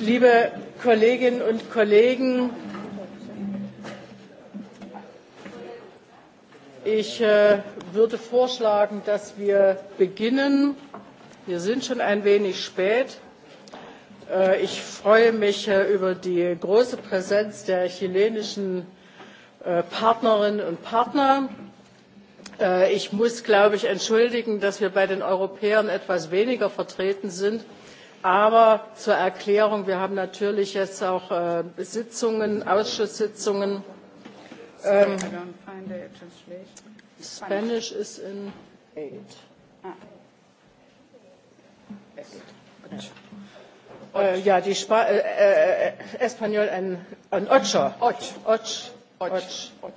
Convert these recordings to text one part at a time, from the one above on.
Liebe Kolleginnen und Kollegen, ich würde vorschlagen, dass wir beginnen. Wir sind schon ein wenig spät. Ich freue mich über die große Präsenz der chilenischen Partnerinnen und Partner. Ich muss, glaube ich, entschuldigen, dass wir bei den Europäern etwas weniger vertreten sind Aber zur Erklärung, wir haben natürlich jetzt auch äh, Sitzungen, Ausschusssitzungen. Ähm, Spanish is in eight. Äh, ja, die äh, äh, Espanol ein, ein Ocho. Ocho. Ocho. Ocho.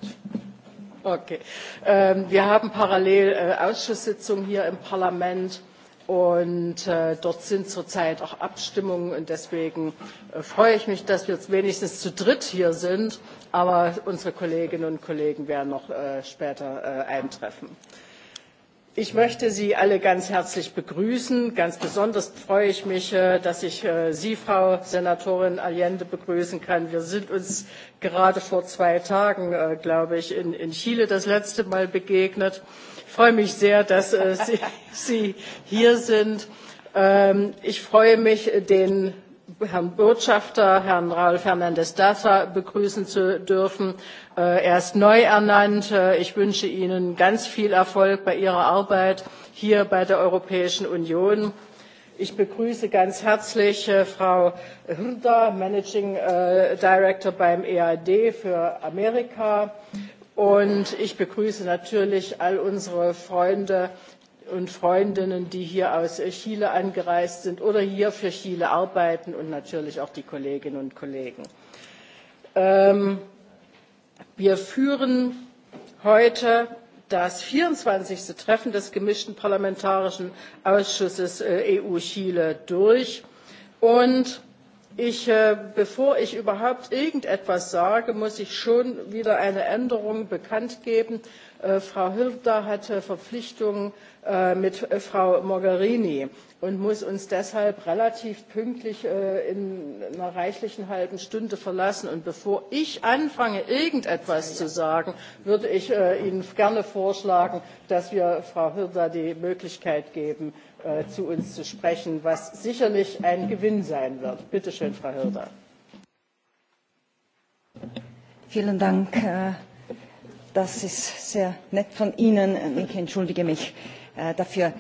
Okay. Ähm, wir haben parallel äh, Ausschusssitzungen hier im Parlament Und dort sind zurzeit auch Abstimmungen. Und deswegen freue ich mich, dass wir jetzt wenigstens zu dritt hier sind. Aber unsere Kolleginnen und Kollegen werden noch später eintreffen. Ich möchte Sie alle ganz herzlich begrüßen. Ganz besonders freue ich mich, dass ich Sie, Frau Senatorin Allende, begrüßen kann. Wir sind uns gerade vor zwei Tagen, glaube ich, in Chile das letzte Mal begegnet. Ich freue mich sehr, dass Sie, hier sind. ich freue mich, den Herrn Botschafter, Herrn Raul Fernandez Daza, begrüßen zu dürfen. Er ist neu ernannt. Ich wünsche Ihnen ganz viel Erfolg bei Ihrer Arbeit hier bei der Europäischen Union. Ich begrüße ganz herzlich Frau Hunter, Managing Director beim EAD für Amerika. Und ich begrüße natürlich all unsere Freunde und Freundinnen, die hier aus Chile angereist sind oder hier für Chile arbeiten und natürlich auch die Kolleginnen und Kollegen. wir führen heute das vierundzwanzigste Treffen des gemischten parlamentarischen Ausschusses EU-Chile durch und Ich, bevor ich überhaupt irgendetwas sage, muss ich schon wieder eine Änderung bekannt geben. Frau Hirda hatte Verpflichtungen mit Frau Mogherini und muss uns deshalb relativ pünktlich in einer reichlichen halben Stunde verlassen. Und bevor ich anfange, irgendetwas zu sagen, würde ich Ihnen gerne vorschlagen, dass wir Frau Hirda die Möglichkeit geben, zu uns zu sprechen, was sicherlich ein Gewinn sein wird. Bitte schön, Frau Hirder. Vielen Dank. Das ist sehr nett von Ihnen. Ich entschuldige mich dafür.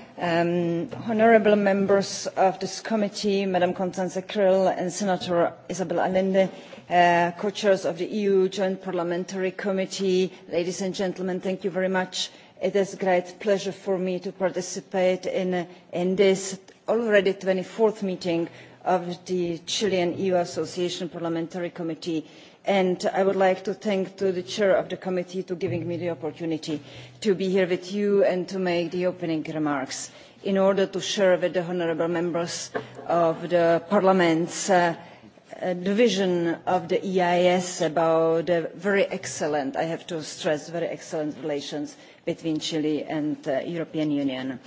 honourable members of this committee, Madam Constanze Krill and Senator Isabel Allende, co-chairs of the EU Joint Parliamentary Committee, ladies and gentlemen, thank you very much it is a great pleasure for me to participate in, this already twenty fourth meeting of the Chilean EU Association Parliamentary Committee and I would like to thank the chair of the committee for giving me the opportunity to be here with you and to make the opening remarks in order to share with the honourable members of the parliament's the vision of the EIS about the very excellent, I have to stress, very excellent relations between Chile and the European Union.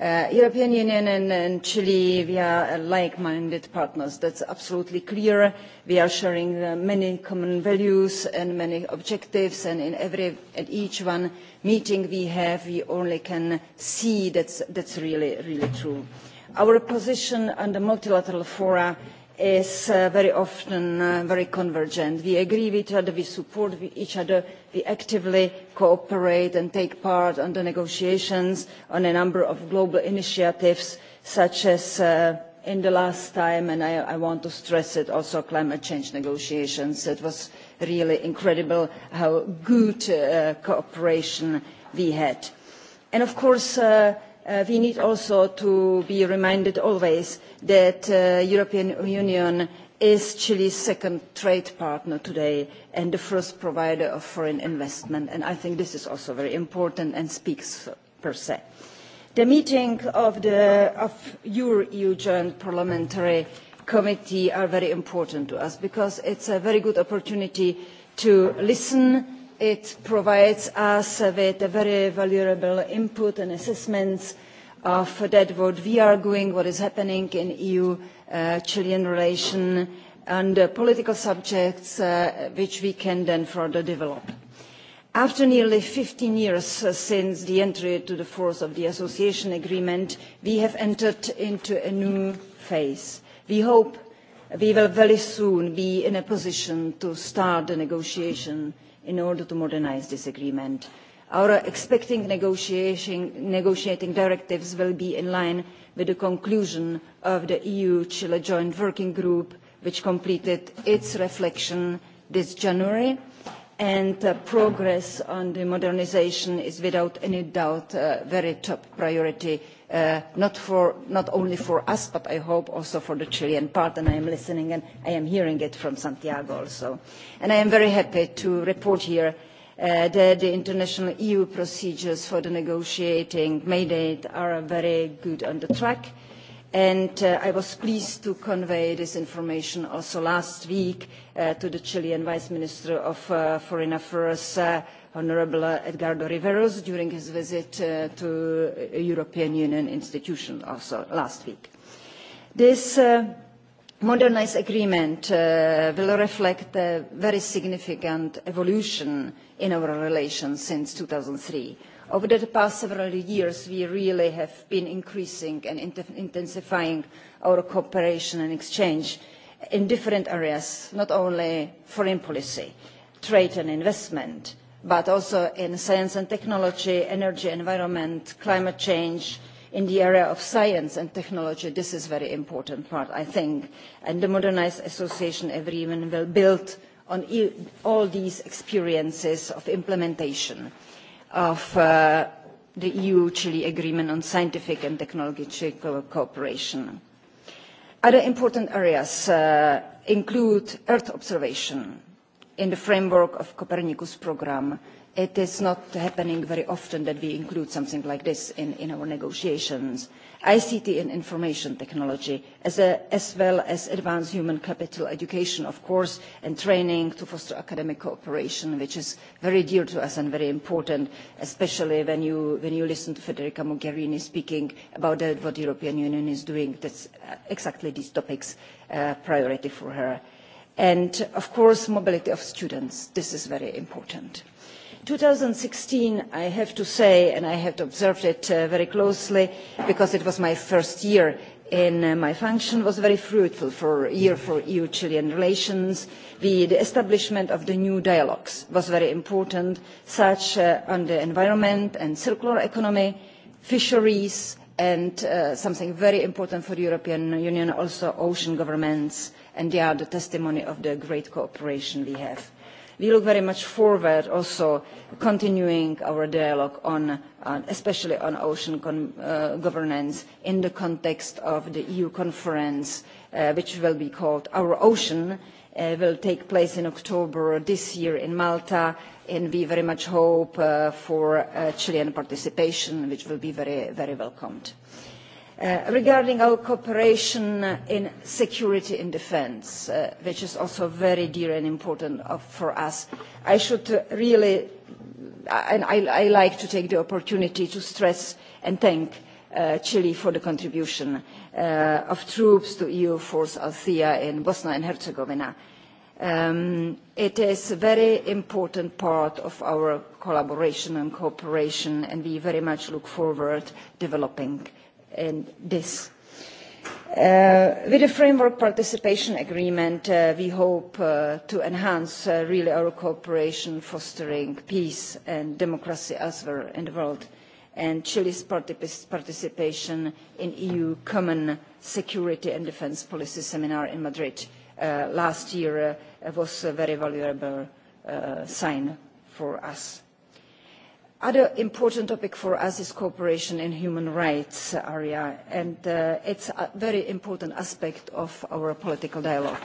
Uh, European Union and, and Chile, we are like-minded partners. That's absolutely clear. We are sharing uh, many common values and many objectives, and in every at each one meeting we have, we only can see that's, that's really, really true. Our position on the multilateral fora is very often very convergent. We agree with each other, we support each other, we actively cooperate and take part in the negotiations on a number of global initiatives such as in the last time and I, want to stress it also climate change negotiations. It was really incredible how good cooperation we had. And of course we need also to be reminded always that the European Union is Chile's second trade partner today and the first provider of foreign investment. And I think this is also very important and speaks per se. The meeting of the of your EU Joint Parliamentary Committee are very important to us because it's a very good opportunity to listen. It provides us with a very valuable input and assessments of that what we are doing, what is happening in EU Chilean relations and political subjects which we can then further develop. After nearly fifteen years since the entry into force of the association agreement, we have entered into a new phase. We hope we will very soon be in a position to start the negotiation in order to modernise this agreement. Our expecting negotiating directives will be in line with the conclusion of the EU-Chile Joint Working Group, which completed its reflection this January, and progress on the modernisation is without any doubt a very top priority, not, only for us, but I hope also for the Chilean part, and I am listening and I am hearing it from Santiago also. I am very happy to report here there the international EU procedures for the negotiating mandate are very good on the track. And I was pleased to convey this information also last week to the Chilean Vice Minister of Foreign Affairs, Honourable Edgardo Riveros, during his visit to European Union institution also last week. This modernised agreement will reflect a very significant evolution in our relations since two thousand three. Over the past several years, we really have been increasing and intensifying our cooperation and exchange in different areas, not only foreign policy, trade and investment, but also in science and technology, energy, environment, climate change, in the area of science and technology, this is a very important part, I think. And the modernised association agreement will build on all these experiences of implementation of the EU-Chile agreement on scientific and technological cooperation. Other important areas include Earth observation in the framework of the Copernicus programme, it is not happening very often that we include something like this in, our negotiations. ICT and information technology, as, well as advanced human capital education, of course, and training to foster academic cooperation, which is very dear to us and very important, especially when you, listen to Federica Mogherini speaking about what the European Union is doing. that is exactly these topics a priority for her. And, of course, mobility of students. This is very important sixteen I have to say, and I have observed it very closely because it was my first year in my function, was a very fruitful for year for EU-Chilean relations. The, establishment of the new dialogues was very important, such on the environment and circular economy, fisheries, and something very important for the European Union, also ocean governments, and they are the testimony of the great cooperation we have we look very much forward also continuing our dialogue on especially on ocean governance in the context of the EU conference which will be called Our Ocean will take place in October this year in Malta, and we very much hope for Chilean participation, which will be very, very welcomed. Regarding our cooperation in security and defence, which is also very dear and important for us, I should really, and I like to take the opportunity to stress and thank Chile for the contribution of troops to EU Force Althea in Bosnia and Herzegovina. It is a very important part of our collaboration and cooperation, and we very much look forward to developing in this. With the framework participation agreement, we hope to enhance really our cooperation, fostering peace and democracy elsewhere in the world, and Chile's participation in EU Common Security and Defence Policy Seminar in Madrid last year was a very valuable sign for us Other important topic for us is cooperation in human rights area, and it's a very important aspect of our political dialogue.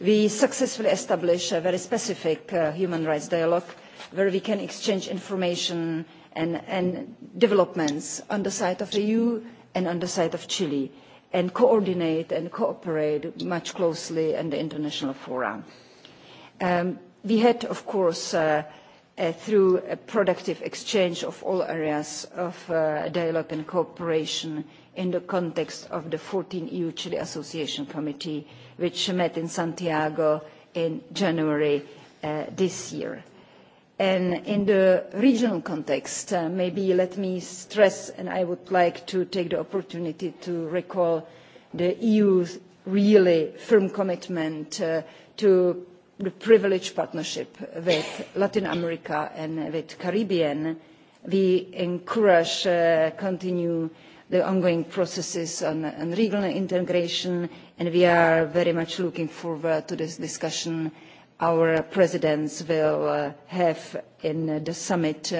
We successfully established a very specific human rights dialogue where we can exchange information and, developments on the side of the EU and on the side of Chile, and coordinate and cooperate much closely in the international forum. we had, of course, through a productive exchange of all areas of dialogue and cooperation in the context of the fourteen EU-Chile Association Committee, which met in Santiago in January this year. In the regional context, maybe let me stress, and I would like to take the opportunity to recall the EU's really firm commitment to the privileged partnership with Latin America and with the Caribbean, we encourage and continue the ongoing processes on, regional integration, and we are very much looking forward to this discussion our presidents will have in the summit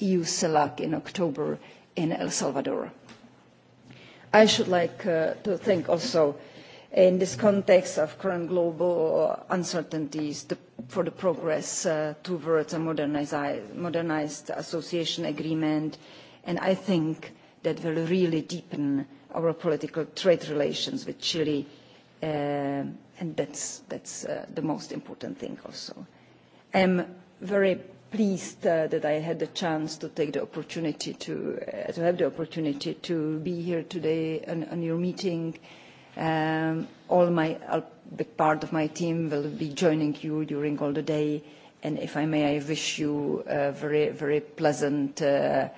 EU-CELAC in October in El Salvador. I should like to thank also in this context of current global uncertainties for the progress towards a modernised association agreement, and I think that will really deepen our political trade relations with Chile, and that's, the most important thing also. I am very pleased that I had the chance to take the opportunity to, to have the opportunity to be here today on, your meeting Um, all my, a big part of my team will be joining you during all the day. And if I may, I wish you a very, very pleasant uh,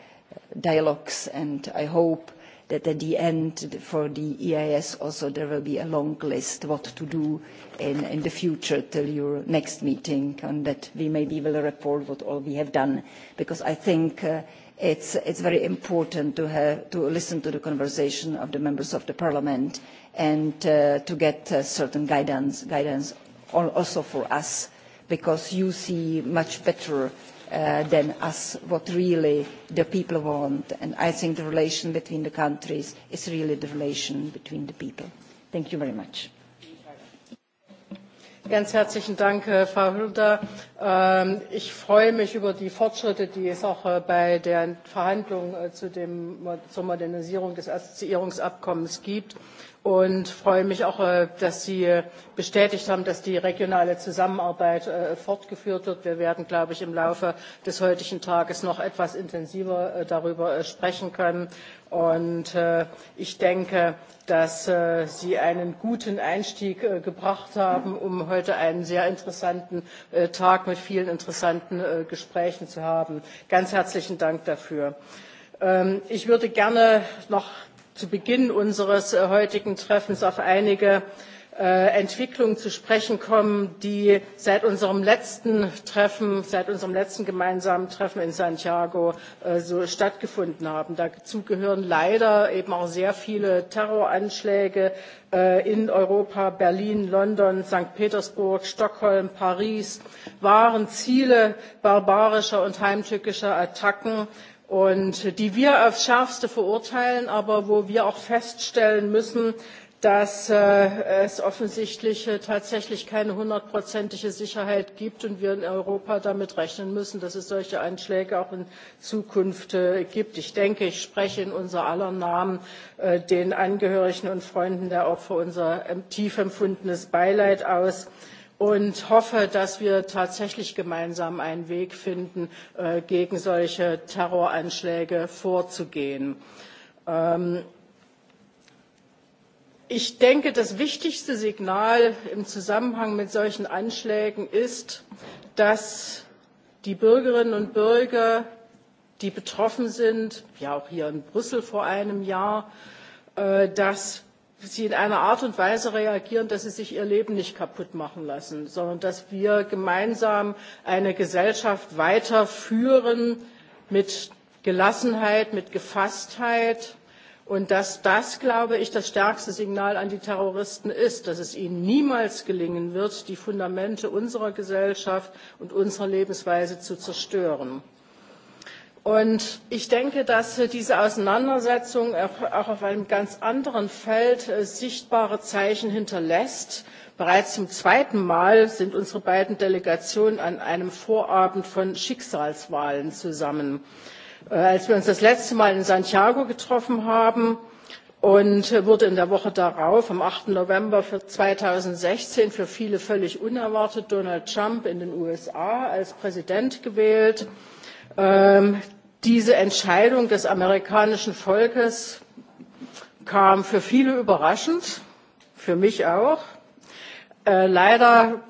dialogues. And I hope that at the end for the EIS also there will be a long list what to do in, in the future till your next meeting and that we maybe will report what all we have done because I think uh, it's, it's very important to, have, to listen to the conversation of the members of the parliament and to get certain guidance, guidance also for us, because you see much better than us what really the people want. And I think the relation between the countries is really the relation between the people. Thank you very much. Ganz herzlichen Dank, Frau Hülder. Ich freue mich über die Fortschritte, die es auch bei der Verhandlung zur Modernisierung des Assoziierungsabkommens gibt und freue mich auch, dass Sie bestätigt haben, dass die regionale Zusammenarbeit fortgeführt wird. Wir werden, glaube ich, im Laufe des heutigen Tages noch etwas intensiver darüber sprechen können. Und ich denke, dass Sie einen guten Einstieg gebracht haben, um heute einen sehr interessanten Tag mit vielen interessanten Gesprächen zu haben. Ganz herzlichen Dank dafür. Ich würde gerne noch zu Beginn unseres heutigen Treffens auf einige Entwicklungen zu sprechen kommen, die seit unserem letzten Treffen, seit unserem letzten gemeinsamen Treffen in Santiago so stattgefunden haben. Dazu gehören leider eben auch sehr viele Terroranschläge in Europa, Berlin, London, St. Petersburg, Stockholm, Paris waren Ziele barbarischer und heimtückischer Attacken und die wir aufs Schärfste verurteilen, aber wo wir auch feststellen müssen, dass es offensichtlich tatsächlich keine hundertprozentige Sicherheit gibt und wir in Europa damit rechnen müssen, dass es solche Anschläge auch in Zukunft gibt. Ich denke, ich spreche in unser aller Namen den Angehörigen und Freunden der Opfer unser tief empfundenes Beileid aus und hoffe, dass wir tatsächlich gemeinsam einen Weg finden, gegen solche Terroranschläge vorzugehen. Ich denke, das wichtigste Signal im Zusammenhang mit solchen Anschlägen ist, dass die Bürgerinnen und Bürger, die betroffen sind, ja auch hier in Brüssel vor einem Jahr, dass sie in einer Art und Weise reagieren, dass sie sich ihr Leben nicht kaputt machen lassen, sondern dass wir gemeinsam eine Gesellschaft weiterführen mit Gelassenheit, mit Gefasstheit und dass das, glaube ich, das stärkste Signal an die Terroristen ist, dass es ihnen niemals gelingen wird, die Fundamente unserer Gesellschaft und unserer Lebensweise zu zerstören. Und ich denke, dass diese Auseinandersetzung auch auf einem ganz anderen Feld sichtbare Zeichen hinterlässt. Bereits zum zweiten Mal sind unsere beiden Delegationen an einem Vorabend von Schicksalswahlen zusammen. Als wir uns das letzte Mal in Santiago getroffen haben, und wurde in der Woche darauf, am 8. November 2016, für viele völlig unerwartet Donald Trump in den USA als Präsident gewählt diese entscheidung des amerikanischen volkes kam für viele überraschend für mich auch. leider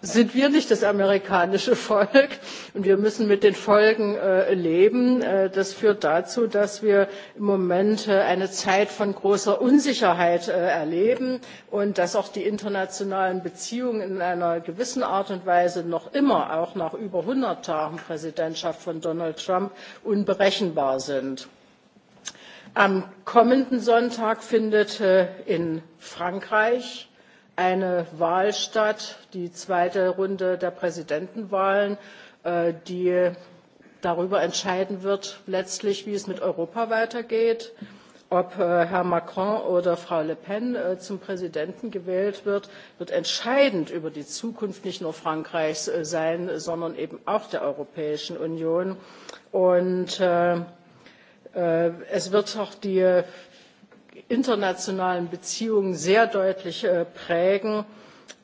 sind wir nicht das amerikanische Volk und wir müssen mit den Folgen leben. das führt dazu, dass wir im Moment eine Zeit von großer Unsicherheit erleben und dass auch die internationalen Beziehungen in einer gewissen Art und Weise noch immer, auch nach über 100 Tagen Präsidentschaft von Donald Trump, unberechenbar sind. Am kommenden Sonntag findet in Frankreich eine Wahl statt, die zweite Runde der Präsidentenwahlen, die darüber entscheiden wird, letztlich, wie es mit Europa weitergeht, ob Herr Macron oder Frau Le Pen zum Präsidenten gewählt wird, wird entscheidend über die Zukunft nicht nur Frankreichs sein, sondern eben auch der Europäischen Union. Und es wird auch die internationalen Beziehungen sehr deutlich prägen.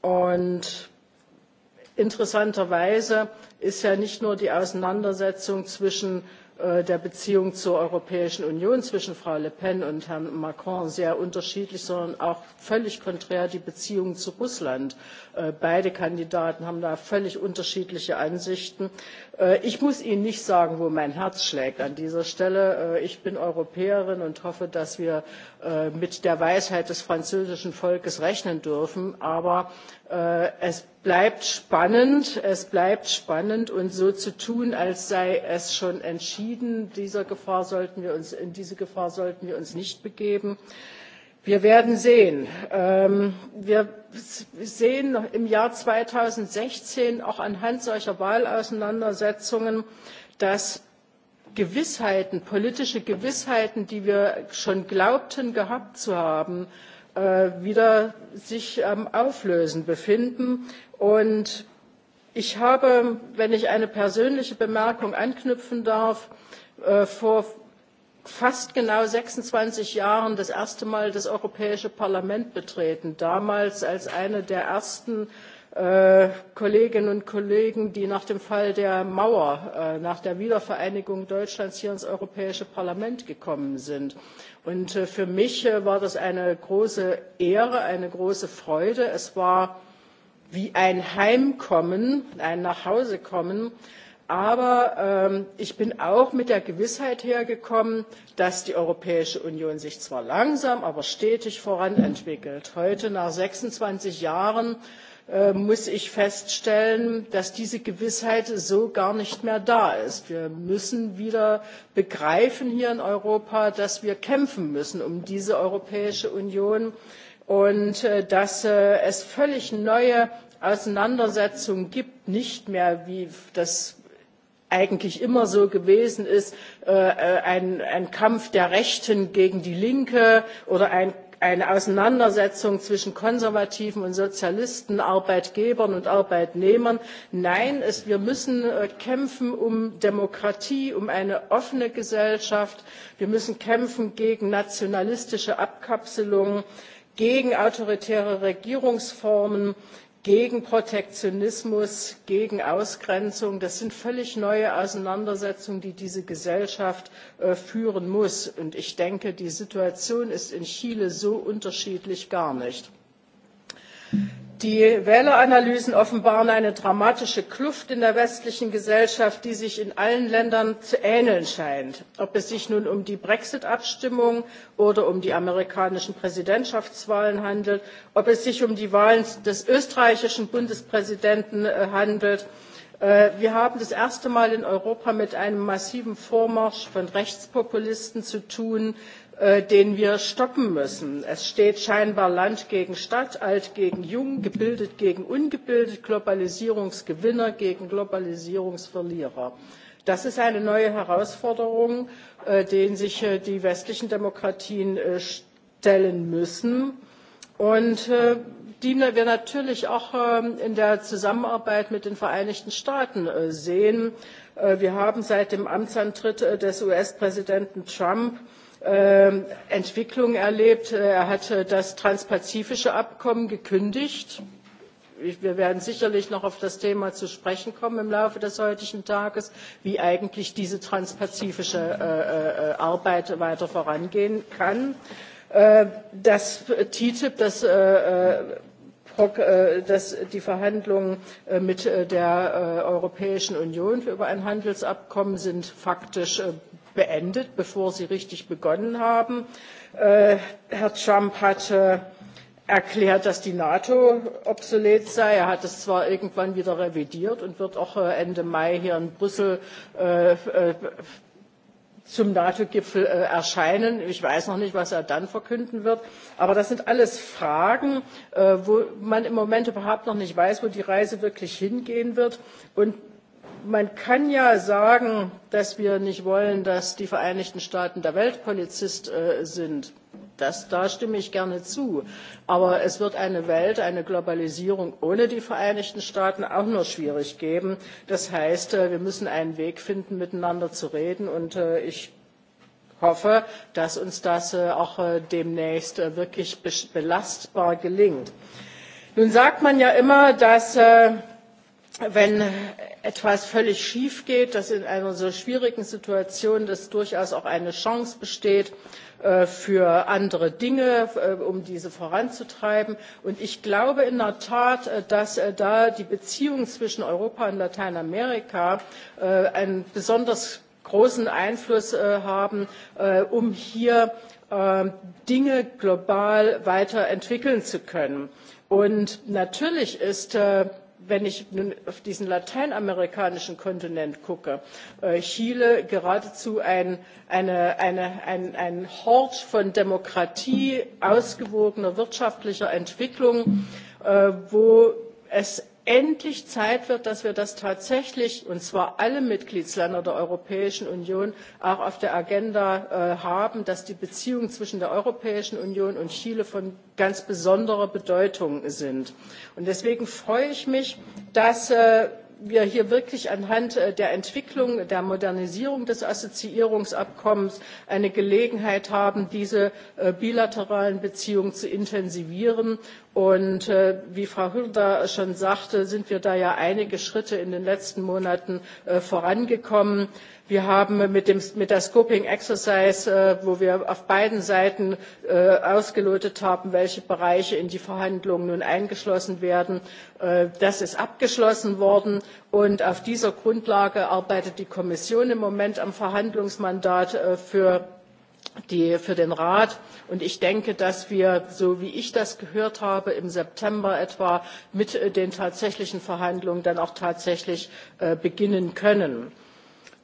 Und interessanterweise ist ja nicht nur die Auseinandersetzung zwischen der Beziehung zur Europäischen Union zwischen Frau Le Pen und Herrn Macron sehr unterschiedlich, sondern auch völlig konträr die Beziehung zu Russland beide Kandidaten haben da völlig unterschiedliche Ansichten. Ich muss Ihnen nicht sagen, wo mein Herz schlägt an dieser Stelle. Ich bin Europäerin und hoffe, dass wir mit der Weisheit des französischen Volkes rechnen dürfen. Aber es bleibt spannend, es bleibt spannend und so zu tun, als sei es schon entschieden, dieser Gefahr sollten wir uns, in diese Gefahr sollten wir uns nicht begeben. Wir werden sehen. Wir sehen im Jahr 2016 auch anhand solcher Wahlauseinandersetzungen, dass Gewissheiten, politische Gewissheiten, die wir schon glaubten gehabt zu haben, wieder sich am Auflösen befinden. Und ich habe, wenn ich eine persönliche Bemerkung anknüpfen darf, vor fast genau sechsundzwanzig Jahren das erste Mal das Europäische Parlament betreten, damals als eine der ersten Kolleginnen und Kollegen, die nach dem Fall der Mauer, nach der Wiedervereinigung Deutschlands hier ins Europäische Parlament gekommen sind. Und für mich war das eine große Ehre, eine große Freude. Es war wie ein Heimkommen, ein Nachhausekommen Aber ich bin auch mit der Gewissheit hergekommen, dass die Europäische Union sich zwar langsam, aber stetig voranentwickelt. Heute, nach sechsundzwanzig Jahren, muss ich feststellen, dass diese Gewissheit so gar nicht mehr da ist. Wir müssen wieder begreifen hier in Europa, dass wir kämpfen müssen um diese Europäische Union und dass es völlig neue Auseinandersetzungen gibt, nicht mehr wie das eigentlich immer so gewesen ist, ein, ein Kampf der Rechten gegen die Linke oder ein eine Auseinandersetzung zwischen Konservativen und Sozialisten, Arbeitgebern und Arbeitnehmern. Nein, wir müssen kämpfen um Demokratie, um eine offene Gesellschaft. Wir müssen kämpfen gegen nationalistische Abkapselungen, gegen autoritäre Regierungsformen, gegen Protektionismus, gegen Ausgrenzung. Das sind völlig neue Auseinandersetzungen, die diese Gesellschaft führen muss. Und ich denke, die Situation ist in Chile so unterschiedlich gar nicht Die Wähleranalysen offenbaren eine dramatische Kluft in der westlichen Gesellschaft, die sich in allen Ländern zu ähneln scheint. Ob es sich nun um die Brexit-Abstimmung oder um die amerikanischen Präsidentschaftswahlen handelt, ob es sich um die Wahlen des österreichischen Bundespräsidenten handelt, wir haben das erste Mal in Europa mit einem massiven Vormarsch von Rechtspopulisten zu tun, den wir stoppen müssen. Es steht scheinbar Land gegen Stadt, alt gegen jung, gebildet gegen ungebildet, Globalisierungsgewinner gegen Globalisierungsverlierer. Das ist eine neue Herausforderung, der sich die westlichen Demokratien stellen müssen und die wir natürlich auch in der Zusammenarbeit mit den Vereinigten Staaten sehen. Wir haben seit dem Amtsantritt des US-Präsidenten Trump Entwicklung erlebt. Er hat das transpazifische Abkommen gekündigt. Wir werden sicherlich noch auf das Thema zu sprechen kommen im Laufe des heutigen Tages, wie eigentlich diese transpazifische Arbeit weiter vorangehen kann. Das TTIP, das dass die Verhandlungen mit der Europäischen Union über ein Handelsabkommen sind faktisch beendet, bevor sie richtig begonnen haben. Herr Trump hat erklärt, dass die NATO obsolet sei. Er hat es zwar irgendwann wieder revidiert und wird auch Ende Mai hier in Brüssel zum NATO-Gipfel erscheinen. Ich weiß noch nicht, was er dann verkünden wird. Aber das sind alles Fragen, wo man im Moment überhaupt noch nicht weiß, wo die Reise wirklich hingehen wird. Und man kann ja sagen, dass wir nicht wollen, dass die Vereinigten Staaten der Weltpolizist sind. Das, da stimme ich gerne zu. Aber es wird eine Welt, eine Globalisierung ohne die Vereinigten Staaten auch nur schwierig geben. Das heißt, wir müssen einen Weg finden, miteinander zu reden. Und ich hoffe, dass uns das auch demnächst wirklich belastbar gelingt. Nun sagt man ja immer, dass wenn etwas völlig schief geht, dass in einer so schwierigen Situation das durchaus auch eine Chance besteht für andere Dinge, um diese voranzutreiben. Und ich glaube in der Tat, dass da die Beziehung zwischen Europa und Lateinamerika einen besonders großen Einfluss haben, um hier Dinge global weiterentwickeln zu können. Und natürlich ist wenn ich nun auf diesen lateinamerikanischen Kontinent gucke, Chile geradezu ein, Hort von Demokratie, ausgewogener wirtschaftlicher Entwicklung, wo es endlich Zeit wird, dass wir das tatsächlich, und zwar alle Mitgliedstaaten der Europäischen Union, auch auf der Agenda haben, dass die Beziehungen zwischen der Europäischen Union und Chile von ganz besonderer Bedeutung sind. deswegen freue ich mich, dass wir hier wirklich anhand der Entwicklung, der Modernisierung des Assoziierungsabkommens eine Gelegenheit haben, diese bilateralen Beziehungen zu intensivieren Und äh, wie Frau Hülder schon sagte, sind wir da ja einige Schritte in den letzten Monaten äh, vorangekommen. Wir haben mit, dem, mit der Scoping Exercise, äh, wo wir auf beiden Seiten äh, ausgelotet haben, welche Bereiche in die Verhandlungen nun eingeschlossen werden, äh, das ist abgeschlossen worden. Und auf dieser Grundlage arbeitet die Kommission im Moment am Verhandlungsmandat äh, für die für den Rat. Und ich denke, dass wir, so wie ich das gehört habe, im September etwa mit den tatsächlichen Verhandlungen dann auch tatsächlich beginnen können.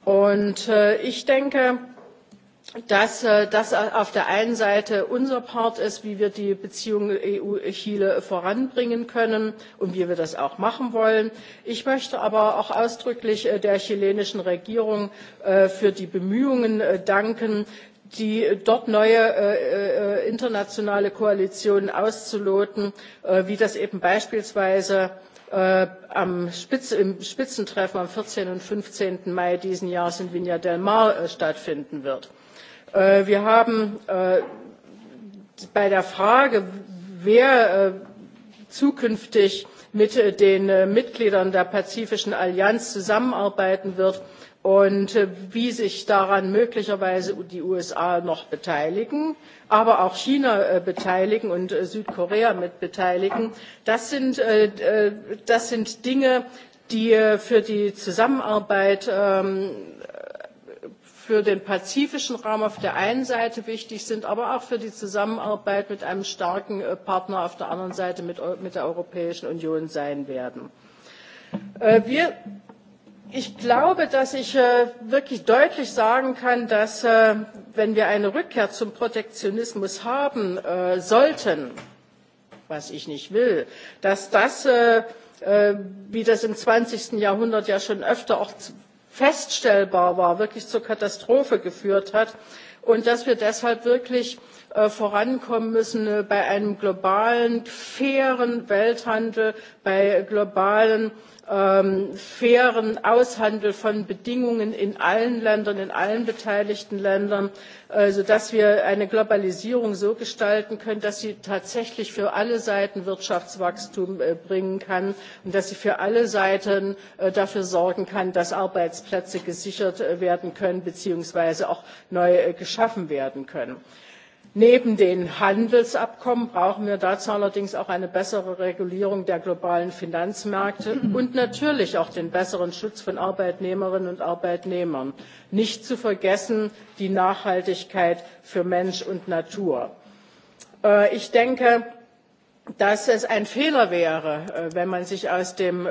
Und ich denke, dass das auf der einen Seite unser Part ist, wie wir die Beziehungen EU-Chile voranbringen können und wie wir das auch machen wollen. Ich möchte aber auch ausdrücklich der chilenischen Regierung für die Bemühungen danken, die dort neue internationale Koalitionen auszuloten, wie das eben beispielsweise am Spitzentreffen am 14. und 15. Mai diesen Jahres in Vigna del Mar stattfinden wird. Wir haben bei der Frage, wer zukünftig mit den Mitgliedern der Pazifischen Allianz zusammenarbeiten wird, und wie sich daran möglicherweise die USA noch beteiligen, aber auch China beteiligen und Südkorea mit beteiligen. Das sind, Dinge, die für die Zusammenarbeit für den pazifischen Raum auf der einen Seite wichtig sind, aber auch für die Zusammenarbeit mit einem starken Partner auf der anderen Seite mit, der Europäischen Union sein werden. wir Ich glaube, dass ich wirklich deutlich sagen kann, dass wenn wir eine Rückkehr zum Protektionismus haben sollten, was ich nicht will, dass das, wie das im 20. Jahrhundert ja schon öfter auch feststellbar war, wirklich zur Katastrophe geführt hat und dass wir deshalb wirklich vorankommen müssen bei einem globalen, fairen Welthandel, bei globalen, fairen Aushandel von Bedingungen in allen Ländern, in allen beteiligten Ländern, sodass wir eine Globalisierung so gestalten können, dass sie tatsächlich für alle Seiten Wirtschaftswachstum bringen kann und dass sie für alle Seiten dafür sorgen kann, dass Arbeitsplätze gesichert werden können beziehungsweise auch neu geschaffen werden können Neben den Handelsabkommen brauchen wir dazu allerdings auch eine bessere Regulierung der globalen Finanzmärkte und natürlich auch den besseren Schutz von Arbeitnehmerinnen und Arbeitnehmern. Nicht zu vergessen die Nachhaltigkeit für Mensch und Natur. Ich denke, dass es ein Fehler wäre, wenn man sich aus dem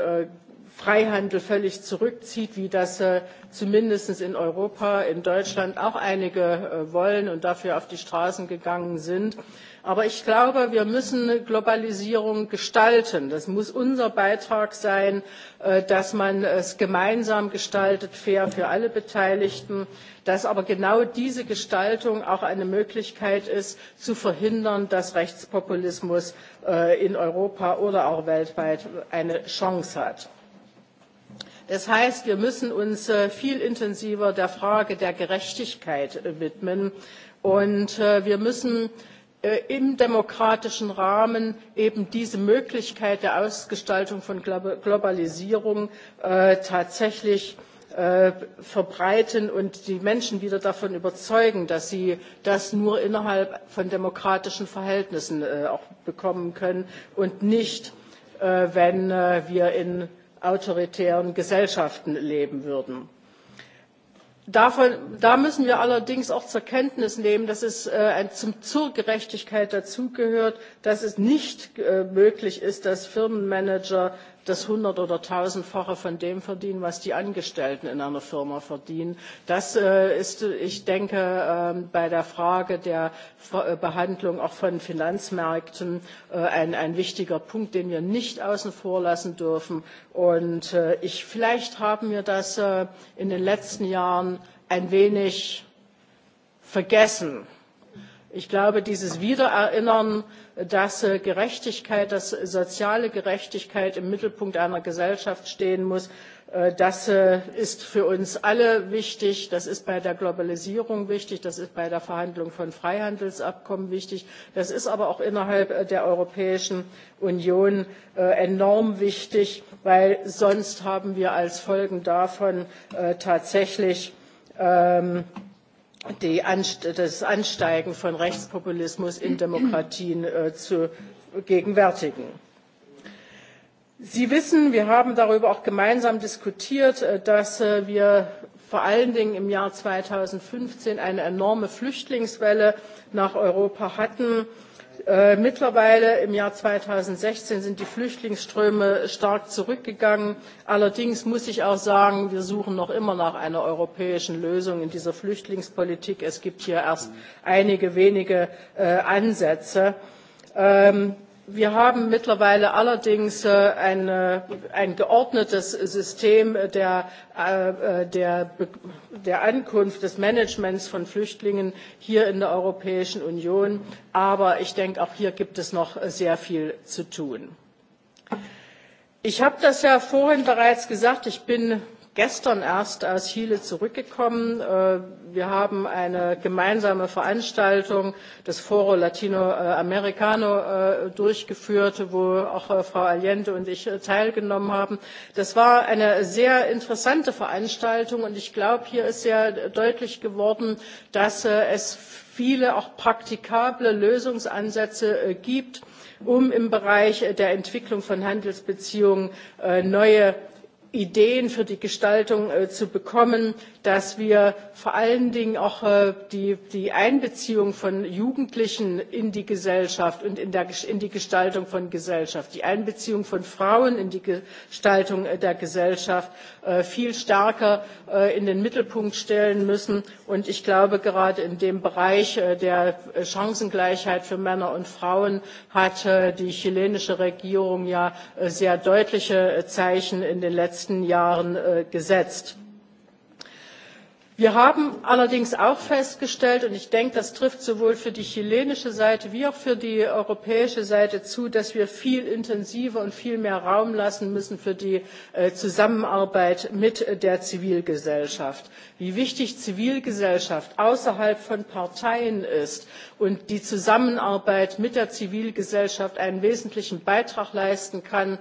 Freihandel völlig zurückzieht, wie das zumindest in Europa, in Deutschland auch einige wollen und dafür auf die Straßen gegangen sind. Aber ich glaube, wir müssen Globalisierung gestalten. Das muss unser Beitrag sein, dass man es gemeinsam gestaltet, fair für alle Beteiligten, dass aber genau diese Gestaltung auch eine Möglichkeit ist, zu verhindern, dass Rechtspopulismus in Europa oder auch weltweit eine Chance hat. Das heißt, wir müssen uns viel intensiver der Frage der Gerechtigkeit widmen und wir müssen im demokratischen Rahmen eben diese Möglichkeit der Ausgestaltung von Globalisierung tatsächlich verbreiten und die Menschen wieder davon überzeugen, dass sie das nur innerhalb von demokratischen Verhältnissen auch bekommen können und nicht, wenn wir in autoritären Gesellschaften leben würden. da müssen wir allerdings auch zur Kenntnis nehmen, dass es zur Gerechtigkeit dazugehört, dass es nicht möglich ist, dass Firmenmanager das hundert- oder tausendfache von dem verdienen, was die Angestellten in einer Firma verdienen. Das ist, ich denke, bei der Frage der Behandlung auch von Finanzmärkten ein, wichtiger Punkt, den wir nicht außen vor lassen dürfen. Und ich, vielleicht haben wir das in den letzten Jahren ein wenig vergessen Ich glaube, dieses Wiedererinnern, dass Gerechtigkeit, dass soziale Gerechtigkeit im Mittelpunkt einer Gesellschaft stehen muss, das ist für uns alle wichtig. Das ist bei der Globalisierung wichtig. Das ist bei der Verhandlung von Freihandelsabkommen wichtig. Das ist aber auch innerhalb der Europäischen Union enorm wichtig, weil sonst haben wir als Folgen davon tatsächlich das Ansteigen von Rechtspopulismus in Demokratien zu gegenwärtigen. Sie wissen, wir haben darüber auch gemeinsam diskutiert, dass wir vor allen Dingen im Jahr 2015 eine enorme Flüchtlingswelle nach Europa hatten Mittlerweile im Jahr zweitausendsechzehn sind die Flüchtlingsströme stark zurückgegangen. Allerdings muss ich auch sagen, wir suchen noch immer nach einer europäischen Lösung in dieser Flüchtlingspolitik. Es gibt hier erst einige wenige Ansätze Wir haben mittlerweile allerdings ein geordnetes System der, Ankunft, des Managements von Flüchtlingen hier in der Europäischen Union. Aber ich denke, auch hier gibt es noch sehr viel zu tun. Ich habe das ja vorhin bereits gesagt, ich bin gestern erst aus Chile zurückgekommen. Wir haben eine gemeinsame Veranstaltung des Foro Latinoamericano durchgeführt, wo auch Frau Allende und ich teilgenommen haben. Das war eine sehr interessante Veranstaltung und ich glaube, hier ist sehr deutlich geworden, dass es viele auch praktikable Lösungsansätze gibt, um im Bereich der Entwicklung von Handelsbeziehungen neue ideen für die gestaltung zu bekommen dass wir vor allen Dingen auch die, Einbeziehung von Jugendlichen in die Gesellschaft und in, die Gestaltung von Gesellschaft, die Einbeziehung von Frauen in die Gestaltung der Gesellschaft viel stärker in den Mittelpunkt stellen müssen. Und ich glaube, gerade in dem Bereich der Chancengleichheit für Männer und Frauen hat die chilenische Regierung ja sehr deutliche Zeichen in den letzten Jahren gesetzt wir haben allerdings auch festgestellt und ich denke das trifft sowohl für die chilenische seite wie auch für die europäische seite zu dass wir viel intensiver und viel mehr raum lassen müssen für die zusammenarbeit mit der zivilgesellschaft wie wichtig Zivilgesellschaft außerhalb von Parteien ist und die Zusammenarbeit mit der Zivilgesellschaft einen wesentlichen Beitrag leisten kann,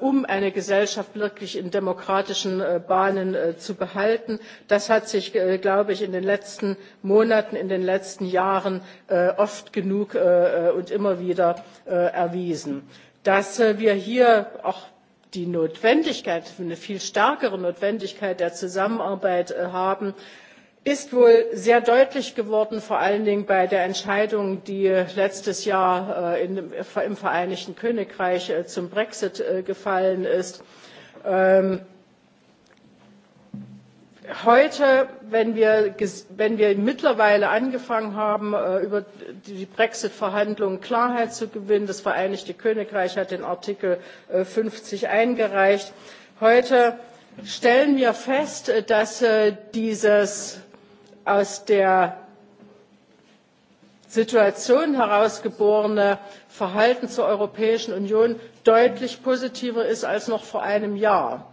um eine Gesellschaft wirklich in demokratischen Bahnen zu behalten. Das hat sich, glaube ich, in den letzten Monaten, in den letzten Jahren oft genug und immer wieder erwiesen dass wir hier auch die Notwendigkeit, eine viel stärkere Notwendigkeit der Zusammenarbeit haben, ist wohl sehr deutlich geworden, vor allen Dingen bei der Entscheidung, die letztes Jahr im Vereinigten Königreich zum Brexit gefallen ist. Ähm, heute, wenn wir, wenn wir mittlerweile angefangen haben, über die Brexit-Verhandlungen Klarheit zu gewinnen, das Vereinigte Königreich hat den Artikel fünfzig eingereicht, heute stellen wir fest, dass dieses aus der Situation herausgeborene Verhalten zur Europäischen Union deutlich positiver ist als noch vor einem Jahr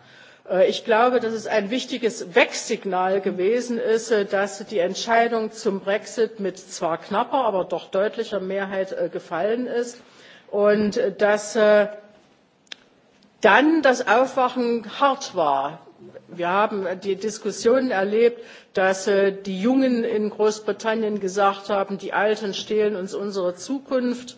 Ich glaube, dass es ein wichtiges Wegsignal gewesen ist, dass die Entscheidung zum Brexit mit zwar knapper, aber doch deutlicher Mehrheit gefallen ist und dass dann das Aufwachen hart war. Wir haben die Diskussionen erlebt, dass die Jungen in Großbritannien gesagt haben, die Alten stehlen uns unsere Zukunft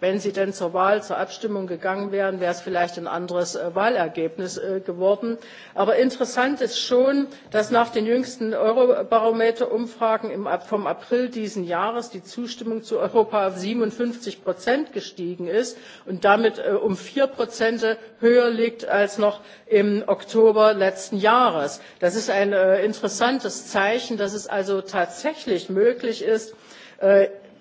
wenn sie denn zur Wahl, zur Abstimmung gegangen wären, wäre es vielleicht ein anderes Wahlergebnis geworden. Aber interessant ist schon, dass nach den jüngsten Eurobarometer-Umfragen vom April diesen Jahres die Zustimmung zu Europa auf 57 Prozent gestiegen ist und damit um vier Prozent höher liegt als noch im Oktober letzten Jahres. Das ist ein interessantes Zeichen, dass es also tatsächlich möglich ist,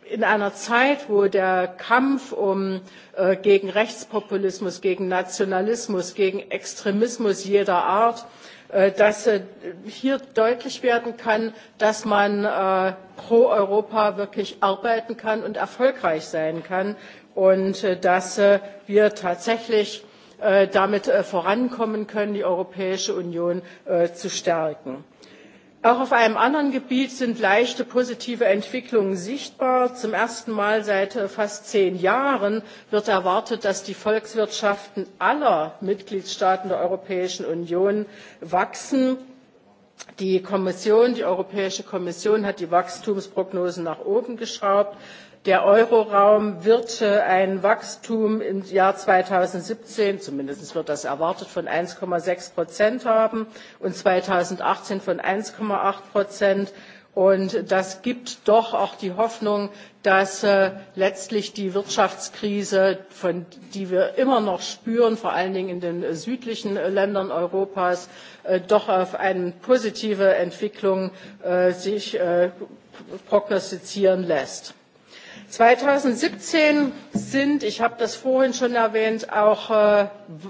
in einer Zeit, wo der Kampf um, äh, gegen Rechtspopulismus, gegen Nationalismus, gegen Extremismus jeder Art, äh, dass äh, hier deutlich werden kann, dass man äh, pro Europa wirklich arbeiten kann und erfolgreich sein kann und äh, dass äh, wir tatsächlich äh, damit äh, vorankommen können, die Europäische Union äh, zu stärken. Auch auf einem anderen Gebiet sind leichte positive Entwicklungen sichtbar. Zum ersten Mal seit fast zehn Jahren wird erwartet, dass die Volkswirtschaften aller Mitgliedstaaten der Europäischen Union wachsen. Die Kommission, die Europäische Kommission hat die Wachstumsprognosen nach oben geschraubt. Der Euroraum wird ein Wachstum im Jahr 2017, zumindest wird das erwartet, von 1,6 Prozent haben und 2018 von 1,8 Prozent. Und das gibt doch auch die Hoffnung, dass letztlich die Wirtschaftskrise, die wir immer noch spüren, vor allen Dingen in den südlichen Ländern Europas, doch auf eine positive Entwicklung sich prognostizieren lässt. 2017 sind, ich habe das vorhin schon erwähnt, auch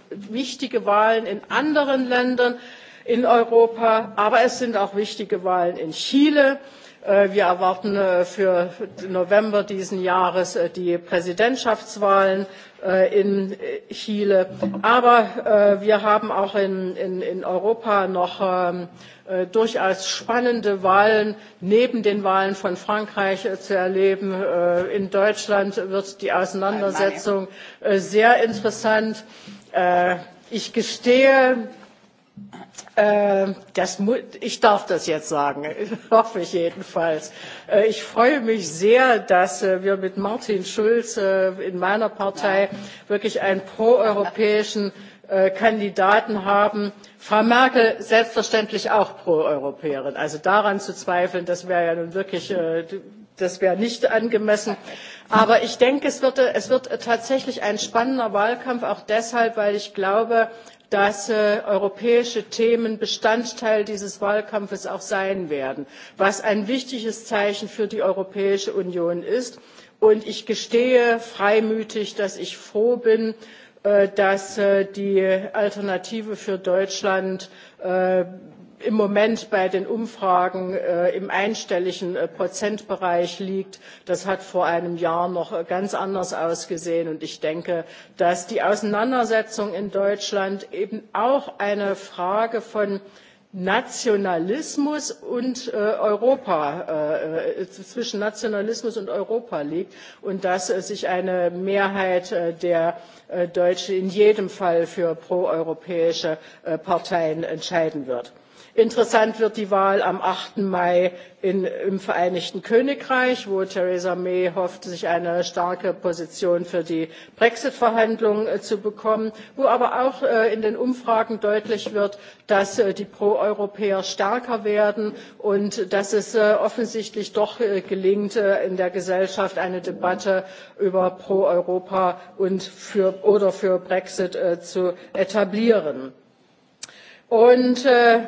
wichtige Wahlen in anderen Ländern in Europa, aber es sind auch wichtige Wahlen in Chile. Wir erwarten für November diesen Jahres die Präsidentschaftswahlen in Chile. Aber wir haben auch in Europa noch durchaus spannende Wahlen neben den Wahlen von Frankreich zu erleben. In Deutschland wird die Auseinandersetzung sehr interessant. Ich gestehe, ich darf das jetzt sagen, hoffe ich jedenfalls. Ich freue mich sehr, dass wir mit Martin Schulz in meiner Partei wirklich einen proeuropäischen Kandidaten haben. Frau Merkel selbstverständlich auch Proeuropäerin. Also daran zu zweifeln, das wäre ja nun wirklich, das wäre nicht angemessen. Aber ich denke, es wird, tatsächlich ein spannender Wahlkampf, auch deshalb, weil ich glaube, dass europäische Themen Bestandteil dieses Wahlkampfes auch sein werden, was ein wichtiges Zeichen für die Europäische Union ist. Und ich gestehe freimütig, dass ich froh bin, dass die Alternative für Deutschland im Moment bei den Umfragen im einstelligen Prozentbereich liegt. Das hat vor einem Jahr noch ganz anders ausgesehen. Und ich denke, dass die Auseinandersetzung in Deutschland eben auch eine Frage von Nationalismus und Europa, zwischen Nationalismus und Europa liegt und dass sich eine Mehrheit der Deutschen in jedem Fall für proeuropäische Parteien entscheiden wird. Interessant wird die Wahl am 8. Mai in, im Vereinigten Königreich, wo Theresa May hofft, sich eine starke Position für die Brexit-Verhandlungen zu bekommen, wo aber auch in den Umfragen deutlich wird, dass die Pro-Europäer stärker werden und dass es offensichtlich doch gelingt, in der Gesellschaft eine Debatte über Pro-Europa für, oder für Brexit zu etablieren. Und äh,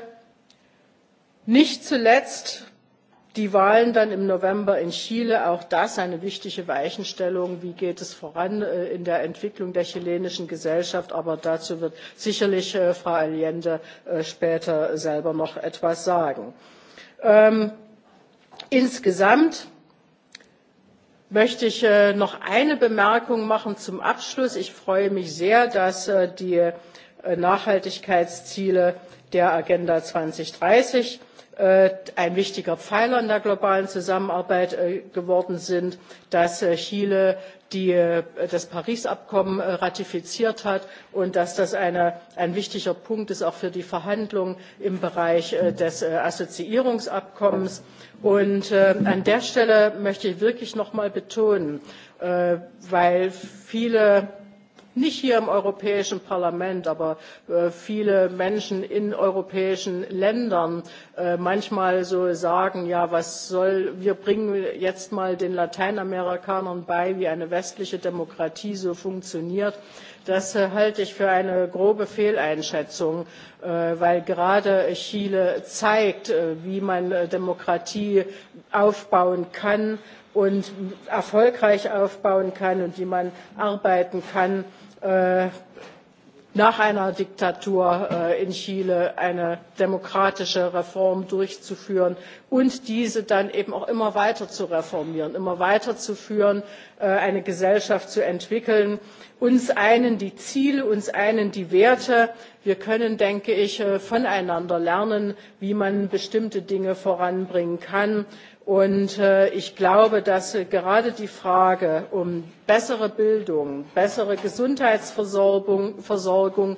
Nicht zuletzt die Wahlen dann im November in Chile, auch das eine wichtige Weichenstellung. Wie geht es voran in der Entwicklung der chilenischen Gesellschaft? Aber dazu wird sicherlich Frau Allende später selber noch etwas sagen. Insgesamt möchte ich noch eine Bemerkung machen zum Abschluss. Ich freue mich sehr, dass die Nachhaltigkeitsziele der Agenda 2030 ein wichtiger Pfeiler in der globalen Zusammenarbeit geworden sind, dass Chile das Paris-Abkommen ratifiziert hat und dass das ein wichtiger Punkt ist auch für die Verhandlungen im Bereich des Assoziierungsabkommens. an der Stelle möchte ich wirklich noch einmal betonen, weil viele nicht hier im Europäischen Parlament, aber viele Menschen in europäischen Ländern manchmal so sagen, ja, was soll, wir bringen jetzt mal den Lateinamerikanern bei, wie eine westliche Demokratie so funktioniert. Das halte ich für eine grobe Fehleinschätzung, weil gerade Chile zeigt, wie man Demokratie aufbauen kann und erfolgreich aufbauen kann und wie man arbeiten kann nach einer Diktatur in Chile eine demokratische Reform durchzuführen und diese dann eben auch immer weiter zu reformieren, immer weiterzuführen, eine Gesellschaft zu entwickeln. Uns einen die Ziele, uns einen die Werte. Wir können, denke ich, voneinander lernen, wie man bestimmte Dinge voranbringen kann. Und ich glaube, dass gerade die Frage um bessere Bildung, bessere Gesundheitsversorgung,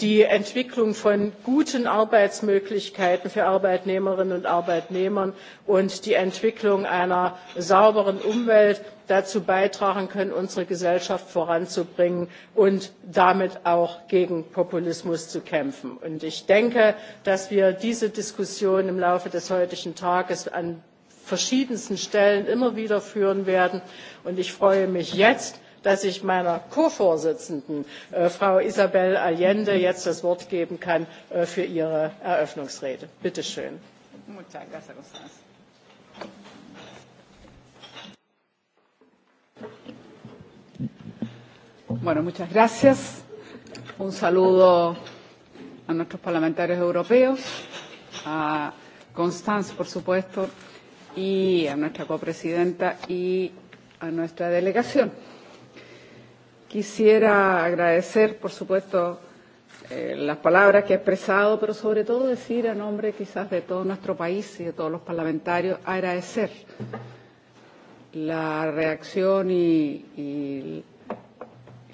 die Entwicklung von guten Arbeitsmöglichkeiten für Arbeitnehmerinnen und Arbeitnehmer und die Entwicklung einer sauberen Umwelt dazu beitragen können, unsere Gesellschaft voranzubringen und damit auch gegen Populismus zu kämpfen. ich denke, dass wir diese Diskussion im Laufe des heutigen Tages an verschiedensten Stellen immer wieder führen werden. Und ich freue mich jetzt, dass ich meiner Co-Vorsitzenden, Frau Isabel Allende, jetzt das Wort geben kann für ihre Eröffnungsrede. Bitte schön. Bueno, muchas gracias. Un saludo a nuestros parlamentarios europeos, a Constance, por supuesto, y a nuestra copresidenta y a nuestra delegación. Quisiera agradecer, por supuesto, eh, las palabras que ha expresado, pero sobre todo decir a nombre quizás de todo nuestro país y de todos los parlamentarios, agradecer la reacción y, y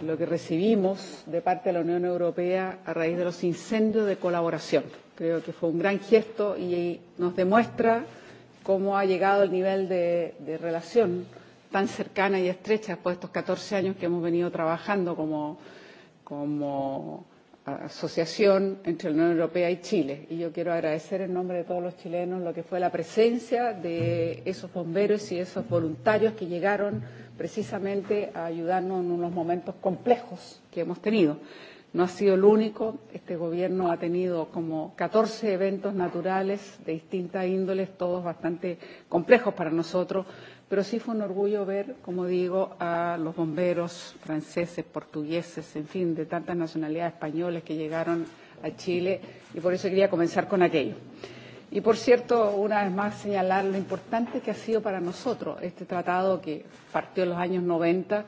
lo que recibimos de parte de la Unión Europea a raíz de los incendios de colaboración. Creo que fue un gran gesto y nos demuestra cómo ha llegado el nivel de, de relación tan cercana y estrecha después de estos 14 años que hemos venido trabajando como, como asociación entre la Unión Europea y Chile. Y yo quiero agradecer en nombre de todos los chilenos lo que fue la presencia de esos bomberos y esos voluntarios que llegaron precisamente a ayudarnos en unos momentos complejos que hemos tenido. No ha sido el único. Este gobierno ha tenido como 14 eventos naturales de distintas índoles, todos bastante complejos para nosotros, pero sí fue un orgullo ver, como digo, a los bomberos franceses, portugueses, en fin, de tantas nacionalidades españoles que llegaron a Chile y por eso quería comenzar con aquello. Y por cierto, una vez más señalar lo importante que ha sido para nosotros este tratado que partió en los años 90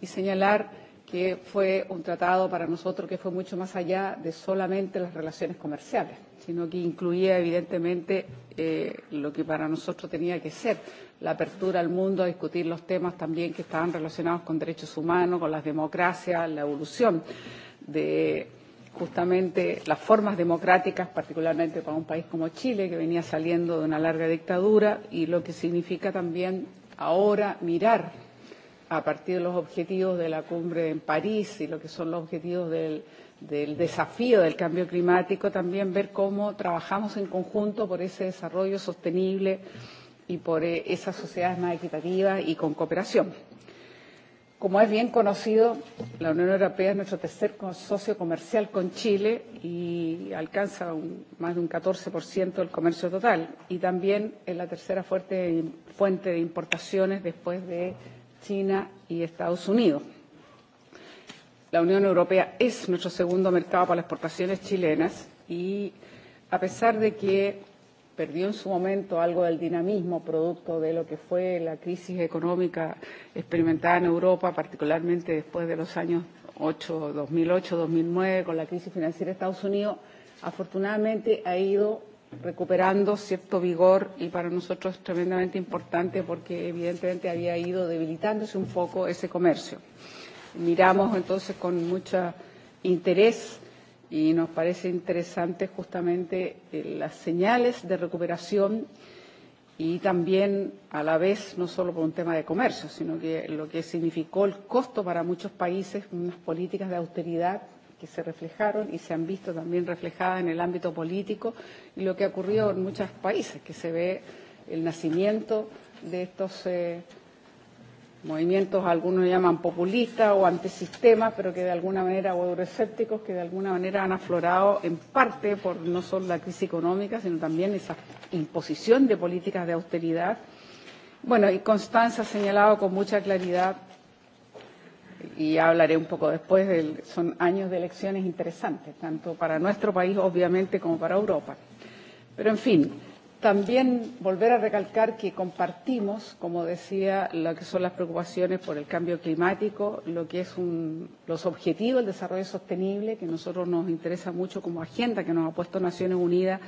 y señalar que fue un tratado para nosotros que fue mucho más allá de solamente las relaciones comerciales, sino que incluía evidentemente eh, lo que para nosotros tenía que ser la apertura al mundo a discutir los temas también que estaban relacionados con derechos humanos, con las democracias, la evolución de justamente las formas democráticas, particularmente para un país como Chile, que venía saliendo de una larga dictadura, y lo que significa también ahora mirar a partir de los objetivos de la cumbre en París y lo que son los objetivos del, del desafío del cambio climático, también ver cómo trabajamos en conjunto por ese desarrollo sostenible y por esas sociedades más equitativas y con cooperación. Como es bien conocido, la Unión Europea es nuestro tercer socio comercial con Chile y alcanza un, más de un 14% del comercio total. Y también es la tercera fuerte, fuente de importaciones después de China y Estados Unidos. La Unión Europea es nuestro segundo mercado para las exportaciones chilenas y a pesar de que perdió en su momento algo del dinamismo producto de lo que fue la crisis económica experimentada en Europa, particularmente después de los años 2008, 2009, con la crisis financiera de Estados Unidos, afortunadamente ha ido recuperando cierto vigor y para nosotros es tremendamente importante porque evidentemente había ido debilitándose un poco ese comercio. Miramos entonces con mucho interés y nos parece interesante justamente las señales de recuperación y también a la vez no solo por un tema de comercio, sino que lo que significó el costo para muchos países, unas políticas de austeridad que se reflejaron y se han visto también reflejadas en el ámbito político y lo que ha ocurrido en muchos países, que se ve el nacimiento de estos eh, movimientos, algunos llaman populistas o antisistemas, pero que de alguna manera, o eurocépticos, que de alguna manera han aflorado en parte por no solo la crisis económica, sino también esa imposición de políticas de austeridad. Bueno, y Constanza ha señalado con mucha claridad y ya hablaré un poco después, del, son años de elecciones interesantes, tanto para nuestro país, obviamente, como para Europa. Pero, en fin, también volver a recalcar que compartimos, como decía, lo que son las preocupaciones por el cambio climático, lo que es un, los objetivos del desarrollo sostenible, que a nosotros nos interesa mucho como agenda que nos ha puesto Naciones Unidas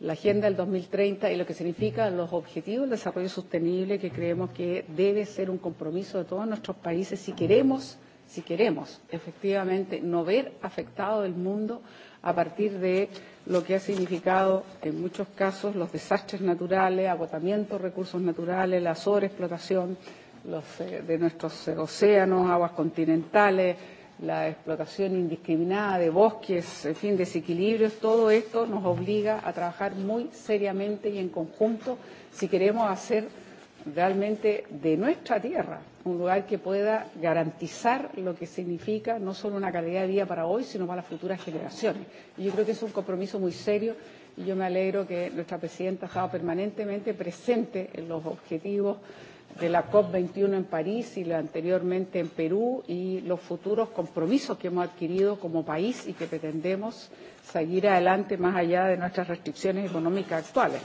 la Agenda del 2030 y lo que significa los Objetivos del Desarrollo Sostenible, que creemos que debe ser un compromiso de todos nuestros países si queremos, si queremos efectivamente no ver afectado el mundo a partir de lo que ha significado en muchos casos los desastres naturales, agotamiento de recursos naturales, la sobreexplotación los, de nuestros océanos, aguas continentales, la explotación indiscriminada de bosques, en fin, desequilibrios, todo esto nos obliga a trabajar muy seriamente y en conjunto si queremos hacer realmente de nuestra tierra un lugar que pueda garantizar lo que significa no solo una calidad de vida para hoy, sino para las futuras generaciones. Y yo creo que es un compromiso muy serio y yo me alegro que nuestra presidenta ha estado permanentemente presente en los objetivos de la COP21 en París y la anteriormente en Perú y los futuros compromisos que hemos adquirido como país y que pretendemos seguir adelante más allá de nuestras restricciones económicas actuales.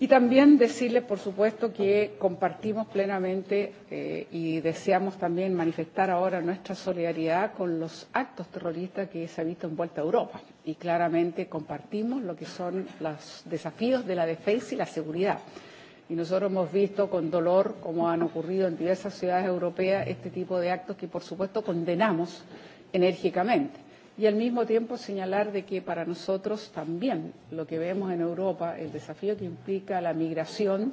Y también decirles, por supuesto, que compartimos plenamente eh, y deseamos también manifestar ahora nuestra solidaridad con los actos terroristas que se han visto envuelta Europa. Y claramente compartimos lo que son los desafíos de la defensa y la seguridad Y nosotros hemos visto con dolor como han ocurrido en diversas ciudades europeas este tipo de actos que, por supuesto, condenamos enérgicamente. Y al mismo tiempo señalar de que para nosotros también lo que vemos en Europa, el desafío que implica la migración,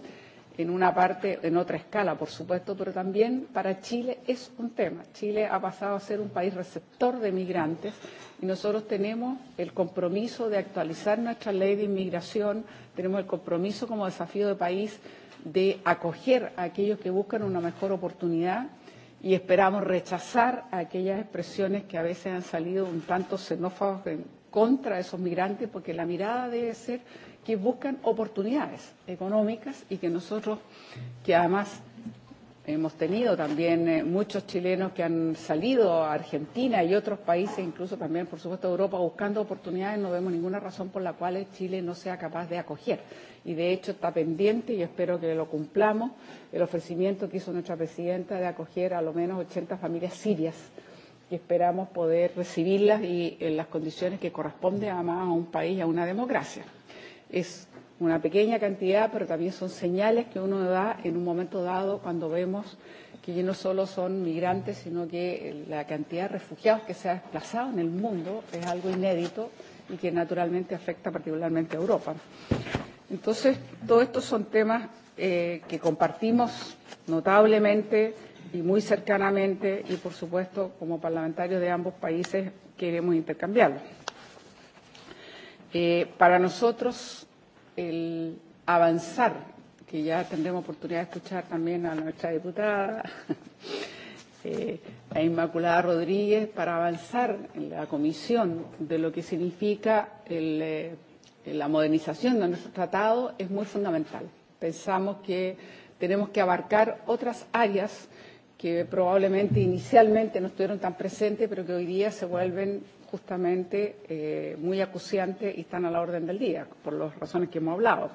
en una parte, en otra escala, por supuesto, pero también para Chile es un tema. Chile ha pasado a ser un país receptor de migrantes y nosotros tenemos el compromiso de actualizar nuestra ley de inmigración, tenemos el compromiso como desafío de país de acoger a aquellos que buscan una mejor oportunidad y esperamos rechazar aquellas expresiones que a veces han salido un tanto xenófobas en contra de esos migrantes, porque la mirada debe ser que buscan oportunidades económicas y que nosotros, que además hemos tenido también eh, muchos chilenos que han salido a Argentina y otros países, incluso también, por supuesto, Europa, buscando oportunidades, no vemos ninguna razón por la cual Chile no sea capaz de acoger. Y de hecho está pendiente, y espero que lo cumplamos, el ofrecimiento que hizo nuestra presidenta de acoger a lo menos 80 familias sirias y esperamos poder recibirlas y en las condiciones que corresponde además a un país, y a una democracia es una pequeña cantidad, pero también son señales que uno da en un momento dado cuando vemos que no solo son migrantes, sino que la cantidad de refugiados que se ha desplazado en el mundo es algo inédito y que naturalmente afecta particularmente a Europa. Entonces, todos estos son temas eh, que compartimos notablemente y muy cercanamente y, por supuesto, como parlamentarios de ambos países queremos intercambiarlos. Eh, para nosotros, el avanzar, que ya tendremos oportunidad de escuchar también a nuestra diputada, eh, a Inmaculada Rodríguez, para avanzar en la comisión de lo que significa el, eh, la modernización de nuestro tratado, es muy fundamental. Pensamos que tenemos que abarcar otras áreas que probablemente inicialmente no estuvieron tan presentes, pero que hoy día se vuelven justamente eh, muy acuciante y están a la orden del día, por las razones que hemos hablado.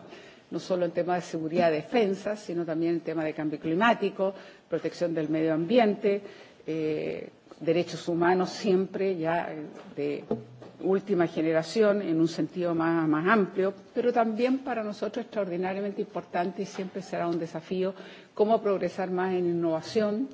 No solo el tema de seguridad y defensa, sino también el tema de cambio climático, protección del medio ambiente, eh, derechos humanos siempre ya de última generación en un sentido más, más amplio, pero también para nosotros extraordinariamente importante y siempre será un desafío cómo progresar más en innovación,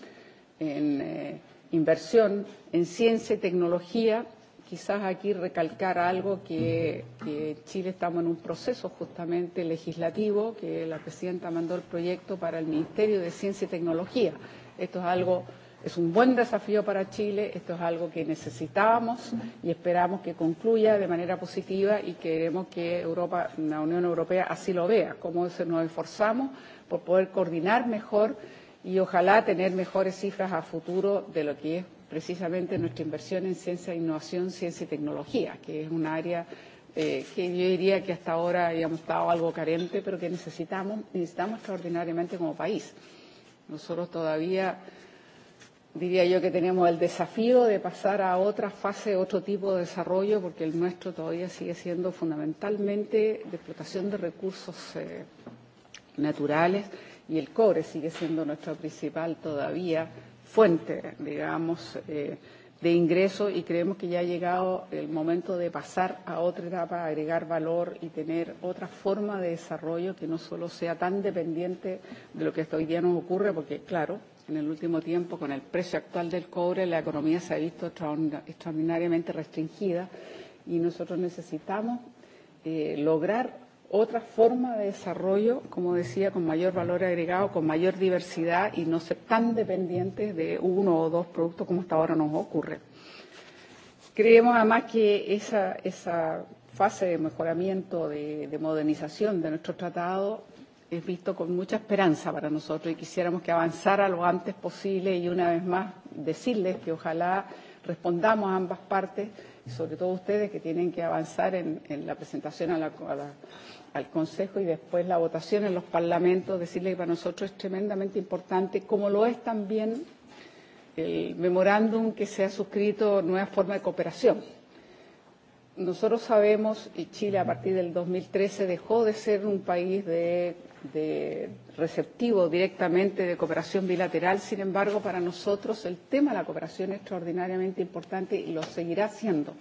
en eh, inversión, en ciencia y tecnología quizás aquí recalcar algo que, que Chile estamos en un proceso justamente legislativo que la presidenta mandó el proyecto para el Ministerio de Ciencia y Tecnología. Esto es algo es un buen desafío para Chile, esto es algo que necesitábamos y esperamos que concluya de manera positiva y queremos que Europa, la Unión Europea así lo vea, cómo nos esforzamos por poder coordinar mejor y ojalá tener mejores cifras a futuro de lo que es precisamente nuestra inversión en ciencia, innovación, ciencia y tecnología, que es un área eh, que yo diría que hasta ahora habíamos estado algo carente, pero que necesitamos, necesitamos extraordinariamente como país. Nosotros todavía diría yo que tenemos el desafío de pasar a otra fase, otro tipo de desarrollo, porque el nuestro todavía sigue siendo fundamentalmente de explotación de recursos eh, naturales y el cobre sigue siendo nuestro principal todavía fuente, digamos, eh, de ingreso y creemos que ya ha llegado el momento de pasar a otra etapa, agregar valor y tener otra forma de desarrollo que no solo sea tan dependiente de lo que hasta hoy día nos ocurre, porque claro, en el último tiempo con el precio actual del cobre la economía se ha visto extraordinariamente restringida y nosotros necesitamos eh, lograr otra forma de desarrollo, como decía, con mayor valor agregado, con mayor diversidad y no ser tan dependientes de uno o dos productos como hasta ahora nos ocurre. Creemos además que esa, esa fase de mejoramiento, de, de modernización de nuestro tratado es visto con mucha esperanza para nosotros y quisiéramos que avanzara lo antes posible y una vez más decirles que ojalá respondamos a ambas partes, sobre todo ustedes que tienen que avanzar en, en la presentación a la, a la al Consejo y después la votación en los parlamentos, decirle que para nosotros es tremendamente importante, como lo es también el memorándum que se ha suscrito Nueva Forma de Cooperación. Nosotros sabemos, y Chile a partir del 2013 dejó de ser un país de, de receptivo directamente de cooperación bilateral, sin embargo, para nosotros el tema de la cooperación es extraordinariamente importante y lo seguirá siendo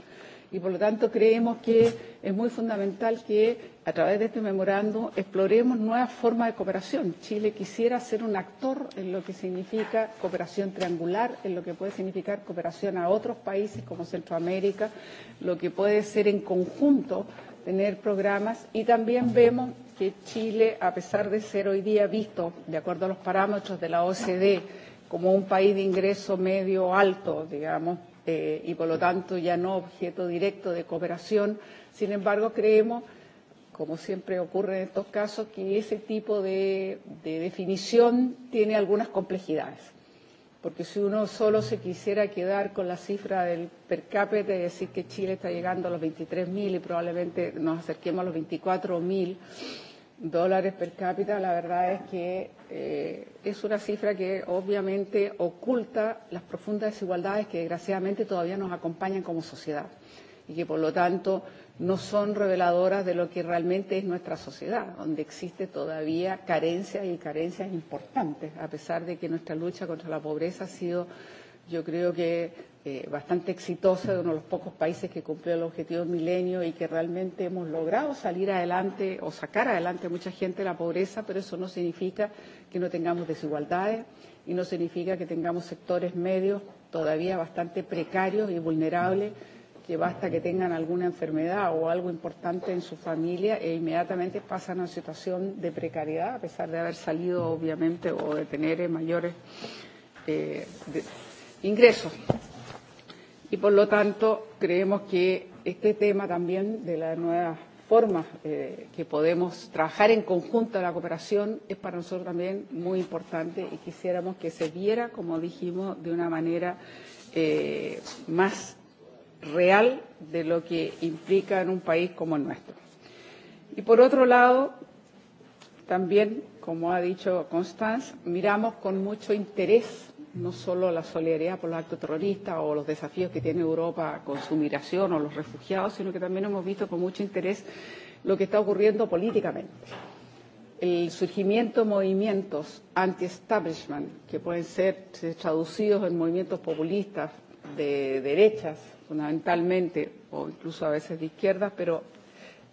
y por lo tanto creemos que es muy fundamental que a través de este memorando exploremos nuevas formas de cooperación. Chile quisiera ser un actor en lo que significa cooperación triangular, en lo que puede significar cooperación a otros países como Centroamérica, lo que puede ser en conjunto tener programas y también vemos que Chile, a pesar de ser hoy día visto, de acuerdo a los parámetros de la OCDE, como un país de ingreso medio alto, digamos, eh, y por lo tanto ya no objeto directo de cooperación. Sin embargo, creemos, como siempre ocurre en estos casos, que ese tipo de, de definición tiene algunas complejidades. Porque si uno solo se quisiera quedar con la cifra del per cápita y decir que Chile está llegando a los 23.000 y probablemente nos acerquemos a los 24.000, dólares per cápita, la verdad es que eh, es una cifra que obviamente oculta las profundas desigualdades que desgraciadamente todavía nos acompañan como sociedad y que por lo tanto no son reveladoras de lo que realmente es nuestra sociedad, donde existe todavía carencias y carencias importantes, a pesar de que nuestra lucha contra la pobreza ha sido yo creo que eh, bastante exitosa, de uno de los pocos países que cumplió el objetivo del milenio y que realmente hemos logrado salir adelante o sacar adelante a mucha gente de la pobreza, pero eso no significa que no tengamos desigualdades y no significa que tengamos sectores medios todavía bastante precarios y vulnerables que basta que tengan alguna enfermedad o algo importante en su familia e inmediatamente pasan a una situación de precariedad a pesar de haber salido obviamente o de tener mayores eh, de, ingresos. Y por lo tanto, creemos que este tema también de las nuevas formas eh, que podemos trabajar en conjunto la cooperación es para nosotros también muy importante y quisiéramos que se viera, como dijimos, de una manera eh, más real de lo que implica en un país como el nuestro. Y por otro lado, también, como ha dicho Constance, miramos con mucho interés no solo la solidaridad por los actos terroristas o los desafíos que tiene Europa con su migración o los refugiados, sino que también hemos visto con mucho interés lo que está ocurriendo políticamente. El surgimiento de movimientos anti-establishment, que pueden ser traducidos en movimientos populistas de derechas, fundamentalmente, o incluso a veces de izquierdas, pero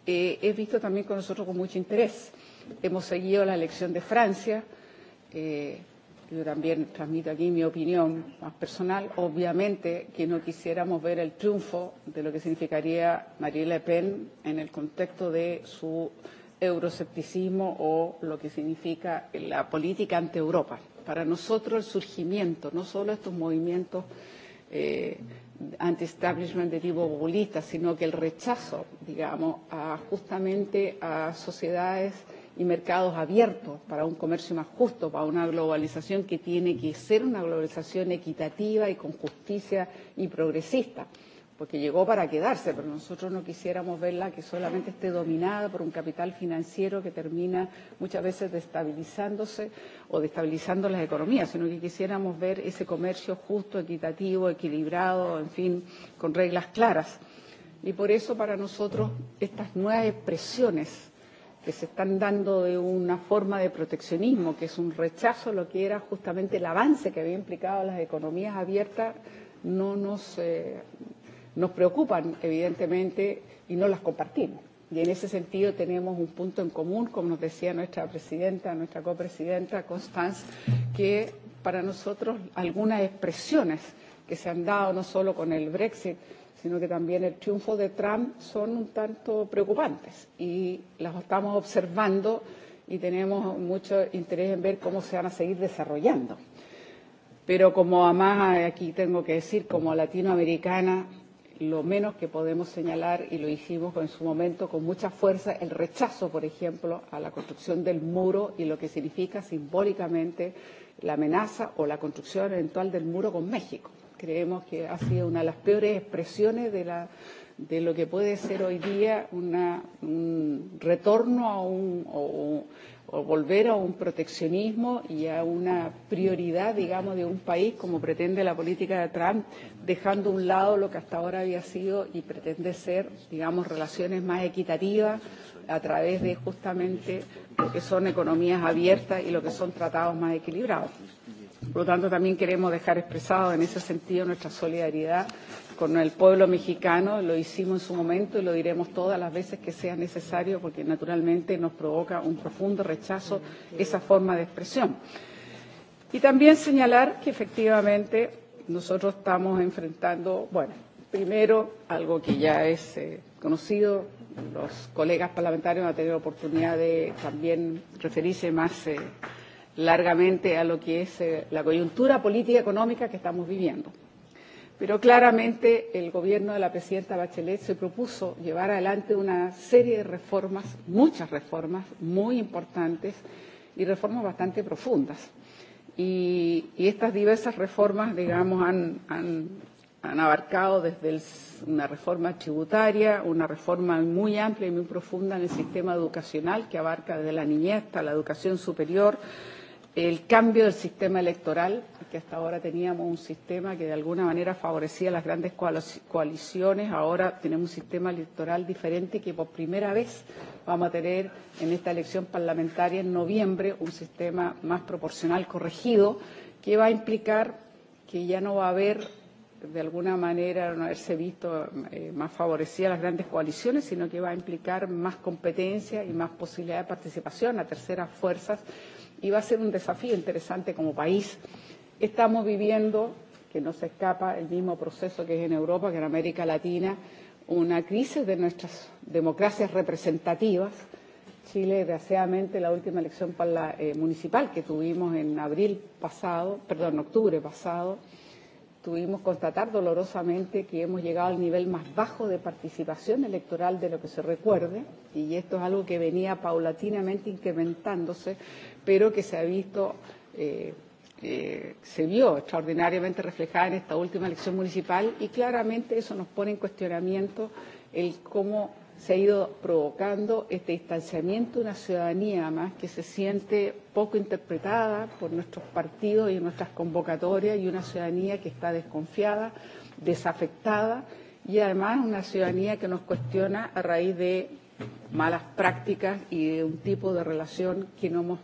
eh, he visto también con nosotros con mucho interés. Hemos seguido la elección de Francia. Eh, yo también transmito aquí mi opinión más personal, obviamente que no quisiéramos ver el triunfo de lo que significaría Marie Le Pen en el contexto de su euroscepticismo o lo que significa la política ante Europa. Para nosotros el surgimiento, no solo estos movimientos eh, anti-establishment de tipo populista, sino que el rechazo, digamos, a, justamente a sociedades y mercados abiertos, para un comercio más justo, para una globalización que tiene que ser una globalización equitativa y con justicia y progresista, porque llegó para quedarse, pero nosotros no quisiéramos verla que solamente esté dominada por un capital financiero que termina muchas veces destabilizándose o destabilizando las economías, sino que quisiéramos ver ese comercio justo, equitativo, equilibrado, en fin, con reglas claras. Y por eso para nosotros estas nuevas expresiones que se están dando de una forma de proteccionismo, que es un rechazo a lo que era justamente el avance que había implicado las economías abiertas, no nos, eh, nos preocupan, evidentemente, y no las compartimos. Y en ese sentido tenemos un punto en común, como nos decía nuestra presidenta, nuestra copresidenta Constance, que para nosotros algunas expresiones que se han dado no solo con el Brexit, sino que también el triunfo de Trump son un tanto preocupantes y las estamos observando y tenemos mucho interés en ver cómo se van a seguir desarrollando. Pero como además aquí tengo que decir, como latinoamericana, lo menos que podemos señalar, y lo hicimos en su momento con mucha fuerza, el rechazo, por ejemplo, a la construcción del muro y lo que significa simbólicamente la amenaza o la construcción eventual del muro con México Creemos que ha sido una de las peores expresiones de, la, de lo que puede ser hoy día una, un retorno a un, o, o volver a un proteccionismo y a una prioridad, digamos, de un país como pretende la política de Trump, dejando a un lado lo que hasta ahora había sido y pretende ser, digamos, relaciones más equitativas a través de justamente lo que son economías abiertas y lo que son tratados más equilibrados. Por lo tanto, también queremos dejar expresado en ese sentido nuestra solidaridad con el pueblo mexicano. Lo hicimos en su momento y lo diremos todas las veces que sea necesario porque naturalmente nos provoca un profundo rechazo esa forma de expresión. Y también señalar que efectivamente nosotros estamos enfrentando, bueno, primero algo que ya es eh, conocido, los colegas parlamentarios han tenido oportunidad de también referirse más. Eh, largamente a lo que es eh, la coyuntura política económica que estamos viviendo. Pero claramente el gobierno de la presidenta Bachelet se propuso llevar adelante una serie de reformas, muchas reformas muy importantes y reformas bastante profundas. Y, y estas diversas reformas, digamos, han, han, han abarcado desde el, una reforma tributaria, una reforma muy amplia y muy profunda en el sistema educacional que abarca desde la niñez hasta la educación superior, eh, el cambio del sistema electoral, que hasta ahora teníamos un sistema que de alguna manera favorecía las grandes coaliciones, ahora tenemos un sistema electoral diferente que por primera vez vamos a tener en esta elección parlamentaria en noviembre un sistema más proporcional corregido que va a implicar que ya no va a haber de alguna manera no haberse visto eh, más favorecida las grandes coaliciones, sino que va a implicar más competencia y más posibilidad de participación a terceras fuerzas y va a ser un desafío interesante como país. Estamos viviendo, que no se escapa, el mismo proceso que es en Europa, que en América Latina, una crisis de nuestras democracias representativas. Chile, desgraciadamente, la última elección para la, eh, municipal que tuvimos en abril pasado, perdón, octubre pasado, tuvimos constatar dolorosamente que hemos llegado al nivel más bajo de participación electoral de lo que se recuerde, y esto es algo que venía paulatinamente incrementándose pero que se ha visto, eh, eh, se vio extraordinariamente reflejada en esta última elección municipal y claramente eso nos pone en cuestionamiento el cómo se ha ido provocando este distanciamiento de una ciudadanía más que se siente poco interpretada por nuestros partidos y nuestras convocatorias y una ciudadanía que está desconfiada, desafectada y además una ciudadanía que nos cuestiona a raíz de malas prácticas y de un tipo de relación que no hemos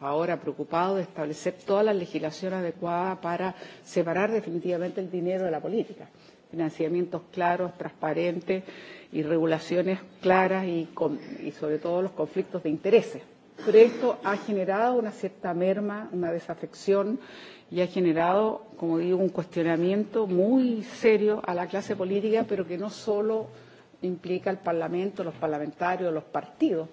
ahora preocupado de establecer toda la legislación adecuada para separar definitivamente el dinero de la política. Financiamientos claros, transparentes y regulaciones claras y, con, y sobre todo los conflictos de intereses. Pero esto ha generado una cierta merma, una desafección y ha generado, como digo, un cuestionamiento muy serio a la clase política, pero que no solo implica al Parlamento, los parlamentarios, los partidos,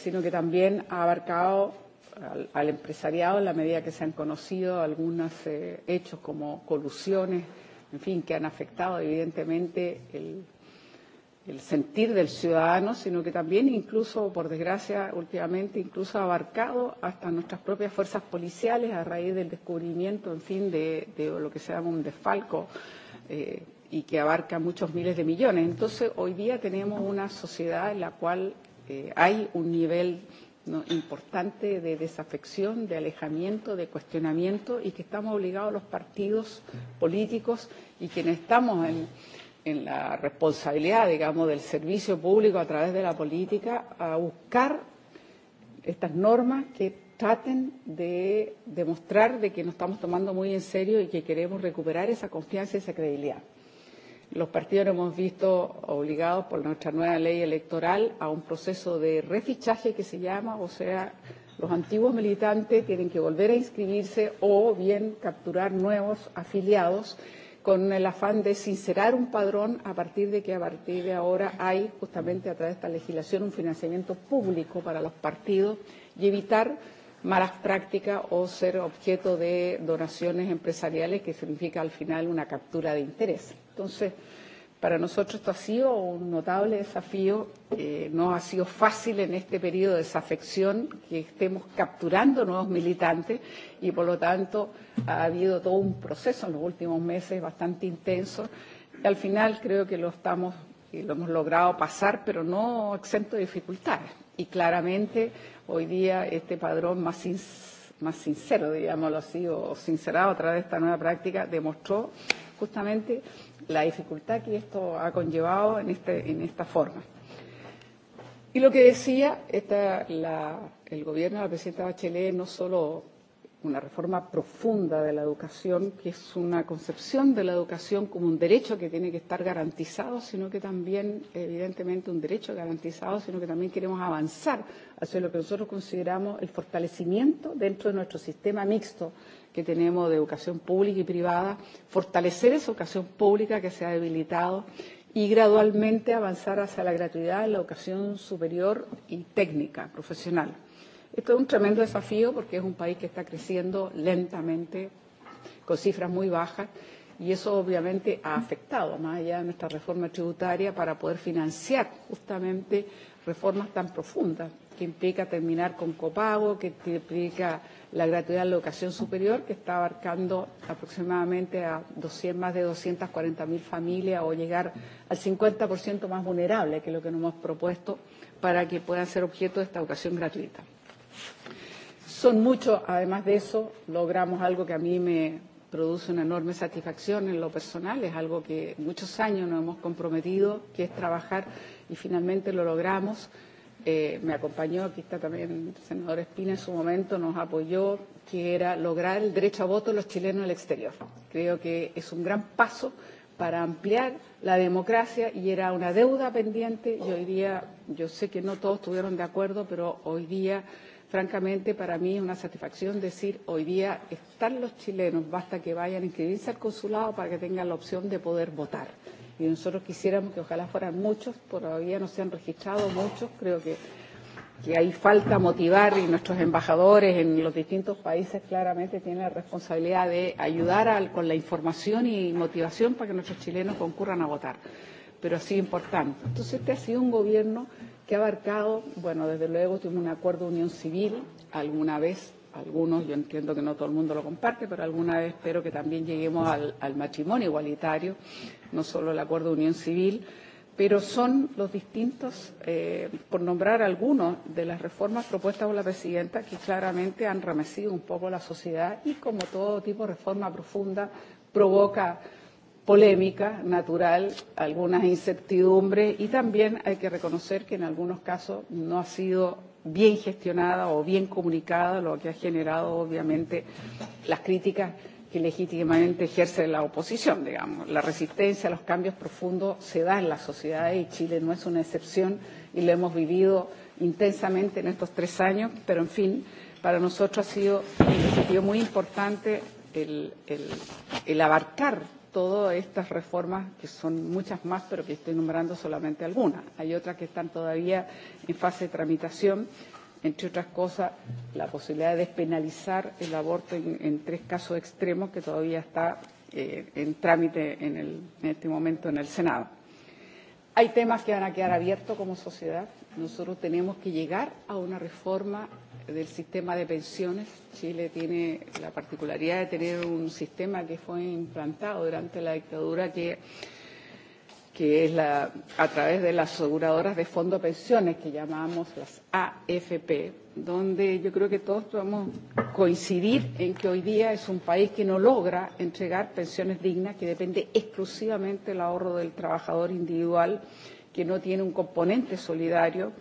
sino que también ha abarcado al, al empresariado en la medida que se han conocido algunos eh, hechos como colusiones, en fin, que han afectado evidentemente el, el sentir del ciudadano, sino que también incluso, por desgracia, últimamente incluso ha abarcado hasta nuestras propias fuerzas policiales a raíz del descubrimiento, en fin, de, de lo que se llama un desfalco eh, y que abarca muchos miles de millones. Entonces, hoy día tenemos una sociedad en la cual eh, hay un nivel ¿no? importante de desafección, de alejamiento, de cuestionamiento y que estamos obligados los partidos políticos y quienes estamos en, en la responsabilidad, digamos, del servicio público a través de la política a buscar estas normas que traten de demostrar de que nos estamos tomando muy en serio y que queremos recuperar esa confianza y esa credibilidad. Los partidos nos hemos visto obligados por nuestra nueva ley electoral a un proceso de refichaje que se llama, o sea, los antiguos militantes tienen que volver a inscribirse o bien capturar nuevos afiliados con el afán de sincerar un padrón a partir de que a partir de ahora hay justamente a través de esta legislación un financiamiento público para los partidos y evitar malas prácticas o ser objeto de donaciones empresariales que significa al final una captura de interés. Entonces, para nosotros esto ha sido un notable desafío. Eh, no ha sido fácil en este periodo de desafección que estemos capturando nuevos militantes y, por lo tanto, ha habido todo un proceso en los últimos meses bastante intenso. Y al final creo que lo estamos y lo hemos logrado pasar, pero no exento de dificultades. Y claramente hoy día este padrón más, sin, más sincero, digámoslo así, o sincerado a través de esta nueva práctica, demostró justamente la dificultad que esto ha conllevado en, este, en esta forma. Y lo que decía esta, la, el gobierno de la presidenta Bachelet no solo una reforma profunda de la educación, que es una concepción de la educación como un derecho que tiene que estar garantizado, sino que también, evidentemente, un derecho garantizado, sino que también queremos avanzar hacia lo que nosotros consideramos el fortalecimiento dentro de nuestro sistema mixto que tenemos de educación pública y privada, fortalecer esa educación pública que se ha debilitado y gradualmente avanzar hacia la gratuidad en la educación superior y técnica, profesional. Esto es un tremendo desafío porque es un país que está creciendo lentamente, con cifras muy bajas, y eso obviamente ha afectado más allá de nuestra reforma tributaria para poder financiar justamente reformas tan profundas que implica terminar con copago, que implica la gratuidad de la educación superior, que está abarcando aproximadamente a 200, más de 240.000 familias o llegar al 50% más vulnerable, que es lo que nos hemos propuesto, para que puedan ser objeto de esta educación gratuita. Son muchos, además de eso, logramos algo que a mí me produce una enorme satisfacción en lo personal, es algo que muchos años nos hemos comprometido, que es trabajar y finalmente lo logramos eh, me acompañó, aquí está también el senador Espina en su momento, nos apoyó, que era lograr el derecho a voto de los chilenos al exterior. Creo que es un gran paso para ampliar la democracia y era una deuda pendiente y hoy día, yo sé que no todos estuvieron de acuerdo, pero hoy día, francamente, para mí es una satisfacción decir, hoy día están los chilenos, basta que vayan a inscribirse al consulado para que tengan la opción de poder votar y nosotros quisiéramos que ojalá fueran muchos, todavía no se han registrado muchos, creo que, que ahí falta motivar y nuestros embajadores en los distintos países claramente tienen la responsabilidad de ayudar al, con la información y motivación para que nuestros chilenos concurran a votar, pero así importante. Entonces este ha sido un gobierno que ha abarcado, bueno, desde luego tuvimos un acuerdo de unión civil alguna vez algunos, yo entiendo que no todo el mundo lo comparte, pero alguna vez espero que también lleguemos al, al matrimonio igualitario, no solo el acuerdo de unión civil, pero son los distintos, eh, por nombrar algunos, de las reformas propuestas por la presidenta que claramente han remecido un poco la sociedad y como todo tipo de reforma profunda provoca polémica natural, algunas incertidumbres y también hay que reconocer que en algunos casos no ha sido bien gestionada o bien comunicada, lo que ha generado obviamente las críticas que legítimamente ejerce la oposición, digamos. La resistencia a los cambios profundos se da en la sociedad y Chile no es una excepción y lo hemos vivido intensamente en estos tres años, pero en fin, para nosotros ha sido un desafío muy importante el, el, el abarcar todas estas reformas, que son muchas más, pero que estoy nombrando solamente algunas. Hay otras que están todavía en fase de tramitación, entre otras cosas, la posibilidad de despenalizar el aborto en, en tres casos extremos que todavía está eh, en trámite en, el, en este momento en el Senado. Hay temas que van a quedar abiertos como sociedad, Nosotros tenemos que llegar a una reforma del sistema de pensiones. Chile tiene la particularidad de tener un sistema que fue implantado durante la dictadura que que es la, a través de las aseguradoras de fondo de pensiones, que llamamos las AFP, donde yo creo que todos podemos coincidir en que hoy día es un país que no logra entregar pensiones dignas, que depende exclusivamente del ahorro del trabajador individual que no tiene un componente solidario.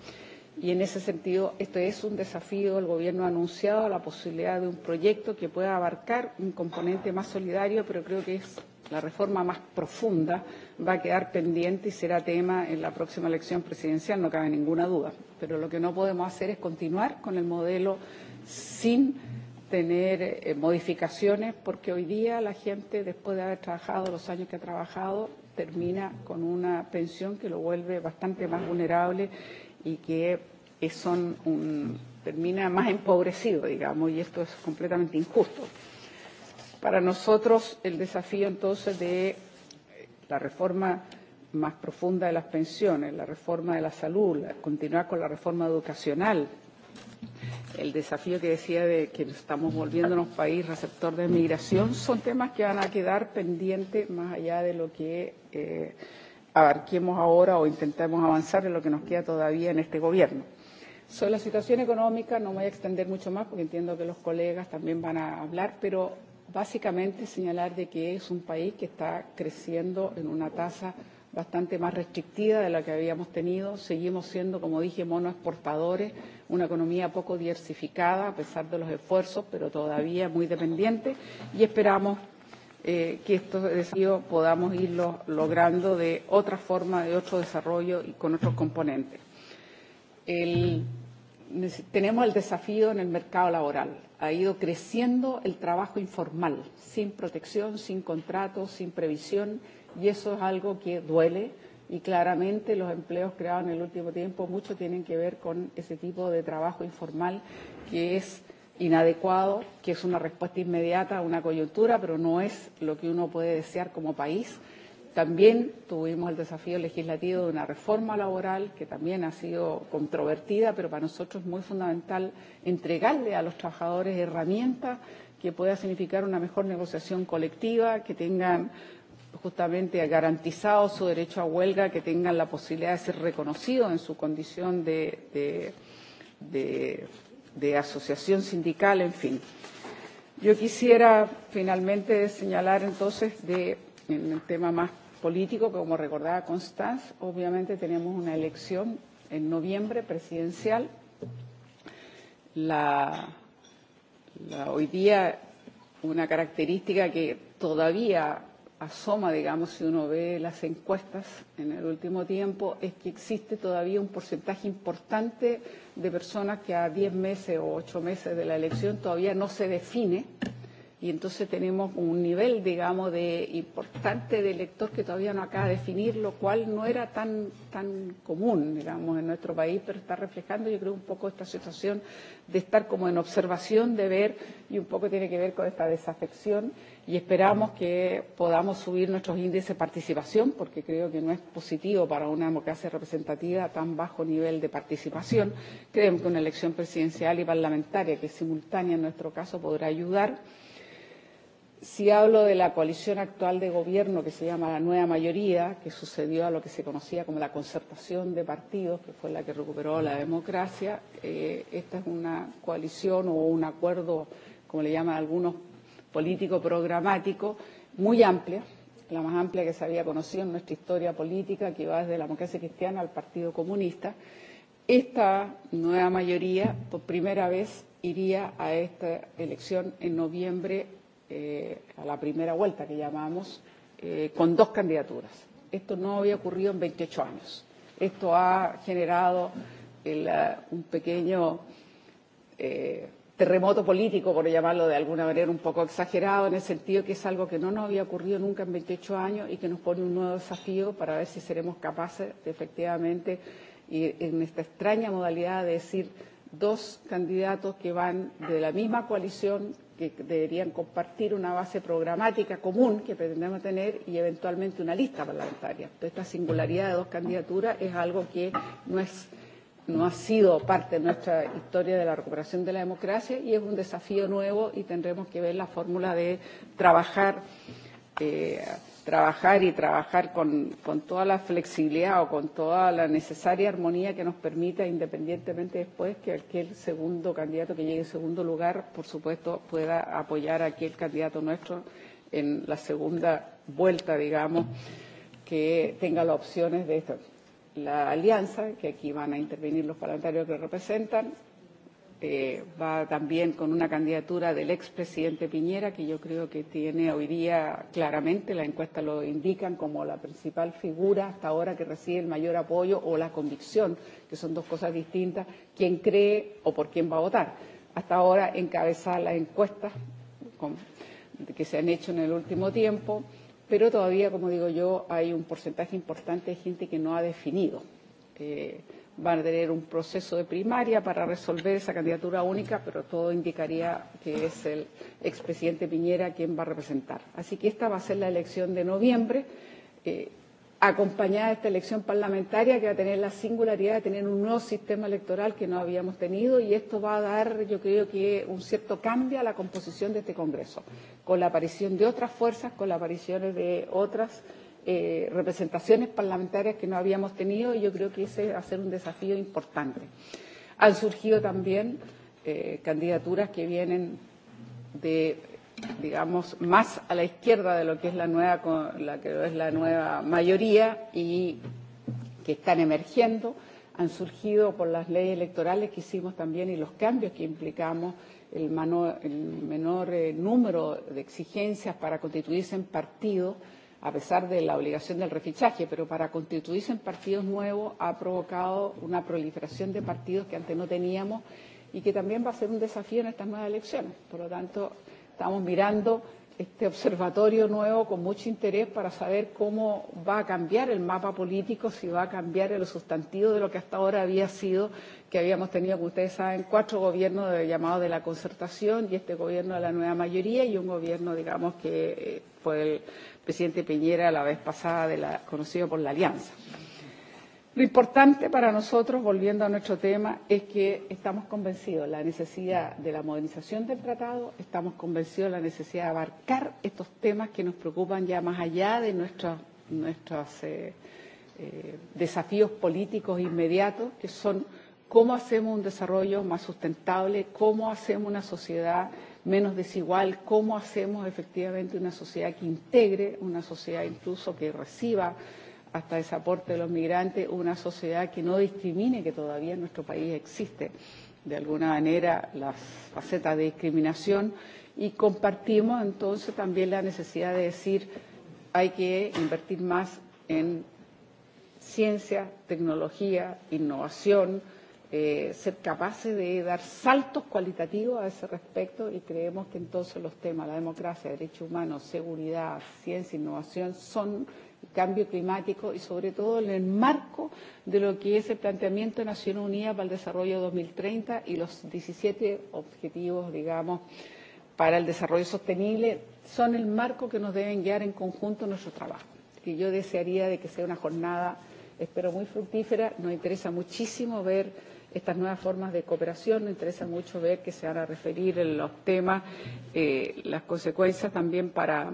Y en ese sentido, este es un desafío. El Gobierno ha anunciado la posibilidad de un proyecto que pueda abarcar un componente más solidario, pero creo que es la reforma más profunda va a quedar pendiente y será tema en la próxima elección presidencial, no cabe ninguna duda. Pero lo que no podemos hacer es continuar con el modelo sin tener eh, modificaciones, porque hoy día la gente, después de haber trabajado los años que ha trabajado, termina con una pensión que lo vuelve bastante más vulnerable y que son un, termina más empobrecido, digamos, y esto es completamente injusto. Para nosotros el desafío entonces de la reforma más profunda de las pensiones, la reforma de la salud, continuar con la reforma educacional, el desafío que decía de que estamos volviéndonos país receptor de migración, son temas que van a quedar pendientes más allá de lo que eh, abarquemos ahora o intentemos avanzar en lo que nos queda todavía en este gobierno. Sobre la situación económica no me voy a extender mucho más porque entiendo que los colegas también van a hablar, pero básicamente señalar de que es un país que está creciendo en una tasa bastante más restrictiva de la que habíamos tenido. Seguimos siendo, como dije, monoexportadores, una economía poco diversificada a pesar de los esfuerzos, pero todavía muy dependiente y esperamos eh, que estos desafíos podamos irlo logrando de otra forma, de otro desarrollo y con otros componentes. El, tenemos el desafío en el mercado laboral. Ha ido creciendo el trabajo informal, sin protección, sin contratos, sin previsión y eso es algo que duele y claramente los empleos creados en el último tiempo mucho tienen que ver con ese tipo de trabajo informal que es inadecuado, que es una respuesta inmediata a una coyuntura, pero no es lo que uno puede desear como país. También tuvimos el desafío legislativo de una reforma laboral que también ha sido controvertida, pero para nosotros es muy fundamental entregarle a los trabajadores herramientas que pueda significar una mejor negociación colectiva, que tengan justamente garantizado su derecho a huelga, que tengan la posibilidad de ser reconocidos en su condición de, de, de, de asociación sindical, en fin. Yo quisiera finalmente señalar entonces de, en el tema más político, que como recordaba Constanz, obviamente tenemos una elección en noviembre presidencial. La, la, hoy día una característica que todavía asoma, digamos, si uno ve las encuestas en el último tiempo, es que existe todavía un porcentaje importante de personas que a 10 meses o 8 meses de la elección todavía no se define y entonces tenemos un nivel, digamos, de importante de elector que todavía no acaba de definir, lo cual no era tan, tan común, digamos, en nuestro país, pero está reflejando, yo creo, un poco esta situación de estar como en observación, de ver, y un poco tiene que ver con esta desafección y esperamos que podamos subir nuestros índices de participación, porque creo que no es positivo para una democracia representativa tan bajo nivel de participación. Creemos que una elección presidencial y parlamentaria, que es simultánea en nuestro caso, podrá ayudar. Si hablo de la coalición actual de gobierno que se llama la nueva mayoría, que sucedió a lo que se conocía como la concertación de partidos, que fue la que recuperó la democracia, eh, esta es una coalición o un acuerdo, como le llaman algunos político programático muy amplia, la más amplia que se había conocido en nuestra historia política, que va desde la democracia cristiana al Partido Comunista. Esta nueva mayoría, por primera vez, iría a esta elección en noviembre, eh, a la primera vuelta que llamamos, eh, con dos candidaturas. Esto no había ocurrido en 28 años. Esto ha generado el, un pequeño eh, terremoto político, por llamarlo de alguna manera un poco exagerado, en el sentido que es algo que no nos había ocurrido nunca en 28 años y que nos pone un nuevo desafío para ver si seremos capaces de efectivamente ir en esta extraña modalidad de decir dos candidatos que van de la misma coalición, que deberían compartir una base programática común que pretendemos tener y eventualmente una lista parlamentaria. Entonces, esta singularidad de dos candidaturas es algo que no es no ha sido parte de nuestra historia de la recuperación de la democracia y es un desafío nuevo y tendremos que ver la fórmula de trabajar, eh, trabajar y trabajar con, con toda la flexibilidad o con toda la necesaria armonía que nos permita, independientemente después, que aquel segundo candidato que llegue en segundo lugar, por supuesto, pueda apoyar a aquel candidato nuestro en la segunda vuelta, digamos, que tenga las opciones de esto la alianza, que aquí van a intervenir los parlamentarios que representan, eh, va también con una candidatura del expresidente Piñera, que yo creo que tiene hoy día claramente, las encuestas lo indican como la principal figura hasta ahora que recibe el mayor apoyo o la convicción, que son dos cosas distintas, quién cree o por quién va a votar. Hasta ahora encabezar las encuestas con, que se han hecho en el último tiempo pero todavía, como digo yo, hay un porcentaje importante de gente que no ha definido. Eh, van a tener un proceso de primaria para resolver esa candidatura única, pero todo indicaría que es el expresidente Piñera quien va a representar. Así que esta va a ser la elección de noviembre. Eh, acompañada de esta elección parlamentaria que va a tener la singularidad de tener un nuevo sistema electoral que no habíamos tenido y esto va a dar, yo creo que un cierto cambio a la composición de este Congreso, con la aparición de otras fuerzas, con la aparición de otras eh, representaciones parlamentarias que no habíamos tenido y yo creo que ese va a ser un desafío importante. Han surgido también eh, candidaturas que vienen de digamos, más a la izquierda de lo que es la nueva, la que es la nueva mayoría y que están emergiendo, han surgido por las leyes electorales que hicimos también y los cambios que implicamos el, mano, el menor eh, número de exigencias para constituirse en partidos, a pesar de la obligación del refichaje, pero para constituirse en partidos nuevos ha provocado una proliferación de partidos que antes no teníamos y que también va a ser un desafío en estas nuevas elecciones. Por lo tanto, Estamos mirando este observatorio nuevo con mucho interés para saber cómo va a cambiar el mapa político, si va a cambiar el sustantivo de lo que hasta ahora había sido, que habíamos tenido, como ustedes saben, cuatro gobiernos de llamados de la concertación y este gobierno de la nueva mayoría y un gobierno, digamos, que fue el presidente Piñera la vez pasada de la, conocido por la alianza. Lo importante para nosotros, volviendo a nuestro tema, es que estamos convencidos de la necesidad de la modernización del tratado, estamos convencidos de la necesidad de abarcar estos temas que nos preocupan ya más allá de nuestros, nuestros eh, eh, desafíos políticos inmediatos, que son cómo hacemos un desarrollo más sustentable, cómo hacemos una sociedad menos desigual, cómo hacemos efectivamente una sociedad que integre, una sociedad incluso que reciba hasta ese aporte de los migrantes, una sociedad que no discrimine, que todavía en nuestro país existe de alguna manera las facetas de discriminación y compartimos entonces también la necesidad de decir hay que invertir más en ciencia, tecnología, innovación, eh, ser capaces de dar saltos cualitativos a ese respecto y creemos que entonces los temas, la democracia, derechos humanos, seguridad, ciencia, innovación son cambio climático y sobre todo en el marco de lo que es el planteamiento de Naciones Unidas para el Desarrollo 2030 y los 17 objetivos, digamos, para el desarrollo sostenible, son el marco que nos deben guiar en conjunto nuestro trabajo. Y yo desearía de que sea una jornada, espero, muy fructífera. Nos interesa muchísimo ver estas nuevas formas de cooperación. Nos interesa mucho ver que se van a referir en los temas, eh, las consecuencias también para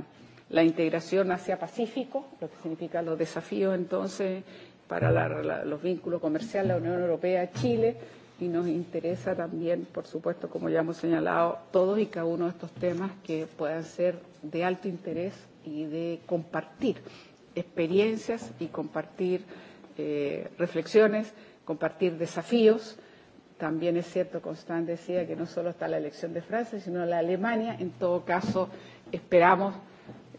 la integración hacia pacífico lo que significa los desafíos entonces para la, la, los vínculos comerciales, la Unión Europea, Chile, y nos interesa también, por supuesto, como ya hemos señalado, todos y cada uno de estos temas que puedan ser de alto interés y de compartir experiencias y compartir eh, reflexiones, compartir desafíos. También es cierto, Constant decía que no solo está la elección de Francia, sino la Alemania. En todo caso, esperamos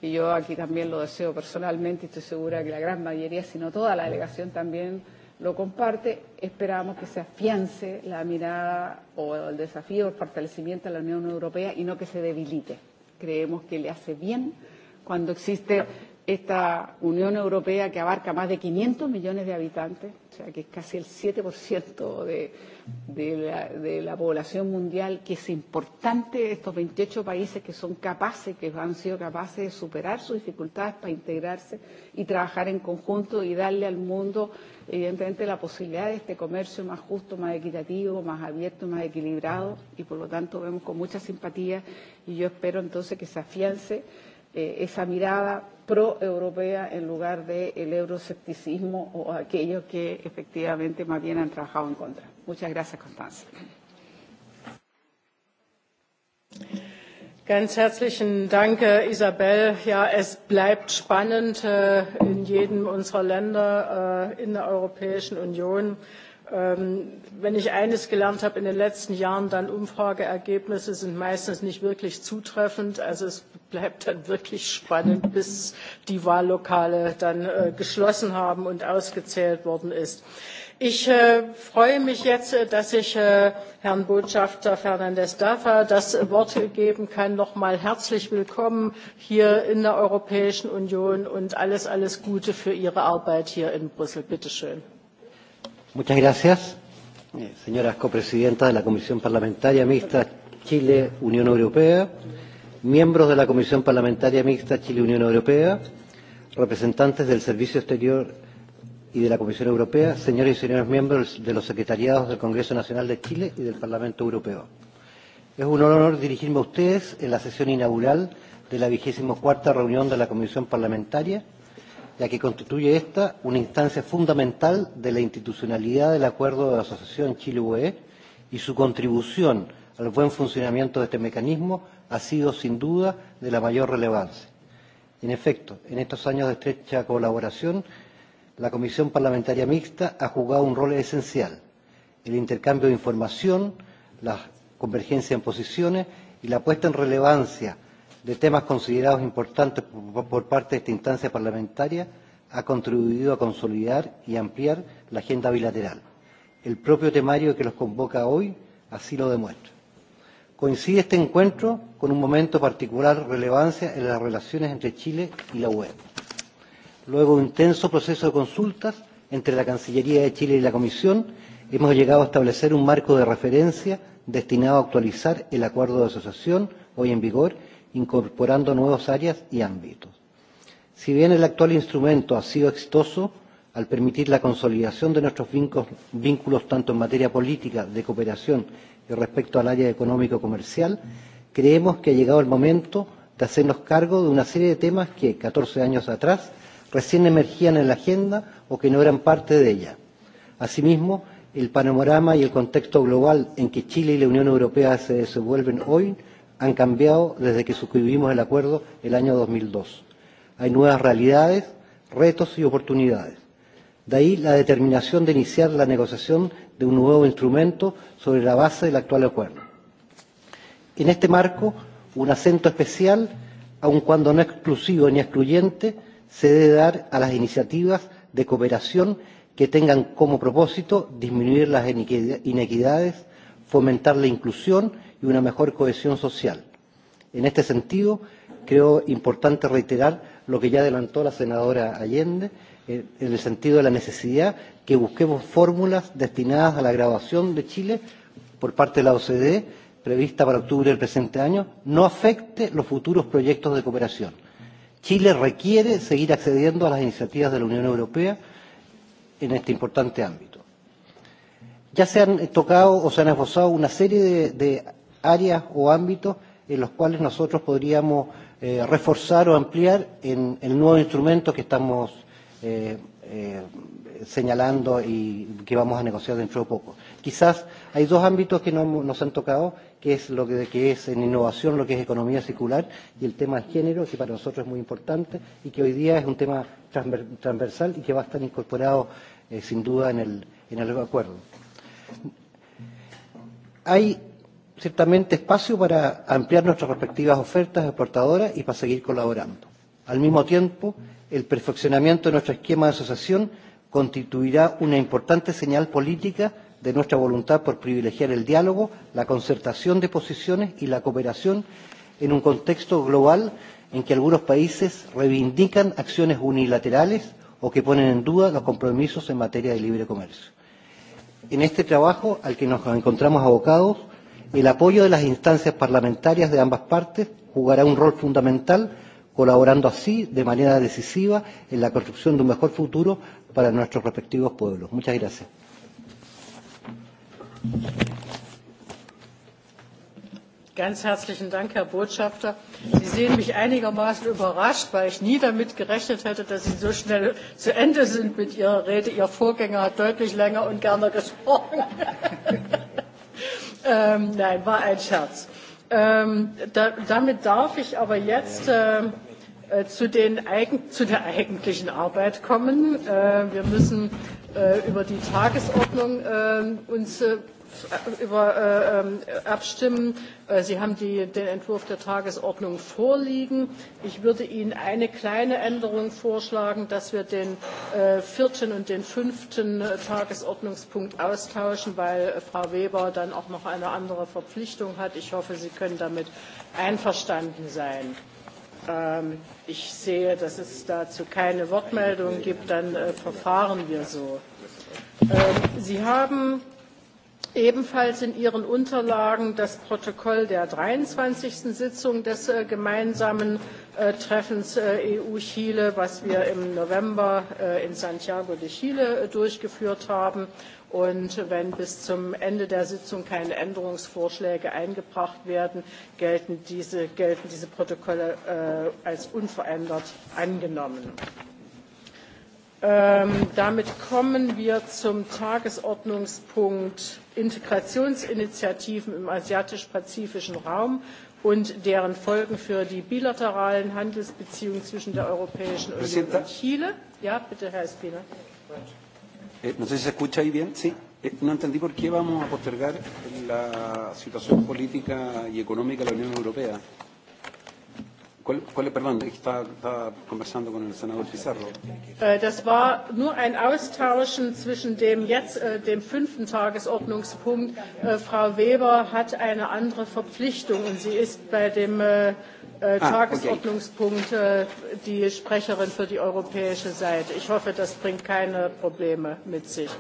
y yo aquí también lo deseo personalmente, estoy segura que la gran mayoría, si no toda la delegación también lo comparte, esperamos que se afiance la mirada o el desafío, el fortalecimiento de la Unión Europea y no que se debilite. Creemos que le hace bien cuando existe esta Unión Europea que abarca más de 500 millones de habitantes, o sea que es casi el 7% de, de, la, de la población mundial, que es importante estos 28 países que son capaces, que han sido capaces de superar sus dificultades para integrarse y trabajar en conjunto y darle al mundo, evidentemente, la posibilidad de este comercio más justo, más equitativo, más abierto, más equilibrado y por lo tanto vemos con mucha simpatía y yo espero entonces que se afiance eh, esa mirada pro-europea en lugar del de euroscepticismo o aquellos que efectivamente más bien han trabajado en contra. Muchas gracias, Constanza. Ganz herzlichen Dank, Isabel. Ja, es bleibt spannend in jedem unserer Länder in der Europäischen Union. Wenn ich eines gelernt habe in den letzten Jahren, dann Umfrageergebnisse sind meistens nicht wirklich zutreffend. Also es bleibt dann wirklich spannend, bis die Wahllokale dann geschlossen haben und ausgezählt worden ist. Ich freue mich jetzt, dass ich Herrn Botschafter Fernandes Dafa das Wort geben kann. Nochmal herzlich willkommen hier in der Europäischen Union und alles, alles Gute für Ihre Arbeit hier in Brüssel. Bitte schön. Muchas gracias, señora copresidenta de la Comisión Parlamentaria Mixta Chile-Unión Europea, miembros de la Comisión Parlamentaria Mixta Chile-Unión Europea, representantes del Servicio Exterior y de la Comisión Europea, señores y señores miembros de los secretariados del Congreso Nacional de Chile y del Parlamento Europeo. Es un honor dirigirme a ustedes en la sesión inaugural de la vigésimo cuarta reunión de la Comisión Parlamentaria ya que constituye esta una instancia fundamental de la institucionalidad del Acuerdo de Asociación Chile-UE y su contribución al buen funcionamiento de este mecanismo ha sido sin duda de la mayor relevancia. En efecto, en estos años de estrecha colaboración, la Comisión Parlamentaria Mixta ha jugado un rol esencial. El intercambio de información, la convergencia en posiciones y la puesta en relevancia de temas considerados importantes por parte de esta instancia parlamentaria ha contribuido a consolidar y ampliar la agenda bilateral. El propio temario que los convoca hoy así lo demuestra. Coincide este encuentro con un momento de particular relevancia en las relaciones entre Chile y la UE. Luego de un intenso proceso de consultas entre la Cancillería de Chile y la Comisión, hemos llegado a establecer un marco de referencia destinado a actualizar el acuerdo de asociación hoy en vigor incorporando nuevas áreas y ámbitos. Si bien el actual instrumento ha sido exitoso al permitir la consolidación de nuestros vínculos tanto en materia política de cooperación y respecto al área económico-comercial, creemos que ha llegado el momento de hacernos cargo de una serie de temas que, 14 años atrás, recién emergían en la agenda o que no eran parte de ella. Asimismo, el panorama y el contexto global en que Chile y la Unión Europea se desenvuelven hoy han cambiado desde que suscribimos el acuerdo el año 2002. Hay nuevas realidades, retos y oportunidades. De ahí la determinación de iniciar la negociación de un nuevo instrumento sobre la base del actual acuerdo. En este marco, un acento especial, aun cuando no exclusivo ni excluyente, se debe dar a las iniciativas de cooperación que tengan como propósito disminuir las inequidades, fomentar la inclusión y una mejor cohesión social. En este sentido, creo importante reiterar lo que ya adelantó la senadora Allende en el sentido de la necesidad que busquemos fórmulas destinadas a la graduación de Chile por parte de la OCDE prevista para octubre del presente año no afecte los futuros proyectos de cooperación. Chile requiere seguir accediendo a las iniciativas de la Unión Europea en este importante ámbito. Ya se han tocado o se han esbozado una serie de, de áreas o ámbitos en los cuales nosotros podríamos eh, reforzar o ampliar en el nuevo instrumento que estamos eh, eh, señalando y que vamos a negociar dentro de poco. Quizás hay dos ámbitos que no nos han tocado, que es lo que, que es en innovación, lo que es economía circular y el tema de género, que para nosotros es muy importante y que hoy día es un tema transversal y que va a estar incorporado eh, sin duda en el, en el acuerdo. Hay ciertamente espacio para ampliar nuestras respectivas ofertas exportadoras y para seguir colaborando. Al mismo tiempo, el perfeccionamiento de nuestro esquema de asociación constituirá una importante señal política de nuestra voluntad por privilegiar el diálogo, la concertación de posiciones y la cooperación en un contexto global en que algunos países reivindican acciones unilaterales o que ponen en duda los compromisos en materia de libre comercio. En este trabajo al que nos encontramos abocados, el apoyo de las instancias parlamentarias de ambas partes jugará un rol fundamental, colaborando así de manera decisiva en la construcción de un mejor futuro para nuestros respectivos pueblos. Muchas gracias. Ganz herzlichen Dank, Herr Botschafter. Sie sehen mich einigermaßen überrascht, weil ich nie damit gerechnet hätte, dass Sie so schnell zu Ende sind mit Ihrer Rede. Ihr Vorgänger hat deutlich länger und gerne gesprochen. Ähm, nein, war ein Scherz. Ähm, da, damit darf ich aber jetzt äh, zu, den eigen, zu der eigentlichen Arbeit kommen. Äh, wir müssen äh, über die Tagesordnung äh, uns äh, abstimmen. Sie haben den Entwurf der Tagesordnung vorliegen. Ich würde Ihnen eine kleine Änderung vorschlagen, dass wir den vierten und den fünften Tagesordnungspunkt austauschen, weil Frau Weber dann auch noch eine andere Verpflichtung hat. Ich hoffe, Sie können damit einverstanden sein. Ich sehe, dass es dazu keine Wortmeldungen gibt, dann verfahren wir so. Sie haben ebenfalls in Ihren Unterlagen das Protokoll der 23. Sitzung des gemeinsamen Treffens EU-Chile, was wir im November in Santiago de Chile durchgeführt haben. Und wenn bis zum Ende der Sitzung keine Änderungsvorschläge eingebracht werden, gelten diese, Protokolle als unverändert angenommen. damit kommen wir zum Tagesordnungspunkt Integrationsinitiativen im asiatisch-pazifischen Raum und deren Folgen für die bilateralen Handelsbeziehungen zwischen der Europäischen Union und Chile. Ja, bitte, Herr Espina. No entendí por qué vamos a postergar la situación política y económica de la Unión Europea. Cole, perdón, estaba, estaba conversando con el senador Pizarro. Das war nur ein Austauschen zwischen dem jetzt, dem fünften Tagesordnungspunkt. Frau Weber hat eine andere Verpflichtung und sie ist bei dem Tagesordnungspunkt die Sprecherin für die europäische Seite. Ich hoffe, das bringt keine Probleme mit sich.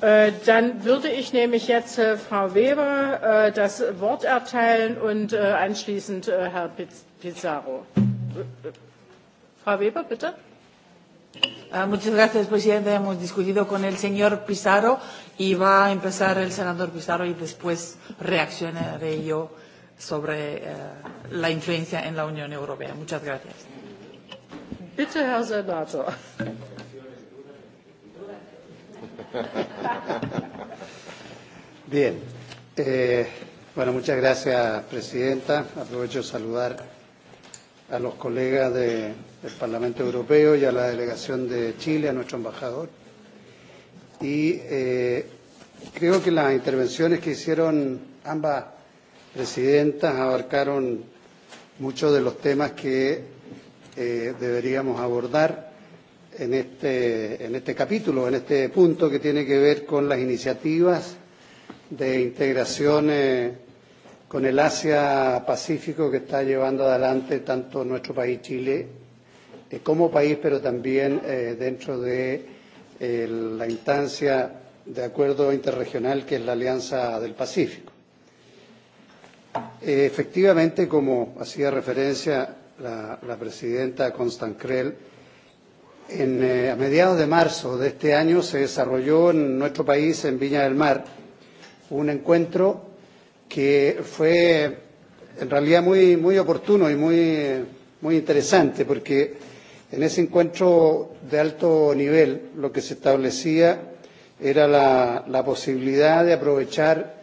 Dann würde ich nämlich jetzt Frau Weber das Wort erteilen und anschließend Herr Pitz. Pizarro. Frau Weber, bitte. Muchas gracias, presidente. Hemos discutido con el señor Pizarro y va a empezar el senador Pizarro y después reaccionaré yo sobre la influencia en la Unión Europea. Muchas gracias. Bitte, Herr Senator. Bien. Eh, bueno, muchas gracias, presidenta. Aprovecho de saludar a los colegas de, del Parlamento Europeo y a la delegación de Chile, a nuestro embajador. Y eh, creo que las intervenciones que hicieron ambas presidentas abarcaron muchos de los temas que eh, deberíamos abordar en este, en este capítulo, en este punto que tiene que ver con las iniciativas de integración eh, con el Asia-Pacífico que está llevando adelante tanto nuestro país Chile eh, como país, pero también eh, dentro de eh, la instancia de acuerdo interregional que es la Alianza del Pacífico. Eh, efectivamente, como hacía referencia la, la presidenta Constant Krell, en, eh, a mediados de marzo de este año se desarrolló en nuestro país, en Viña del Mar, un encuentro que fue en realidad muy, muy oportuno y muy, muy interesante, porque en ese encuentro de alto nivel lo que se establecía era la, la posibilidad de aprovechar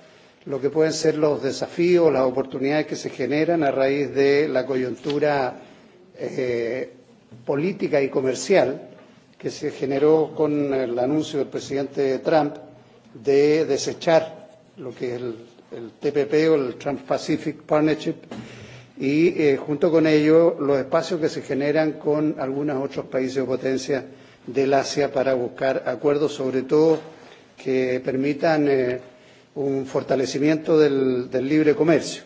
lo que pueden ser los desafíos, las oportunidades que se generan a raíz de la coyuntura eh, política y comercial que se generó con el anuncio del presidente Trump de desechar lo que es el el TPP o el Trans-Pacific Partnership, y eh, junto con ello los espacios que se generan con algunos otros países o potencias del Asia para buscar acuerdos, sobre todo que permitan eh, un fortalecimiento del, del libre comercio.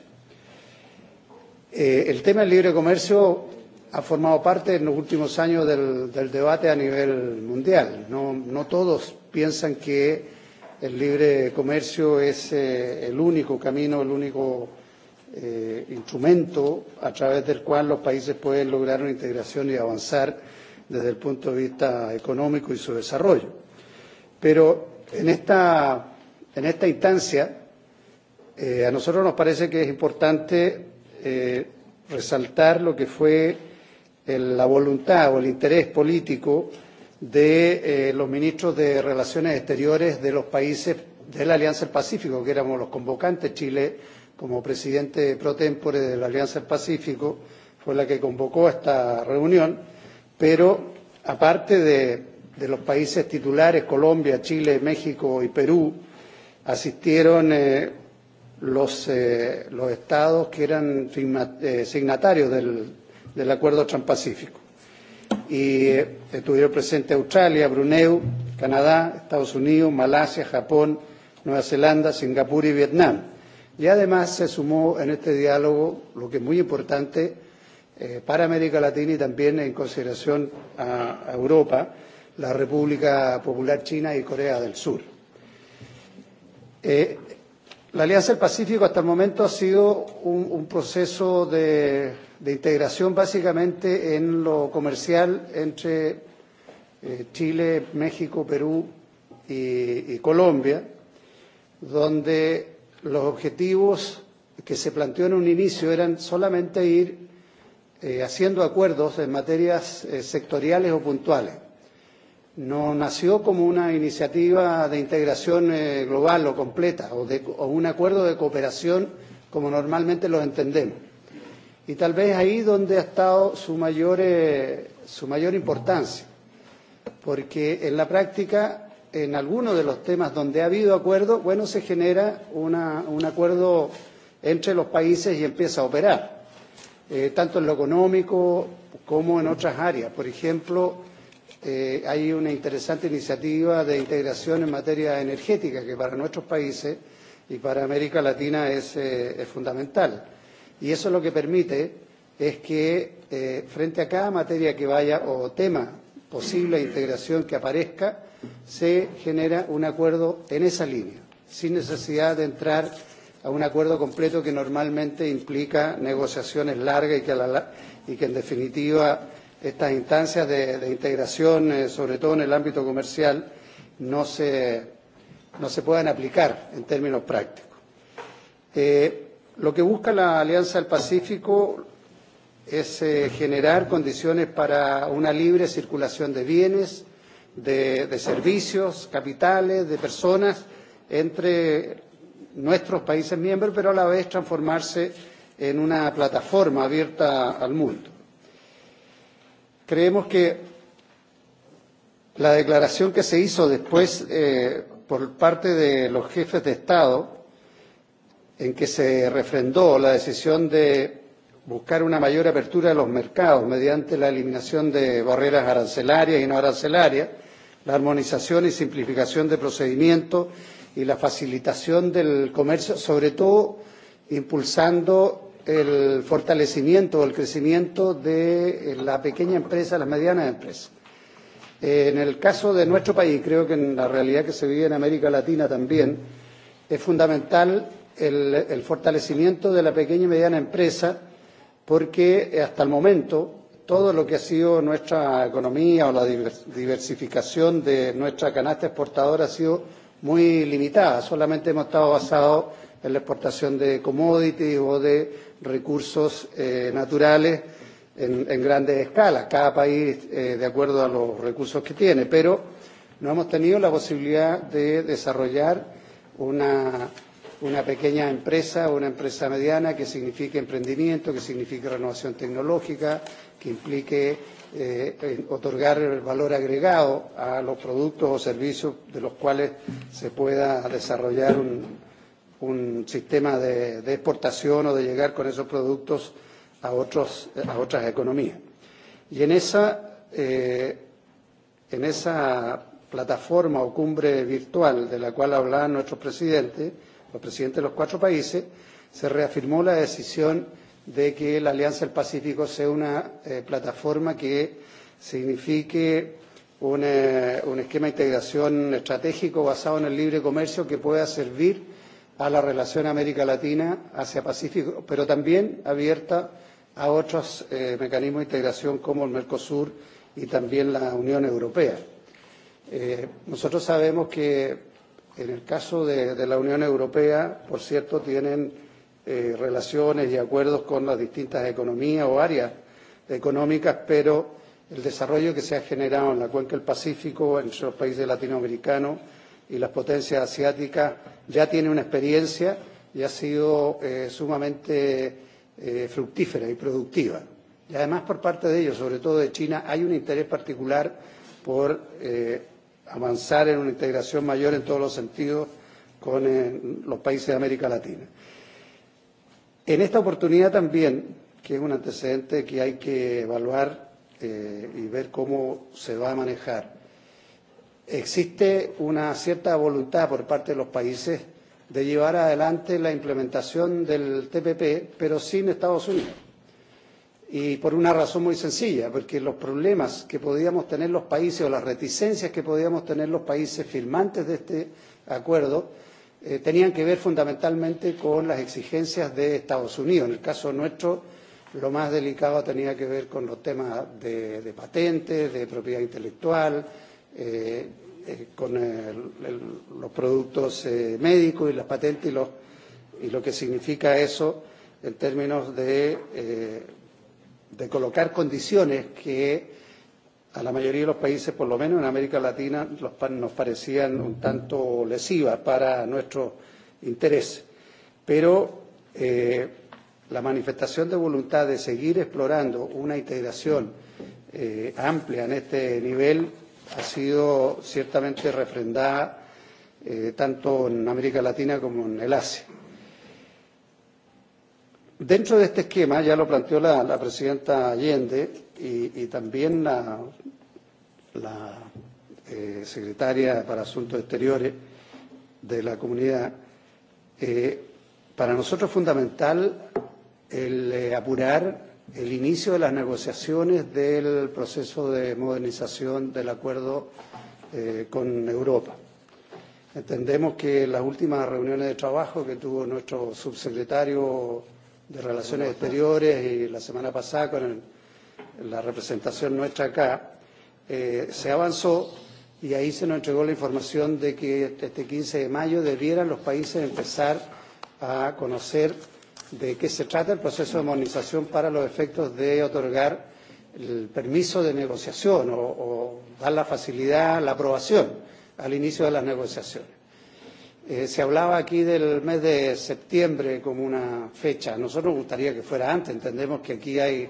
Eh, el tema del libre comercio ha formado parte en los últimos años del, del debate a nivel mundial. No, no todos piensan que el libre comercio es eh, el único camino, el único eh, instrumento a través del cual los países pueden lograr una integración y avanzar desde el punto de vista económico y su desarrollo. Pero en esta, en esta instancia, eh, a nosotros nos parece que es importante eh, resaltar lo que fue el, la voluntad o el interés político de eh, los ministros de Relaciones Exteriores de los países de la Alianza del Pacífico, que éramos los convocantes. Chile, como presidente pro tempore de la Alianza del Pacífico, fue la que convocó esta reunión, pero aparte de, de los países titulares, Colombia, Chile, México y Perú, asistieron eh, los, eh, los estados que eran signatarios del, del Acuerdo Transpacífico. Y eh, estuvieron presentes Australia, Brunei, Canadá, Estados Unidos, Malasia, Japón, Nueva Zelanda, Singapur y Vietnam. Y además se sumó en este diálogo, lo que es muy importante eh, para América Latina y también en consideración a, a Europa, la República Popular China y Corea del Sur. Eh, La Alianza del Pacífico hasta el momento ha sido un, un proceso de, de integración básicamente en lo comercial entre eh, Chile, México, Perú y, y Colombia, donde los objetivos que se planteó en un inicio eran solamente ir eh, haciendo acuerdos en materias eh, sectoriales o puntuales no nació como una iniciativa de integración eh, global o completa o, de, o un acuerdo de cooperación como normalmente lo entendemos. Y tal vez ahí donde ha estado su mayor, eh, su mayor importancia, porque en la práctica, en algunos de los temas donde ha habido acuerdo, bueno, se genera una, un acuerdo entre los países y empieza a operar, eh, tanto en lo económico como en otras áreas. Por ejemplo, eh, hay una interesante iniciativa de integración en materia energética que para nuestros países y para América Latina es, eh, es fundamental. Y eso lo que permite es que eh, frente a cada materia que vaya o tema posible integración que aparezca, se genera un acuerdo en esa línea, sin necesidad de entrar a un acuerdo completo que normalmente implica negociaciones largas y que, a la, y que en definitiva estas instancias de, de integración, eh, sobre todo en el ámbito comercial, no se, no se puedan aplicar en términos prácticos. Eh, lo que busca la Alianza del Pacífico es eh, generar condiciones para una libre circulación de bienes, de, de servicios, capitales, de personas entre nuestros países miembros, pero a la vez transformarse en una plataforma abierta al mundo. Creemos que la declaración que se hizo después eh, por parte de los jefes de Estado, en que se refrendó la decisión de buscar una mayor apertura de los mercados mediante la eliminación de barreras arancelarias y no arancelarias, la armonización y simplificación de procedimientos y la facilitación del comercio, sobre todo impulsando el fortalecimiento o el crecimiento de la pequeña empresa, las medianas empresas. En el caso de nuestro país, creo que en la realidad que se vive en América Latina también, es fundamental el, el fortalecimiento de la pequeña y mediana empresa, porque hasta el momento todo lo que ha sido nuestra economía o la diversificación de nuestra canasta exportadora ha sido muy limitada. Solamente hemos estado basados en la exportación de commodities o de recursos eh, naturales en, en grandes escalas, cada país eh, de acuerdo a los recursos que tiene, pero no hemos tenido la posibilidad de desarrollar una, una pequeña empresa, una empresa mediana que signifique emprendimiento, que signifique renovación tecnológica, que implique eh, otorgar el valor agregado a los productos o servicios de los cuales se pueda desarrollar un, un sistema de, de exportación o de llegar con esos productos a, otros, a otras economías. Y en esa, eh, en esa plataforma o cumbre virtual de la cual hablaban nuestros presidentes, los presidentes de los cuatro países, se reafirmó la decisión de que la Alianza del Pacífico sea una eh, plataforma que signifique un, eh, un esquema de integración estratégico basado en el libre comercio que pueda servir a la relación América Latina hacia Pacífico, pero también abierta a otros eh, mecanismos de integración como el Mercosur y también la Unión Europea. Eh, nosotros sabemos que en el caso de, de la Unión Europea, por cierto, tienen eh, relaciones y acuerdos con las distintas economías o áreas económicas, pero el desarrollo que se ha generado en la cuenca del Pacífico, entre los países latinoamericanos, y las potencias asiáticas ya tiene una experiencia y ha sido eh, sumamente eh, fructífera y productiva. Y además por parte de ellos, sobre todo de China, hay un interés particular por eh, avanzar en una integración mayor en todos los sentidos con eh, los países de América Latina. En esta oportunidad también, que es un antecedente que hay que evaluar eh, y ver cómo se va a manejar, existe una cierta voluntad por parte de los países de llevar adelante la implementación del TPP, pero sin Estados Unidos. Y por una razón muy sencilla, porque los problemas que podíamos tener los países o las reticencias que podíamos tener los países firmantes de este acuerdo eh, tenían que ver fundamentalmente con las exigencias de Estados Unidos. En el caso nuestro, lo más delicado tenía que ver con los temas de, de patentes, de propiedad intelectual, eh, eh, con el, el, los productos eh, médicos y las patentes y, los, y lo que significa eso en términos de, eh, de colocar condiciones que a la mayoría de los países, por lo menos en América Latina, los, nos parecían un tanto lesivas para nuestro interés. Pero eh, la manifestación de voluntad de seguir explorando una integración eh, amplia en este nivel ha sido ciertamente refrendada eh, tanto en América Latina como en el Asia. Dentro de este esquema, ya lo planteó la, la presidenta Allende y, y también la, la eh, secretaria para Asuntos Exteriores de la comunidad, eh, para nosotros es fundamental el eh, apurar el inicio de las negociaciones del proceso de modernización del acuerdo eh, con Europa. Entendemos que las últimas reuniones de trabajo que tuvo nuestro subsecretario de Relaciones Exteriores y la semana pasada con el, la representación nuestra acá, eh, se avanzó y ahí se nos entregó la información de que este 15 de mayo debieran los países empezar a conocer de qué se trata el proceso de modernización para los efectos de otorgar el permiso de negociación o, o dar la facilidad, la aprobación al inicio de las negociaciones. Eh, se hablaba aquí del mes de septiembre como una fecha. A nosotros nos gustaría que fuera antes. Entendemos que aquí hay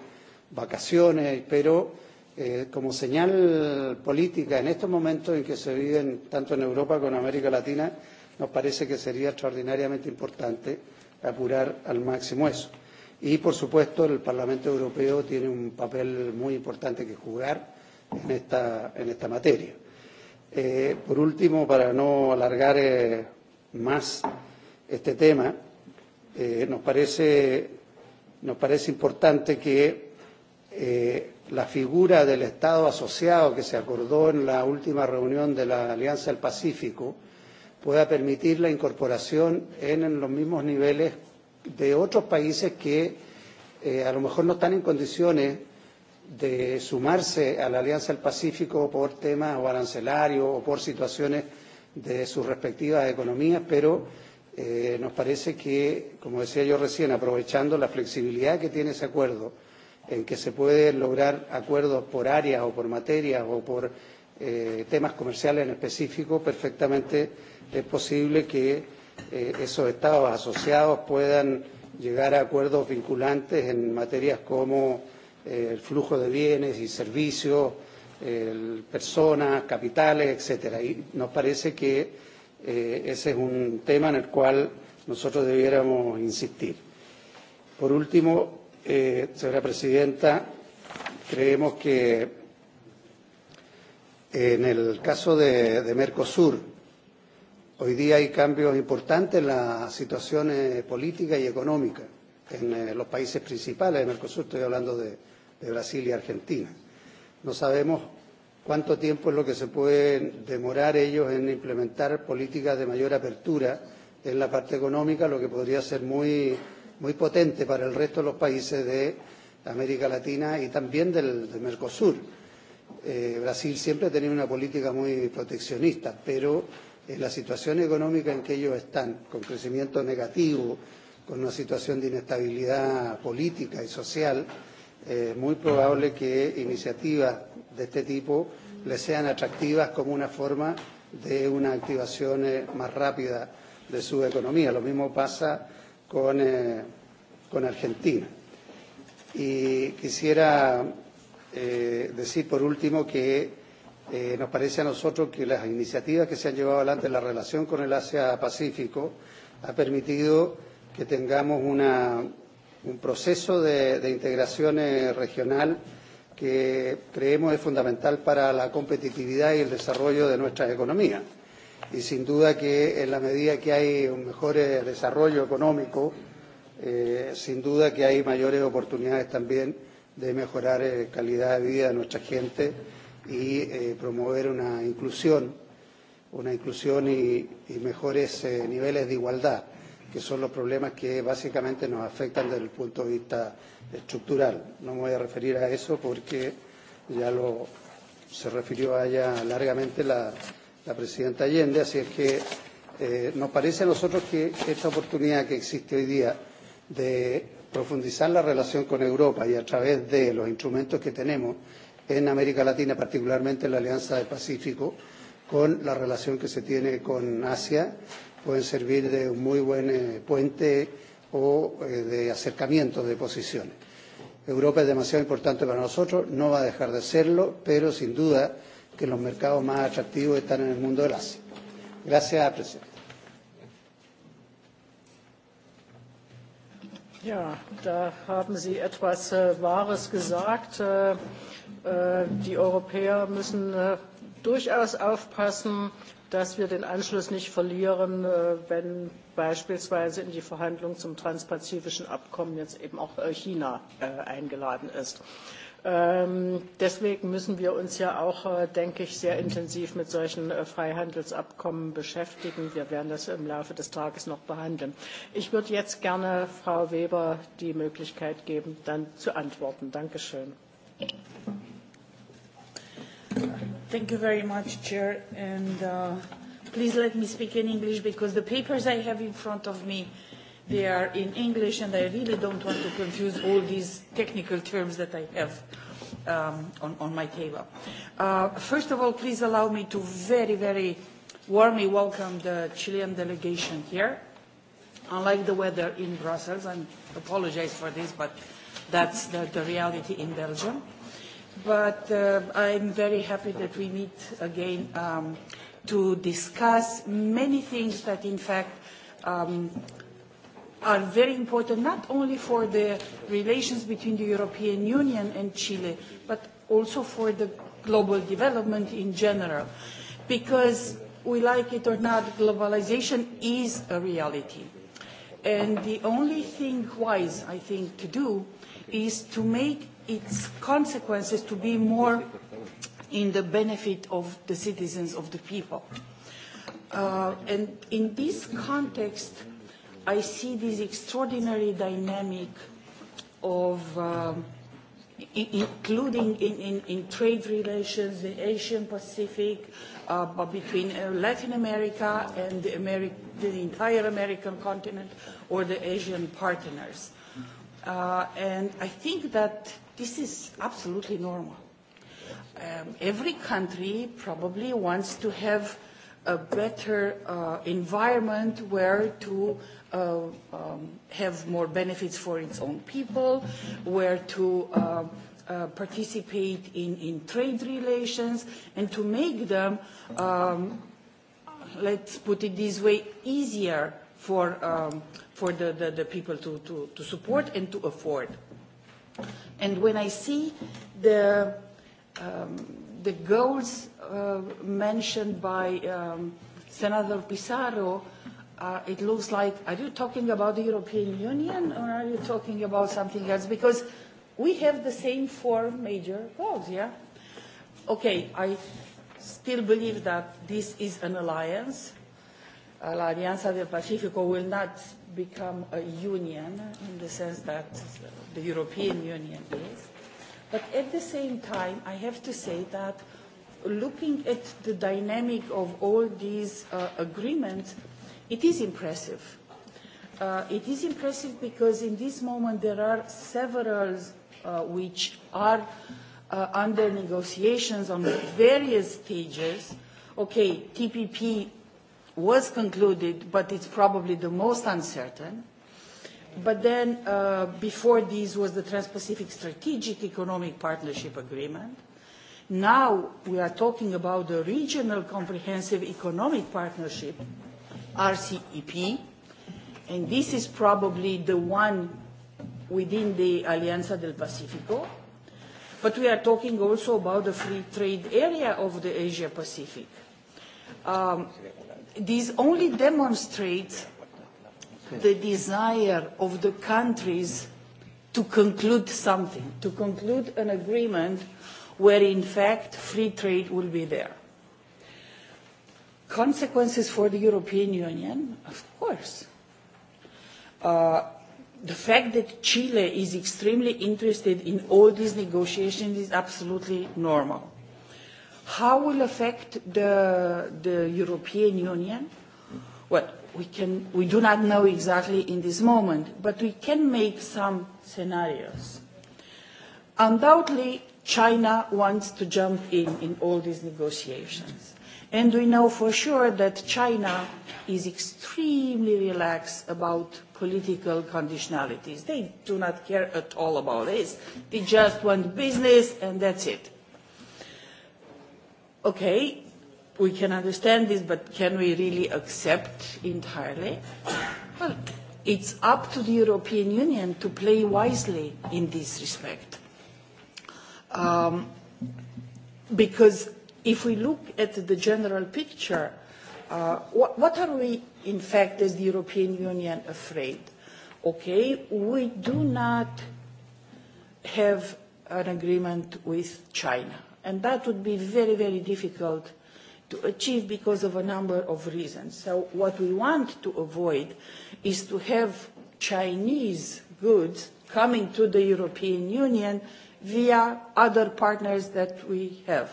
vacaciones, pero eh, como señal política en estos momentos en que se viven tanto en Europa como en América Latina, nos parece que sería extraordinariamente importante apurar al máximo eso. Y, por supuesto, el Parlamento Europeo tiene un papel muy importante que jugar en esta, en esta materia. Eh, por último, para no alargar eh, más este tema, eh, nos, parece, nos parece importante que eh, la figura del Estado asociado que se acordó en la última reunión de la Alianza del Pacífico pueda permitir la incorporación en los mismos niveles de otros países que eh, a lo mejor no están en condiciones de sumarse a la Alianza del Pacífico por temas o arancelarios o por situaciones de sus respectivas economías, pero eh, nos parece que, como decía yo recién, aprovechando la flexibilidad que tiene ese acuerdo, en que se pueden lograr acuerdos por áreas o por materias o por eh, temas comerciales en específico, perfectamente es posible que eh, esos estados asociados puedan llegar a acuerdos vinculantes en materias como eh, el flujo de bienes y servicios, eh, personas, capitales, etcétera. Y nos parece que eh, ese es un tema en el cual nosotros debiéramos insistir. Por último, eh, señora presidenta, creemos que En el caso de, de Mercosur, hoy día hay cambios importantes en la situación política y económica en eh, los países principales de Mercosur, estoy hablando de, de Brasil y Argentina. No sabemos cuánto tiempo es lo que se puede demorar ellos en implementar políticas de mayor apertura en la parte económica, lo que podría ser muy, muy potente para el resto de los países de América Latina y también del, del Mercosur Eh, Brasil siempre ha tenido una política muy proteccionista, pero en la situación económica en que ellos están, con crecimiento negativo, con una situación de inestabilidad política y social, es eh, muy probable que iniciativas de este tipo les sean atractivas como una forma de una activación eh, más rápida de su economía. Lo mismo pasa con, eh, con Argentina. Y quisiera eh, decir, por último, que eh, nos parece a nosotros que las iniciativas que se han llevado adelante en la relación con el Asia-Pacífico ha permitido que tengamos una, un proceso de, de integración regional que creemos es fundamental para la competitividad y el desarrollo de nuestras economías. Y sin duda que en la medida que hay un mejor desarrollo económico, eh, sin duda que hay mayores oportunidades también de mejorar eh, calidad de vida de nuestra gente y eh, promover una inclusión, una inclusión y, y mejores eh, niveles de igualdad, que son los problemas que básicamente nos afectan desde el punto de vista estructural. No me voy a referir a eso porque ya lo se refirió a ella largamente la, la presidenta Allende, así es que eh, nos parece a nosotros que esta oportunidad que existe hoy día de profundizar la relación con Europa y a través de los instrumentos que tenemos en América Latina, particularmente en la Alianza del Pacífico, con la relación que se tiene con Asia, pueden servir de un muy buen eh, puente o eh, de acercamiento de posiciones. Europa es demasiado importante para nosotros, no va a dejar de serlo, pero sin duda que los mercados más atractivos están en el mundo del Asia. Gracias, presidente. Ja, da haben Sie etwas Wahres gesagt. die Europäer müssen durchaus aufpassen, dass wir den Anschluss nicht verlieren, wenn beispielsweise in die Verhandlungen zum transpazifischen Abkommen jetzt eben auch China eingeladen ist. Deswegen müssen wir uns ja auch, denke ich, sehr intensiv mit solchen Freihandelsabkommen beschäftigen. Wir werden das im Laufe des Tages noch behandeln. Ich würde jetzt gerne Frau Weber die Möglichkeit geben, dann zu antworten. Dankeschön. Thank you very much, Chair. And uh, please let me speak in English because the papers I have in front of me They are in English, and I really don't want to confuse all these technical terms that I have um, on, on my table. Uh, first of all, please allow me to very, very warmly welcome the Chilean delegation here. Unlike the weather in Brussels, I apologize for this, but that's the, the reality in Belgium. But uh, I'm very happy that we meet again um, to discuss many things that, in fact, um, are very important not only for the relations between the European Union and Chile, but also for the global development in general. Because we like it or not, globalization is a reality. And the only thing wise, I think, to do is to make its consequences to be more in the benefit of the citizens, of the people. Uh, and in this context, I see this extraordinary dynamic of including in, in, in trade relations, the Asian Pacific, uh, but between uh, Latin America and the, Ameri- the entire American continent or the Asian partners. Uh, and I think that this is absolutely normal. Um, every country probably wants to have a better uh, environment where to uh, uh, um, have more benefits for its own people, where to uh, uh, participate in, in trade relations, and to make them, um, let's put it this way, easier for, um, for the, the, the people to, to, to support and to afford. And when I see the, um, the goals uh, mentioned by um, Senator Pizarro, uh, it looks like, are you talking about the European Union or are you talking about something else? Because we have the same four major goals, yeah? Okay, I still believe that this is an alliance. La Alianza del Pacifico will not become a union in the sense that the European Union is. But at the same time, I have to say that looking at the dynamic of all these uh, agreements, It is impressive. Uh, it is impressive because in this moment there are several uh, which are uh, under negotiations on various stages. Okay, TPP was concluded, but it's probably the most uncertain. But then uh, before this was the Trans-Pacific Strategic Economic Partnership Agreement. Now we are talking about the Regional Comprehensive Economic Partnership RCEP, and this is probably the one within the Alianza del Pacifico, but we are talking also about the free trade area of the Asia Pacific. Um, this only demonstrates the desire of the countries to conclude something, to conclude an agreement where in fact free trade will be there consequences for the European Union? Of course. Uh, the fact that Chile is extremely interested in all these negotiations is absolutely normal. How will affect the, the European Union? Well, we, can, we do not know exactly in this moment, but we can make some scenarios. Undoubtedly, China wants to jump in in all these negotiations And we know for sure that China is extremely relaxed about political conditionalities. They do not care at all about this. They just want business and that's it. Okay, we can understand this, but can we really accept entirely? Well, it's up to the European Union to play wisely in this respect. Um, because If we look at the general picture, uh, what, what are we, in fact, as the European Union afraid? Okay, we do not have an agreement with China, and that would be very, very difficult to achieve because of a number of reasons. So what we want to avoid is to have Chinese goods coming to the European Union via other partners that we have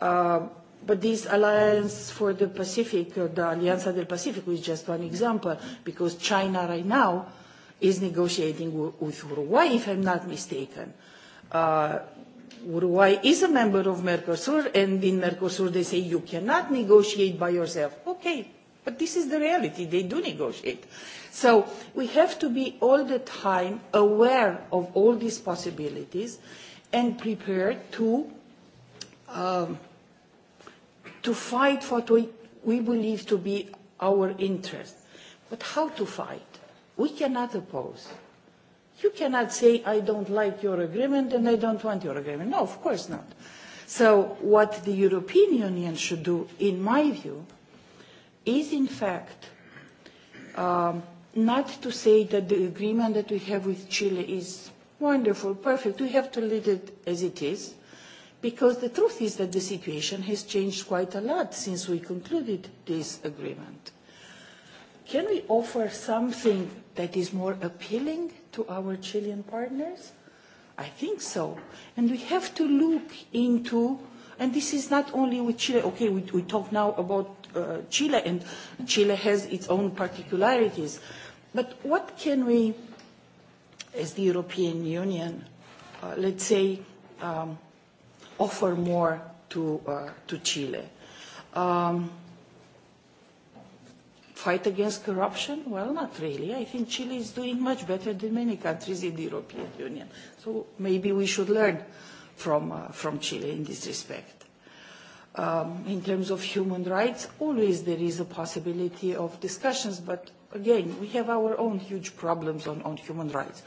But this alliance for the Pacific, the Alianza del Pacifico, is just one example because China right now is negotiating with Uruguay, if I'm not mistaken. Uh, Uruguay is a member of Mercosur, and in Mercosur they say you cannot negotiate by yourself. Okay, but this is the reality. They do negotiate. So we have to be all the time aware of all these possibilities and prepared to. Um, to fight for what we, we believe to be our interest. But how to fight? We cannot oppose. You cannot say, I don't like your agreement and I don't want your agreement. No, of course not. So what the European Union should do, in my view, is in fact um, not to say that the agreement that we have with Chile is wonderful, perfect. We have to leave it as it is because the truth is that the situation has changed quite a lot since we concluded this agreement. Can we offer something that is more appealing to our Chilean partners? I think so. And we have to look into, and this is not only with Chile, okay, we, we talk now about uh, Chile, and Chile has its own particularities, but what can we, as the European Union, uh, let's say, um, offer more to, uh, to Chile. Um, fight against corruption? Well, not really. I think Chile is doing much better than many countries in the European Union. So maybe we should learn from, uh, from Chile in this respect. Um, in terms of human rights, always there is a possibility of discussions, but again, we have our own huge problems on, on human rights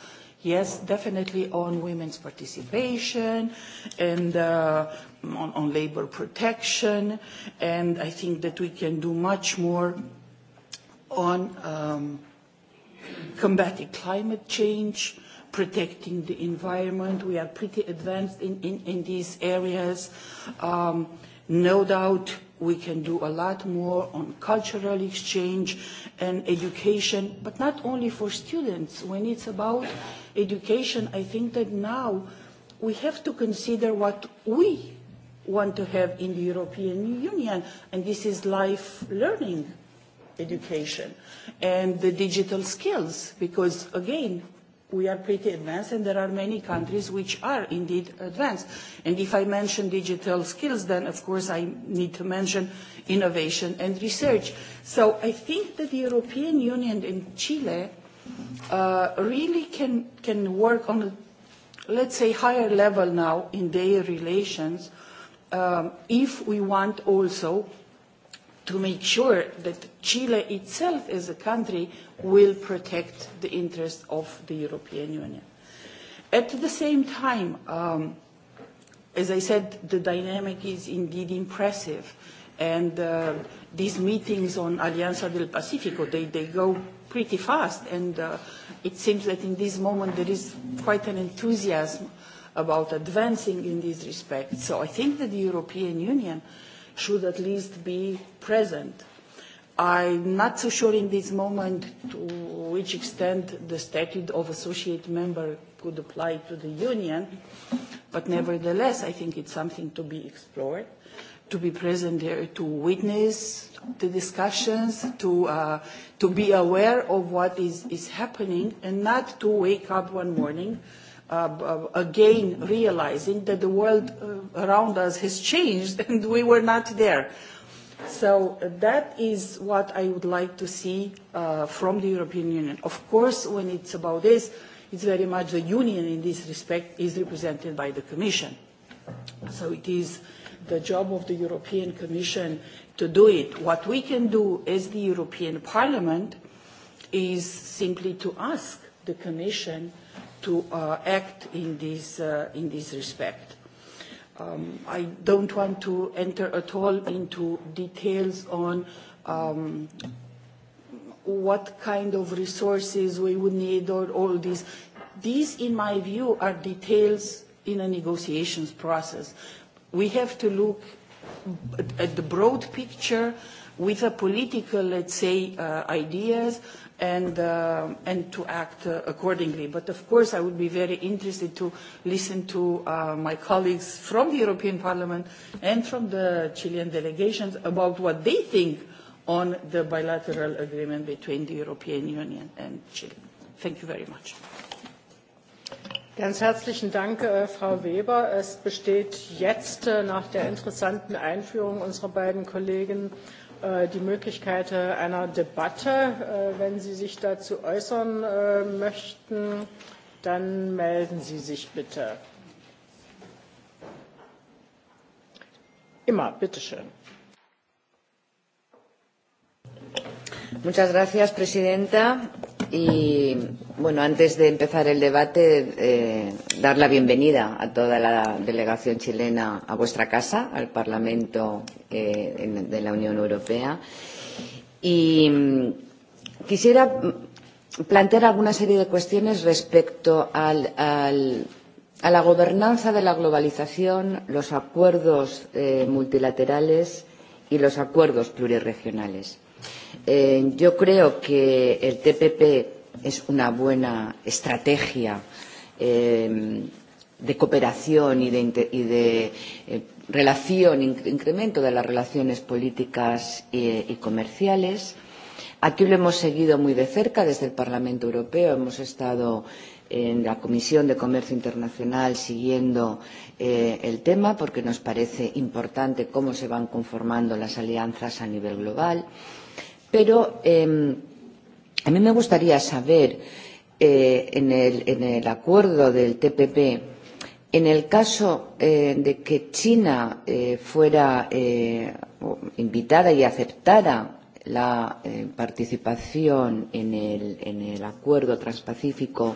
Yes, definitely on women's participation and uh, on, on labor protection. And I think that we can do much more on um, combating climate change, protecting the environment. We are pretty advanced in, in, in these areas. Um, no doubt we can do a lot more on cultural exchange and education, but not only for students, when it's about education, I think that now we have to consider what we want to have in the European Union, and this is life learning education and the digital skills, because again, we are pretty advanced and there are many countries which are indeed advanced. And if I mention digital skills, then of course I need to mention innovation and research. So I think that the European Union and Chile uh, really can, can work on a, let's say, higher level now in their relations um, if we want also to make sure that Chile itself as a country will protect the interests of the European Union. At the same time, um, as I said, the dynamic is indeed impressive. And uh, these meetings on Alianza del Pacifico, they, they go pretty fast, and uh, it seems that in this moment there is quite an enthusiasm about advancing in this respect. So I think that the European Union should at least be present. I'm not so sure in this moment to which extent the statute of associate member could apply to the union, but nevertheless, I think it's something to be explored, to be present there to witness the discussions, to, uh, to be aware of what is, is happening, and not to wake up one morning uh, again realizing that the world uh, around us has changed and we were not there. So that is what I would like to see uh, from the European Union. Of course, when it's about this, it's very much the Union in this respect is represented by the Commission. So it is the job of the European Commission to do it. What we can do as the European Parliament is simply to ask the Commission to uh, act in this, uh, in this respect. Um, I don't want to enter at all into details on um, what kind of resources we would need or all these. These, in my view, are details in a negotiations process. We have to look at the broad picture with a political, let's say, uh, ideas and, uh, and to act uh, accordingly. But of course, I would be very interested to listen to uh, my colleagues from the European Parliament and from the Chilean delegations about what they think on the bilateral agreement between the European Union and Chile. Thank you very much. Ganz herzlichen Dank, Frau Weber. Es besteht jetzt nach der interessanten Einführung unserer beiden Kollegen die Möglichkeit einer Debatte. Wenn Sie sich dazu äußern möchten, dann melden Sie sich bitte. Immer, bitteschön. Muchas gracias, Presidenta. Y bueno, antes de empezar el debate, eh, dar la bienvenida a toda la delegación chilena a vuestra casa, al Parlamento eh, en, de la Unión Europea. Y quisiera plantear alguna serie de cuestiones respecto al, al, a la gobernanza de la globalización, los acuerdos eh, multilaterales y los acuerdos pluriregionales. Eh, yo creo que el TPP es una buena estrategia eh, de cooperación y de, y de eh, relación, incremento de las relaciones políticas y, y comerciales. Aquí lo hemos seguido muy de cerca desde el Parlamento Europeo. Hemos estado en la Comisión de Comercio Internacional siguiendo eh, el tema porque nos parece importante cómo se van conformando las alianzas a nivel global. Pero eh, a mí me gustaría saber eh, en, el, en el acuerdo del TPP, en el caso eh, de que China eh, fuera eh, invitada y aceptara la eh, participación en el, en el acuerdo transpacífico,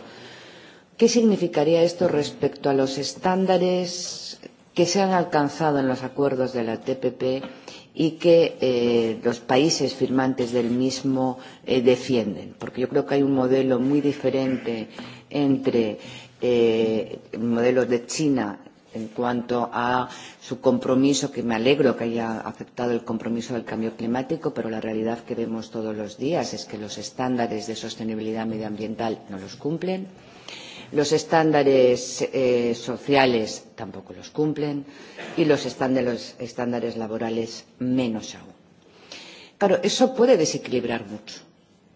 ¿qué significaría esto respecto a los estándares que se han alcanzado en los acuerdos de la TPP? y que eh, los países firmantes del mismo eh, defienden. Porque yo creo que hay un modelo muy diferente entre eh, el modelo de China en cuanto a su compromiso, que me alegro que haya aceptado el compromiso del cambio climático, pero la realidad que vemos todos los días es que los estándares de sostenibilidad medioambiental no los cumplen Los estándares eh, sociales tampoco los cumplen y los estándares, estándares laborales menos aún. Claro, eso puede desequilibrar mucho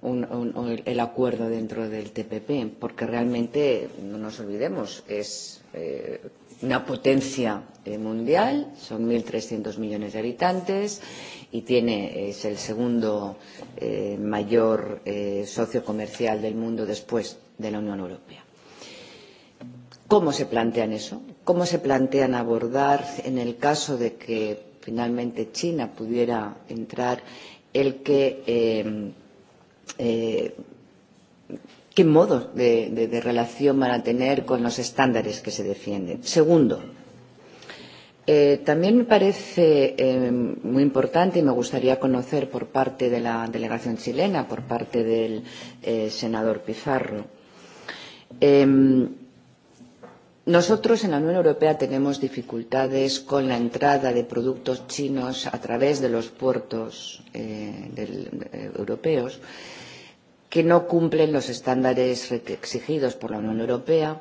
un, un, el acuerdo dentro del TPP, porque realmente, no nos olvidemos, es eh, una potencia eh, mundial, son 1.300 millones de habitantes y tiene, es el segundo eh, mayor eh, socio comercial del mundo después de la Unión Europea. ¿Cómo se plantean eso? ¿Cómo se plantean abordar, en el caso de que finalmente China pudiera entrar, el que eh, eh, qué modo de, de, de relación van a tener con los estándares que se defienden. Segundo, eh, también me parece eh, muy importante y me gustaría conocer por parte de la delegación chilena, por parte del eh, senador Pizarro, eh, Nosotros en la Unión Europea tenemos dificultades con la entrada de productos chinos a través de los puertos eh, del, eh, europeos que no cumplen los estándares exigidos por la Unión Europea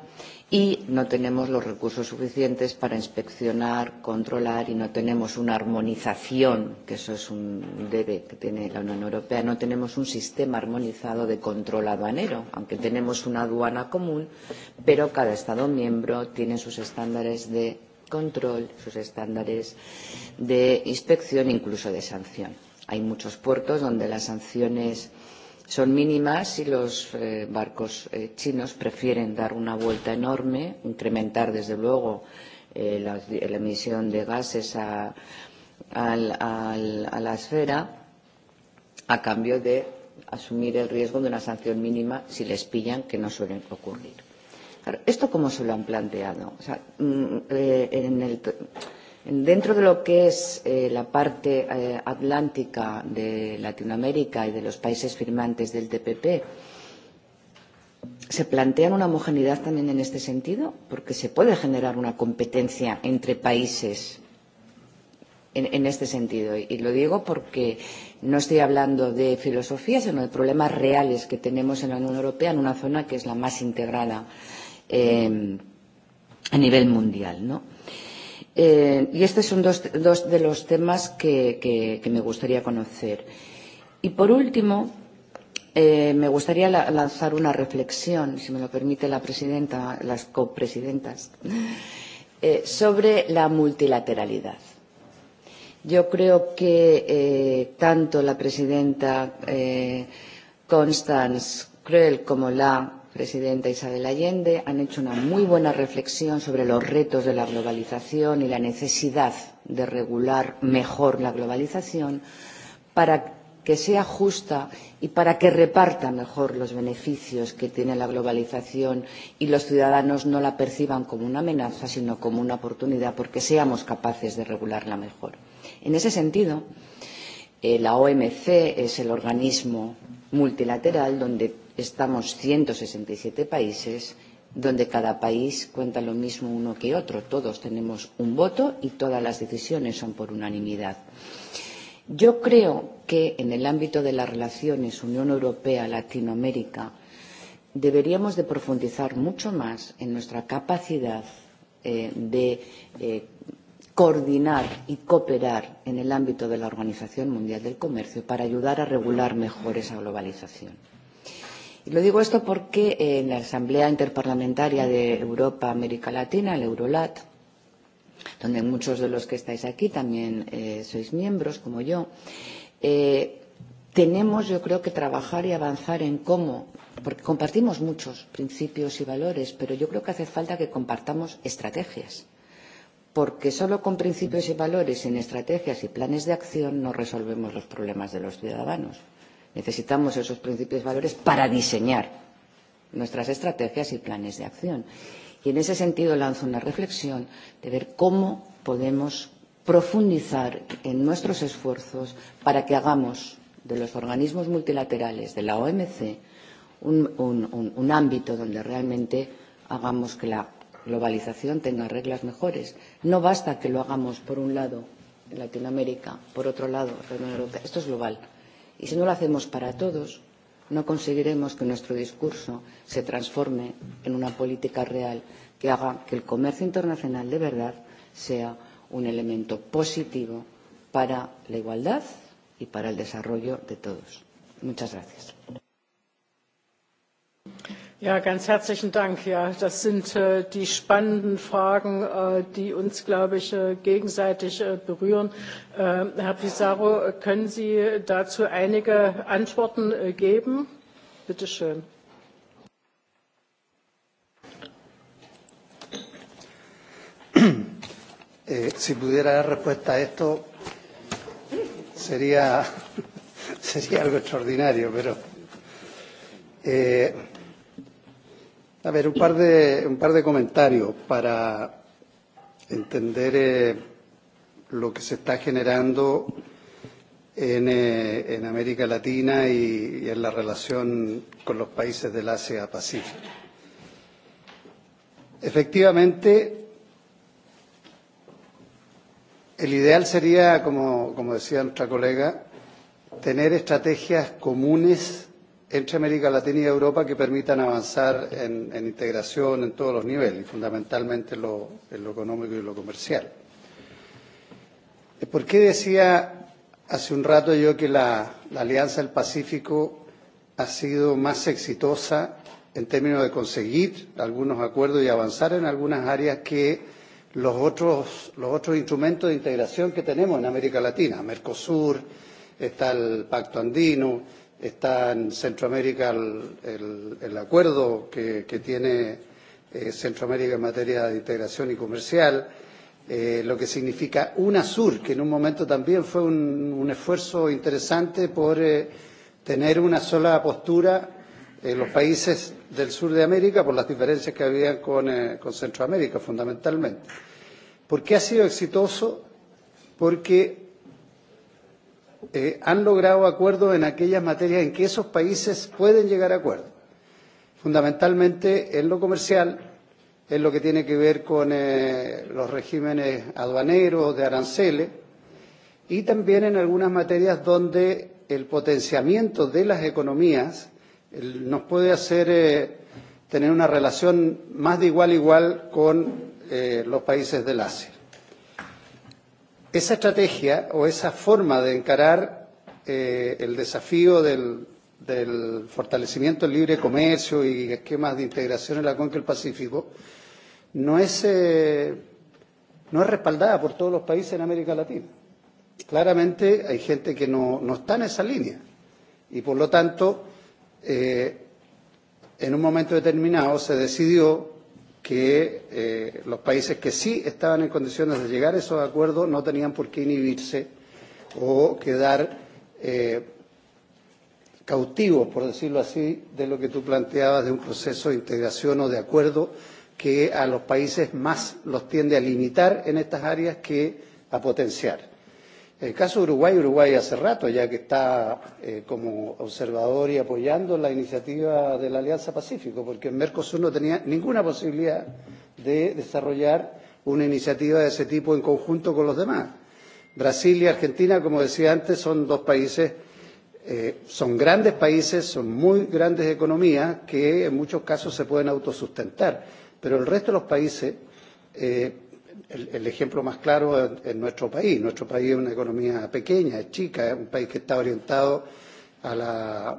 y no tenemos los recursos suficientes para inspeccionar, controlar y no tenemos una armonización, que eso es un debe que tiene la Unión Europea, no tenemos un sistema armonizado de control aduanero, aunque tenemos una aduana común, pero cada Estado miembro tiene sus estándares de control, sus estándares de inspección, incluso de sanción. Hay muchos puertos donde las sanciones son mínimas y los eh, barcos eh, chinos prefieren dar una vuelta enorme, incrementar desde luego eh, la, la emisión de gases a, al, al, a la esfera a cambio de asumir el riesgo de una sanción mínima si les pillan, que no suelen ocurrir. Claro, ¿Esto cómo se lo han planteado? O sea, en el, Dentro de lo que es eh, la parte eh, atlántica de Latinoamérica y de los países firmantes del TPP, ¿se plantea una homogeneidad también en este sentido? Porque se puede generar una competencia entre países en, en este sentido. Y lo digo porque no estoy hablando de filosofía, sino de problemas reales que tenemos en la Unión Europea en una zona que es la más integrada eh, a nivel mundial, ¿no? Eh, y estos son dos, dos de los temas que, que, que me gustaría conocer. Y por último, eh, me gustaría la, lanzar una reflexión, si me lo permite la presidenta, las copresidentas, eh, sobre la multilateralidad. Yo creo que eh, tanto la presidenta eh, Constance Krell como la presidenta Isabel Allende han hecho una muy buena reflexión sobre los retos de la globalización y la necesidad de regular mejor la globalización para que sea justa y para que reparta mejor los beneficios que tiene la globalización y los ciudadanos no la perciban como una amenaza, sino como una oportunidad, porque seamos capaces de regularla mejor. En ese sentido, la OMC es el organismo multilateral donde estamos 167 países donde cada país cuenta lo mismo uno que otro. Todos tenemos un voto y todas las decisiones son por unanimidad. Yo creo que en el ámbito de las relaciones Unión Europea-Latinoamérica deberíamos de profundizar mucho más en nuestra capacidad eh, de eh, coordinar y cooperar en el ámbito de la Organización Mundial del Comercio para ayudar a regular mejor esa globalización. Y lo digo esto porque en la Asamblea Interparlamentaria de Europa, América Latina, el Eurolat, donde muchos de los que estáis aquí también eh, sois miembros, como yo, eh, tenemos, yo creo, que trabajar y avanzar en cómo, porque compartimos muchos principios y valores, pero yo creo que hace falta que compartamos estrategias, porque solo con principios y valores, sin estrategias y planes de acción no resolvemos los problemas de los ciudadanos. Necesitamos esos principios y valores para diseñar nuestras estrategias y planes de acción. Y en ese sentido lanzo una reflexión de ver cómo podemos profundizar en nuestros esfuerzos para que hagamos de los organismos multilaterales, de la OMC, un, un, un, un ámbito donde realmente hagamos que la globalización tenga reglas mejores. No basta que lo hagamos por un lado en Latinoamérica, por otro lado en la Unión Europea. Esto es global. Y si no lo hacemos para todos, no conseguiremos que nuestro discurso se transforme en una política real que haga que el comercio internacional de verdad sea un elemento positivo para la igualdad y para el desarrollo de todos. Muchas gracias ganz herzlichen Dank. das sind die spannenden Fragen, die uns, glaube ich, gegenseitig berühren. Herr Pizarro, können Sie dazu einige Antworten geben? Bitte schön. si pudiera dar respuesta a esto, sería, sería algo extraordinario, pero. Eh, A ver, un par de, un par de comentarios para entender eh, lo que se está generando en, eh, en América Latina y, y en la relación con los países del Asia-Pacífico. Efectivamente, el ideal sería, como, como decía nuestra colega, tener estrategias comunes entre América Latina y Europa que permitan avanzar en, en integración en todos los niveles, fundamentalmente en lo, en lo económico y en lo comercial. ¿Por qué decía hace un rato yo que la, la Alianza del Pacífico ha sido más exitosa en términos de conseguir algunos acuerdos y avanzar en algunas áreas que los otros, los otros instrumentos de integración que tenemos en América Latina, Mercosur, está el Pacto Andino, Está en Centroamérica el, el, el acuerdo que, que tiene eh, Centroamérica en materia de integración y comercial, eh, lo que significa UNASUR, que en un momento también fue un, un esfuerzo interesante por eh, tener una sola postura en los países del sur de América por las diferencias que había con, eh, con Centroamérica, fundamentalmente. ¿Por qué ha sido exitoso? Porque eh, han logrado acuerdos en aquellas materias en que esos países pueden llegar a acuerdos, fundamentalmente en lo comercial, en lo que tiene que ver con eh, los regímenes aduaneros, de aranceles, y también en algunas materias donde el potenciamiento de las economías nos puede hacer eh, tener una relación más de igual a igual con eh, los países del Asia. Esa estrategia o esa forma de encarar eh, el desafío del, del fortalecimiento del libre comercio y esquemas de integración en la cuenca del Pacífico no es, eh, no es respaldada por todos los países en América Latina. Claramente hay gente que no, no está en esa línea y por lo tanto eh, en un momento determinado se decidió que eh, los países que sí estaban en condiciones de llegar a esos acuerdos no tenían por qué inhibirse o quedar eh, cautivos, por decirlo así, de lo que tú planteabas de un proceso de integración o de acuerdo que a los países más los tiende a limitar en estas áreas que a potenciar. El caso de Uruguay, Uruguay hace rato ya que está eh, como observador y apoyando la iniciativa de la Alianza Pacífico, porque en Mercosur no tenía ninguna posibilidad de desarrollar una iniciativa de ese tipo en conjunto con los demás. Brasil y Argentina, como decía antes, son dos países, eh, son grandes países, son muy grandes economías que en muchos casos se pueden autosustentar, pero el resto de los países eh, el, el ejemplo más claro en, en nuestro país. Nuestro país es una economía pequeña, es chica, es un país que está orientado a la,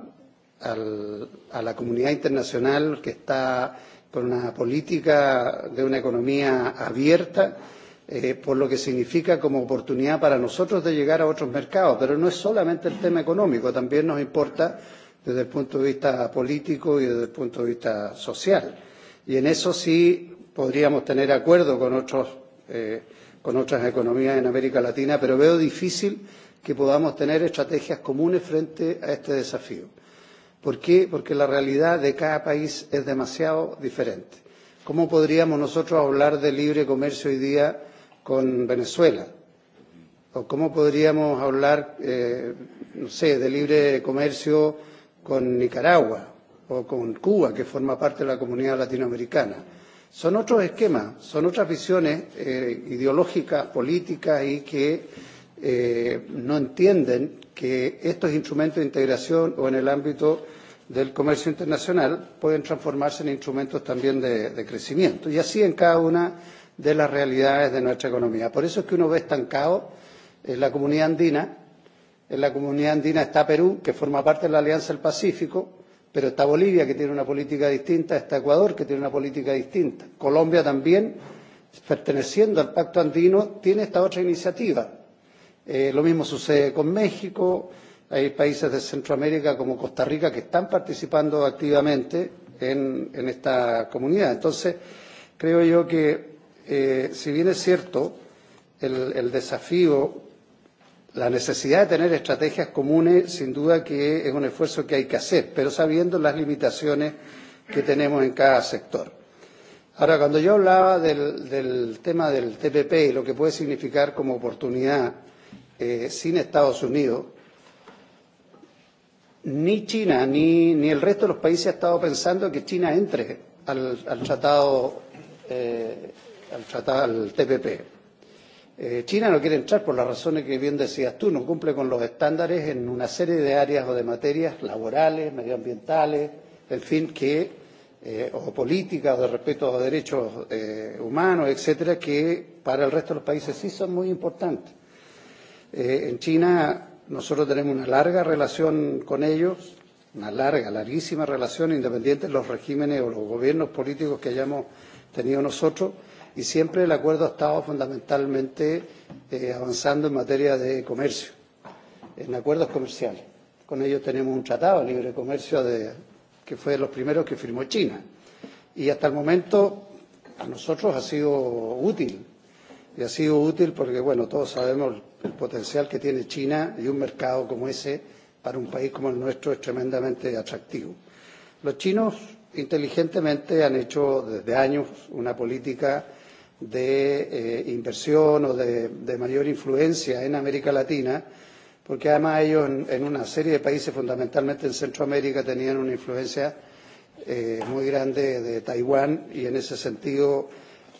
al, a la comunidad internacional, que está con una política de una economía abierta, eh, por lo que significa como oportunidad para nosotros de llegar a otros mercados. Pero no es solamente el tema económico, también nos importa desde el punto de vista político y desde el punto de vista social. Y en eso sí podríamos tener acuerdo con otros eh, con otras economías en América Latina, pero veo difícil que podamos tener estrategias comunes frente a este desafío. ¿Por qué? Porque la realidad de cada país es demasiado diferente. ¿Cómo podríamos nosotros hablar de libre comercio hoy día con Venezuela? ¿O cómo podríamos hablar, eh, no sé, de libre comercio con Nicaragua o con Cuba, que forma parte de la comunidad latinoamericana? Son otros esquemas, son otras visiones eh, ideológicas, políticas y que eh, no entienden que estos instrumentos de integración o en el ámbito del comercio internacional pueden transformarse en instrumentos también de, de crecimiento y así en cada una de las realidades de nuestra economía. Por eso es que uno ve estancado en la comunidad andina, en la comunidad andina está Perú, que forma parte de la Alianza del Pacífico, Pero está Bolivia, que tiene una política distinta, está Ecuador, que tiene una política distinta. Colombia también, perteneciendo al Pacto Andino, tiene esta otra iniciativa. Eh, lo mismo sucede con México, hay países de Centroamérica como Costa Rica que están participando activamente en, en esta comunidad. Entonces, creo yo que, eh, si bien es cierto, el, el desafío La necesidad de tener estrategias comunes, sin duda que es un esfuerzo que hay que hacer, pero sabiendo las limitaciones que tenemos en cada sector. Ahora, cuando yo hablaba del, del tema del TPP y lo que puede significar como oportunidad eh, sin Estados Unidos, ni China ni, ni el resto de los países ha estado pensando que China entre al, al tratado, eh, al tratado, al TPP. Eh, China no quiere entrar por las razones que bien decías tú, no cumple con los estándares en una serie de áreas o de materias laborales, medioambientales, en fin, que, eh, o políticas o de respeto a los derechos eh, humanos, etcétera, que para el resto de los países sí son muy importantes. Eh, en China nosotros tenemos una larga relación con ellos, una larga, larguísima relación, independiente de los regímenes o los gobiernos políticos que hayamos tenido nosotros y siempre el acuerdo ha estado fundamentalmente eh, avanzando en materia de comercio, en acuerdos comerciales. Con ellos tenemos un tratado de libre comercio de, que fue de los primeros que firmó China. Y hasta el momento a nosotros ha sido útil. Y ha sido útil porque, bueno, todos sabemos el potencial que tiene China y un mercado como ese para un país como el nuestro es tremendamente atractivo. Los chinos inteligentemente han hecho desde años una política de eh, inversión o de, de mayor influencia en América Latina, porque además ellos en, en una serie de países, fundamentalmente en Centroamérica, tenían una influencia eh, muy grande de Taiwán y en ese sentido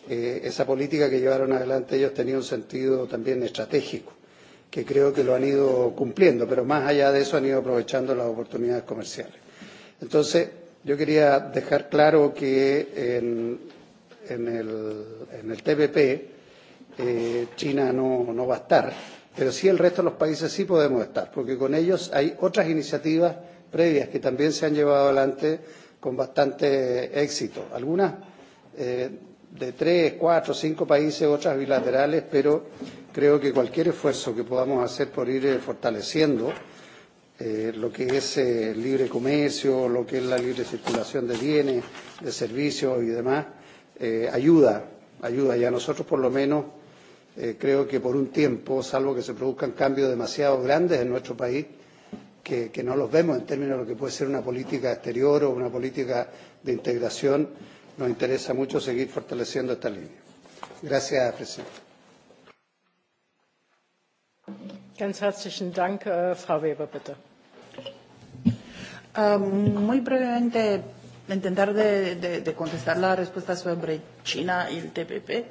eh, esa política que llevaron adelante ellos tenía un sentido también estratégico, que creo que lo han ido cumpliendo, pero más allá de eso han ido aprovechando las oportunidades comerciales. Entonces, yo quería dejar claro que en, en el, en el TPP eh, China no, no va a estar, pero sí el resto de los países sí podemos estar, porque con ellos hay otras iniciativas previas que también se han llevado adelante con bastante éxito. Algunas eh, de tres, cuatro, cinco países, otras bilaterales, pero creo que cualquier esfuerzo que podamos hacer por ir eh, fortaleciendo eh, lo que es eh, libre comercio, lo que es la libre circulación de bienes, de servicios y demás, eh, ayuda, ayuda. Y a nosotros por lo menos eh, creo que por un tiempo, salvo que se produzcan cambios demasiado grandes en nuestro país, que, que no los vemos en términos de lo que puede ser una política exterior o una política de integración, nos interesa mucho seguir fortaleciendo esta línea. Gracias, presidente. Ganz herzlichen Dank, Frau Weber, bitte. Muy brevemente, intentar de, de, de contestar la respuesta sobre China y el TPP.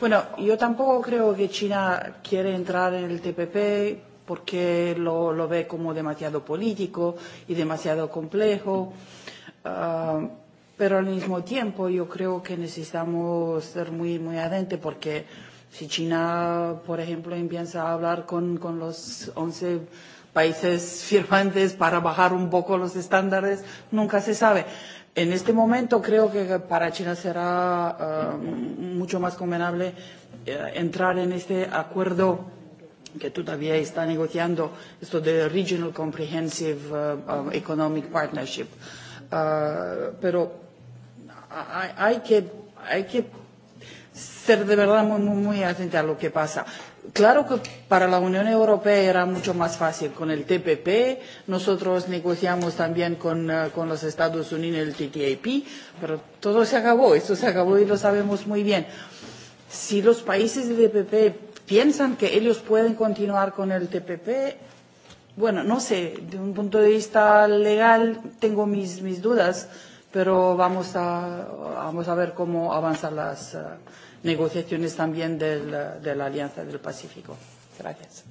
Bueno, yo tampoco creo que China quiere entrar en el TPP porque lo, lo ve como demasiado político y demasiado complejo. Uh, pero al mismo tiempo yo creo que necesitamos ser muy, muy adentro porque si China, por ejemplo, empieza a hablar con, con los 11 países firmantes para bajar un poco los estándares, nunca se sabe. En este momento creo que para China será uh, mucho más convenable uh, entrar en este acuerdo que todavía está negociando, esto de Regional Comprehensive uh, Economic Partnership. Uh, pero hay, hay, que, hay que ser de verdad muy, muy, muy atento a lo que pasa. Claro que para la Unión Europea era mucho más fácil con el TPP, nosotros negociamos también con, uh, con los Estados Unidos el TTIP, pero todo se acabó, esto se acabó y lo sabemos muy bien. Si los países del TPP piensan que ellos pueden continuar con el TPP, bueno, no sé, de un punto de vista legal tengo mis, mis dudas, pero vamos a, vamos a ver cómo avanzan las. Uh, negociaciones también del, de la Alianza del Pacífico. Gracias.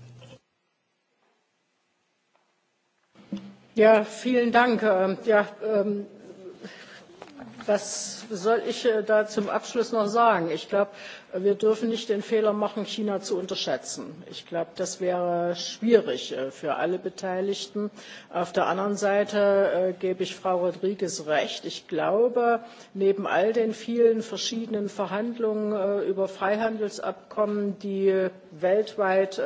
Ja, vielen Dank. Ja, ähm, was soll ich da zum Abschluss noch sagen? Ich glaube, wir dürfen nicht den Fehler machen, China zu unterschätzen. Ich glaube, das wäre schwierig für alle Beteiligten. Auf der anderen Seite gebe ich Frau Rodriguez recht. Ich glaube, neben all den vielen verschiedenen Verhandlungen über Freihandelsabkommen, die weltweit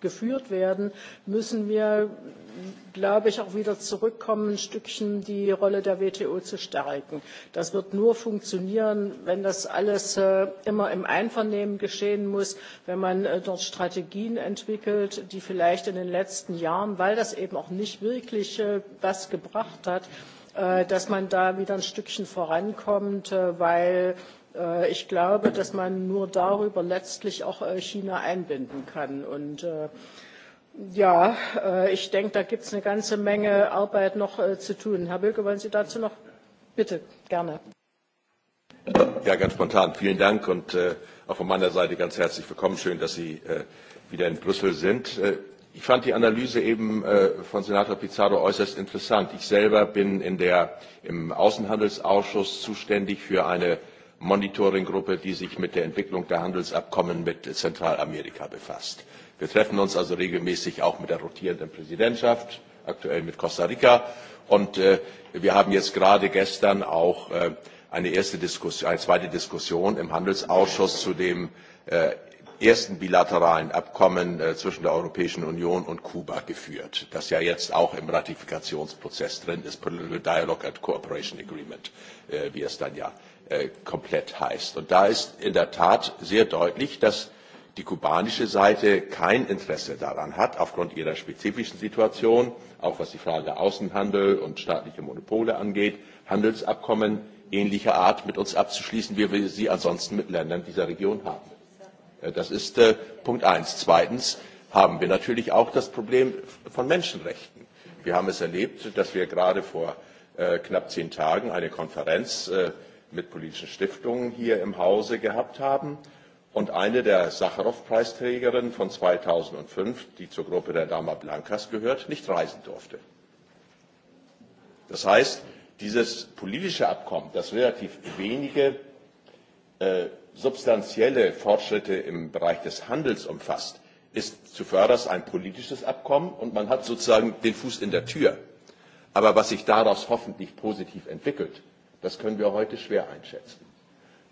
geführt werden, müssen wir glaube ich, auch wieder zurückkommen, ein Stückchen die Rolle der WTO zu stärken. Das wird nur funktionieren, wenn das alles immer im Einvernehmen geschehen muss, wenn man dort Strategien entwickelt, die vielleicht in den letzten Jahren, weil das eben auch nicht wirklich was gebracht hat, dass man da wieder ein Stückchen vorankommt, weil ich glaube, dass man nur darüber letztlich auch China einbinden kann. Und Ja, ich denke, da gibt es eine ganze Menge Arbeit noch zu tun. Herr Böke, wollen Sie dazu noch? Bitte, gerne. Ja, ganz spontan. Vielen Dank und auch von meiner Seite ganz herzlich willkommen. Schön, dass Sie wieder in Brüssel sind. Ich fand die Analyse eben von Senator Pizarro äußerst interessant. Ich selber bin in der, im Außenhandelsausschuss zuständig für eine Monitoringgruppe, die sich mit der Entwicklung der Handelsabkommen mit Zentralamerika befasst. Wir treffen uns also regelmäßig auch mit der rotierenden Präsidentschaft, aktuell mit Costa Rica. Und wir haben jetzt gerade gestern auch eine, erste Diskussion, eine zweite Diskussion im Handelsausschuss zu dem ersten bilateralen Abkommen zwischen der Europäischen Union und Kuba geführt, das ja jetzt auch im Ratifikationsprozess drin ist, Political Dialogue and Cooperation Agreement, wie es dann ja komplett heißt. Und da ist in der Tat sehr deutlich, dass die kubanische Seite kein Interesse daran hat, aufgrund ihrer spezifischen Situation, auch was die Frage Außenhandel und staatliche Monopole angeht, Handelsabkommen ähnlicher Art mit uns abzuschließen, wie wir sie ansonsten mit Ländern dieser Region haben. Das ist Punkt eins. Zweitens haben wir natürlich auch das Problem von Menschenrechten. Wir haben es erlebt, dass wir gerade vor knapp zehn Tagen eine Konferenz mit politischen Stiftungen hier im Hause gehabt haben Und eine der Sacharow-Preisträgerinnen von 2005, die zur Gruppe der Dama Blancas gehört, nicht reisen durfte. Das heißt, dieses politische Abkommen, das relativ wenige äh, substanzielle Fortschritte im Bereich des Handels umfasst, ist zuvörderst ein politisches Abkommen und man hat sozusagen den Fuß in der Tür. Aber was sich daraus hoffentlich positiv entwickelt, das können wir heute schwer einschätzen.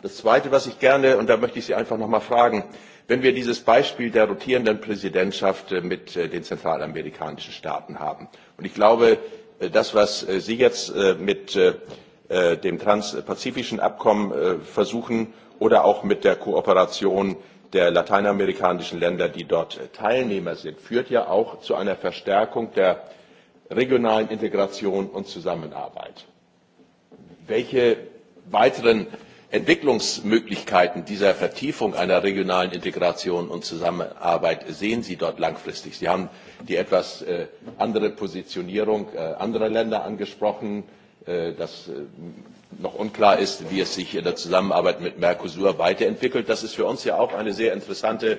Das Zweite, was ich gerne, und da möchte ich Sie einfach noch einmal fragen, wenn wir dieses Beispiel der rotierenden Präsidentschaft mit den zentralamerikanischen Staaten haben. Und ich glaube, das, was Sie jetzt mit dem transpazifischen Abkommen versuchen oder auch mit der Kooperation der lateinamerikanischen Länder, die dort Teilnehmer sind, führt ja auch zu einer Verstärkung der regionalen Integration und Zusammenarbeit. Welche weiteren Entwicklungsmöglichkeiten dieser Vertiefung einer regionalen Integration und Zusammenarbeit sehen Sie dort langfristig? Sie haben die etwas andere Positionierung anderer Länder angesprochen, dass noch unklar ist, wie es sich in der Zusammenarbeit mit Mercosur weiterentwickelt. Das ist für uns ja auch eine sehr interessante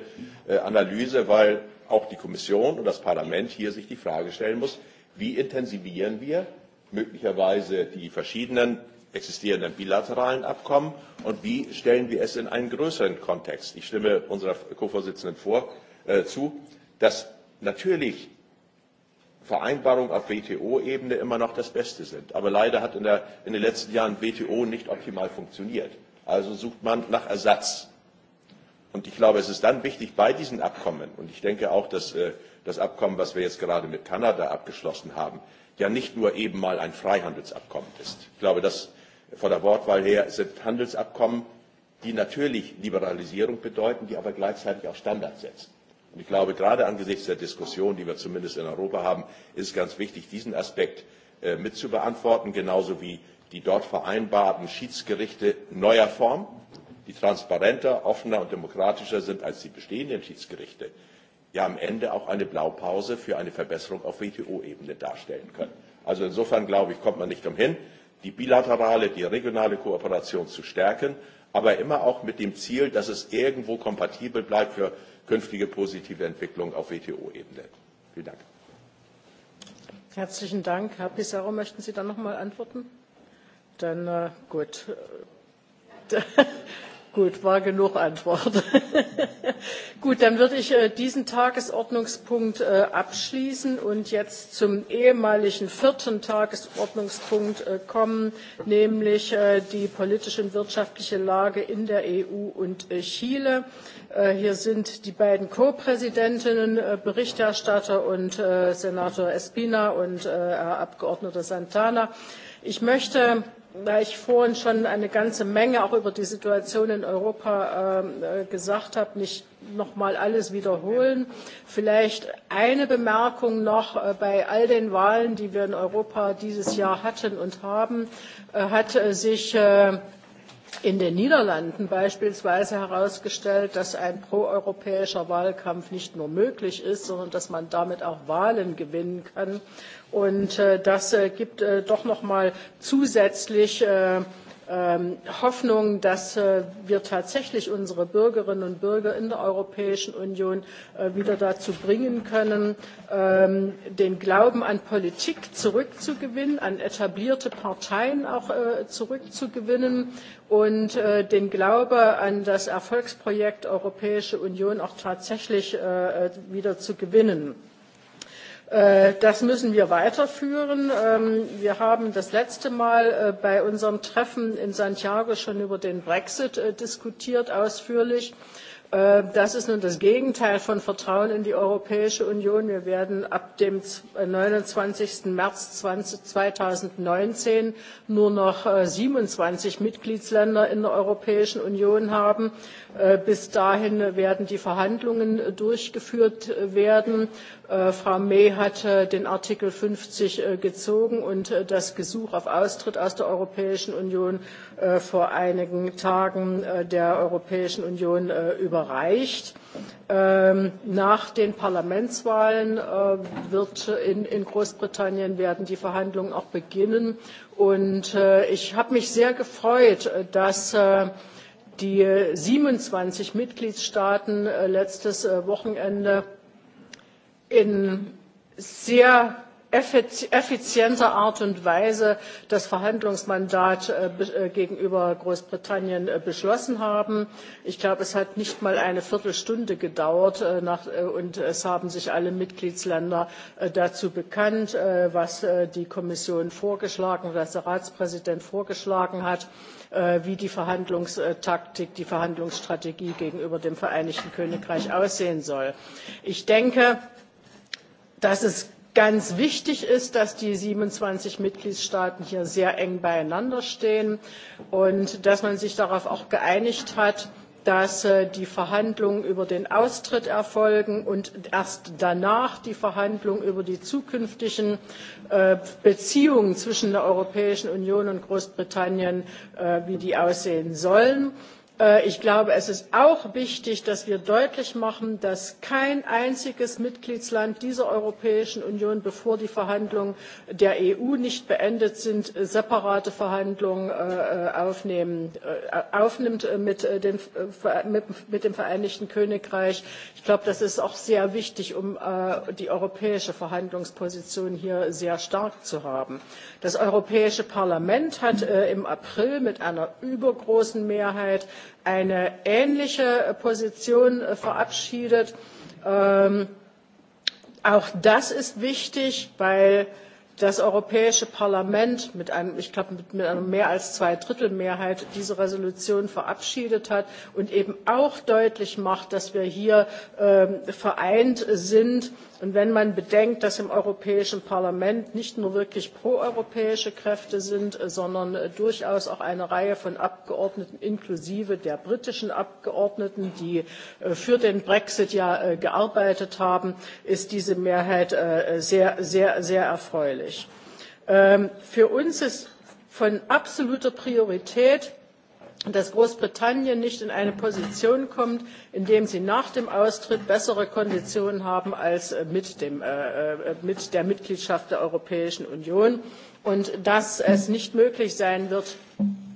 Analyse, weil auch die Kommission und das Parlament hier sich die Frage stellen muss, wie intensivieren wir möglicherweise die verschiedenen existierenden bilateralen Abkommen und wie stellen wir es in einen größeren Kontext? Ich stimme unserer Co-Vorsitzenden äh, zu, dass natürlich Vereinbarungen auf WTO-Ebene immer noch das Beste sind. Aber leider hat in, der, in den letzten Jahren WTO nicht optimal funktioniert. Also sucht man nach Ersatz. Und ich glaube, es ist dann wichtig bei diesen Abkommen, und ich denke auch, dass äh, das Abkommen, was wir jetzt gerade mit Kanada abgeschlossen haben, ja nicht nur eben mal ein Freihandelsabkommen ist. Ich glaube, das von der Wortwahl her sind Handelsabkommen, die natürlich Liberalisierung bedeuten, die aber gleichzeitig auch Standards setzen. Und ich glaube, gerade angesichts der Diskussion, die wir zumindest in Europa haben, ist es ganz wichtig, diesen Aspekt mit zu beantworten, genauso wie die dort vereinbarten Schiedsgerichte neuer Form, die transparenter, offener und demokratischer sind als die bestehenden Schiedsgerichte, ja am Ende auch eine Blaupause für eine Verbesserung auf WTO-Ebene darstellen können. Also insofern, glaube ich, kommt man nicht umhin, die bilaterale, die regionale Kooperation zu stärken, aber immer auch mit dem Ziel, dass es irgendwo kompatibel bleibt für künftige positive Entwicklung auf WTO-Ebene. Vielen Dank. Herzlichen Dank. Herr Pissarro, möchten Sie dann noch mal antworten? Dann gut. Gut, war genug Antwort. Gut, dann würde ich diesen Tagesordnungspunkt abschließen und jetzt zum ehemaligen vierten Tagesordnungspunkt kommen, nämlich die politische und wirtschaftliche Lage in der EU und Chile. Hier sind die beiden Co-Präsidentinnen, Berichterstatter und Senator Espina und Herr Abgeordneter Santana. Ich möchte da ich vorhin schon eine ganze Menge auch über die Situation in Europa gesagt habe, nicht noch mal alles wiederholen. Vielleicht eine Bemerkung noch bei all den Wahlen, die wir in Europa dieses Jahr hatten und haben, hat sich in den Niederlanden beispielsweise herausgestellt, dass ein proeuropäischer Wahlkampf nicht nur möglich ist, sondern dass man damit auch Wahlen gewinnen kann Und das gibt doch noch mal zusätzlich Hoffnung, dass wir tatsächlich unsere Bürgerinnen und Bürger in der Europäischen Union wieder dazu bringen können, den Glauben an Politik zurückzugewinnen, an etablierte Parteien auch zurückzugewinnen und den Glaube an das Erfolgsprojekt Europäische Union auch tatsächlich wieder zu gewinnen Das müssen wir weiterführen. Wir haben das letzte Mal bei unserem Treffen in Santiago schon über den Brexit diskutiert, ausführlich. Das ist nun das Gegenteil von Vertrauen in die Europäische Union. Wir werden ab dem 29. März 2019 nur noch 27 Mitgliedsländer in der Europäischen Union haben. Bis dahin werden die Verhandlungen durchgeführt werden Frau May hat den Artikel fünfzig gezogen und das Gesuch auf Austritt aus der Europäischen Union vor einigen Tagen der Europäischen Union überreicht. Nach den Parlamentswahlen in, Großbritannien werden die Verhandlungen auch beginnen. Und ich habe mich sehr gefreut, dass die siebenundzwanzig Mitgliedstaaten letztes Wochenende in sehr effizienter Art und Weise das Verhandlungsmandat gegenüber Großbritannien beschlossen haben. Ich glaube, es hat nicht mal eine Viertelstunde gedauert und es haben sich alle Mitgliedsländer dazu bekannt, was die Kommission vorgeschlagen, was der Ratspräsident vorgeschlagen hat wie die Verhandlungstaktik, die Verhandlungsstrategie gegenüber dem Vereinigten Königreich aussehen soll. Ich denke, dass es ganz wichtig ist, dass die 27 Mitgliedstaaten hier sehr eng beieinander stehen und dass man sich darauf auch geeinigt hat, dass die Verhandlungen über den Austritt erfolgen und erst danach die Verhandlungen über die zukünftigen Beziehungen zwischen der Europäischen Union und Großbritannien, wie die aussehen sollen Ich glaube, es ist auch wichtig, dass wir deutlich machen, dass kein einziges Mitgliedsland dieser Europäischen Union, bevor die Verhandlungen der EU nicht beendet sind, separate Verhandlungen aufnimmt mit dem Vereinigten Königreich. Ich glaube, das ist auch sehr wichtig, um die europäische Verhandlungsposition hier sehr stark zu haben. Das Europäische Parlament hat im April mit einer übergroßen Mehrheit eine ähnliche Position verabschiedet. auch das ist wichtig, weil das Europäische Parlament mit einem, ich glaube, mit, einer mehr als Zweidrittelmehrheit diese Resolution verabschiedet hat und eben auch deutlich macht, dass wir hier vereint sind Und wenn man bedenkt, dass im Europäischen Parlament nicht nur wirklich proeuropäische Kräfte sind, sondern durchaus auch eine Reihe von Abgeordneten inklusive der britischen Abgeordneten, die für den Brexit ja gearbeitet haben, ist diese Mehrheit sehr, sehr, sehr erfreulich. Für uns ist von absoluter Priorität, dass Großbritannien nicht in eine Position kommt, in der sie nach dem Austritt bessere Konditionen haben als mit, der Mitgliedschaft der Europäischen Union und dass es nicht möglich sein wird,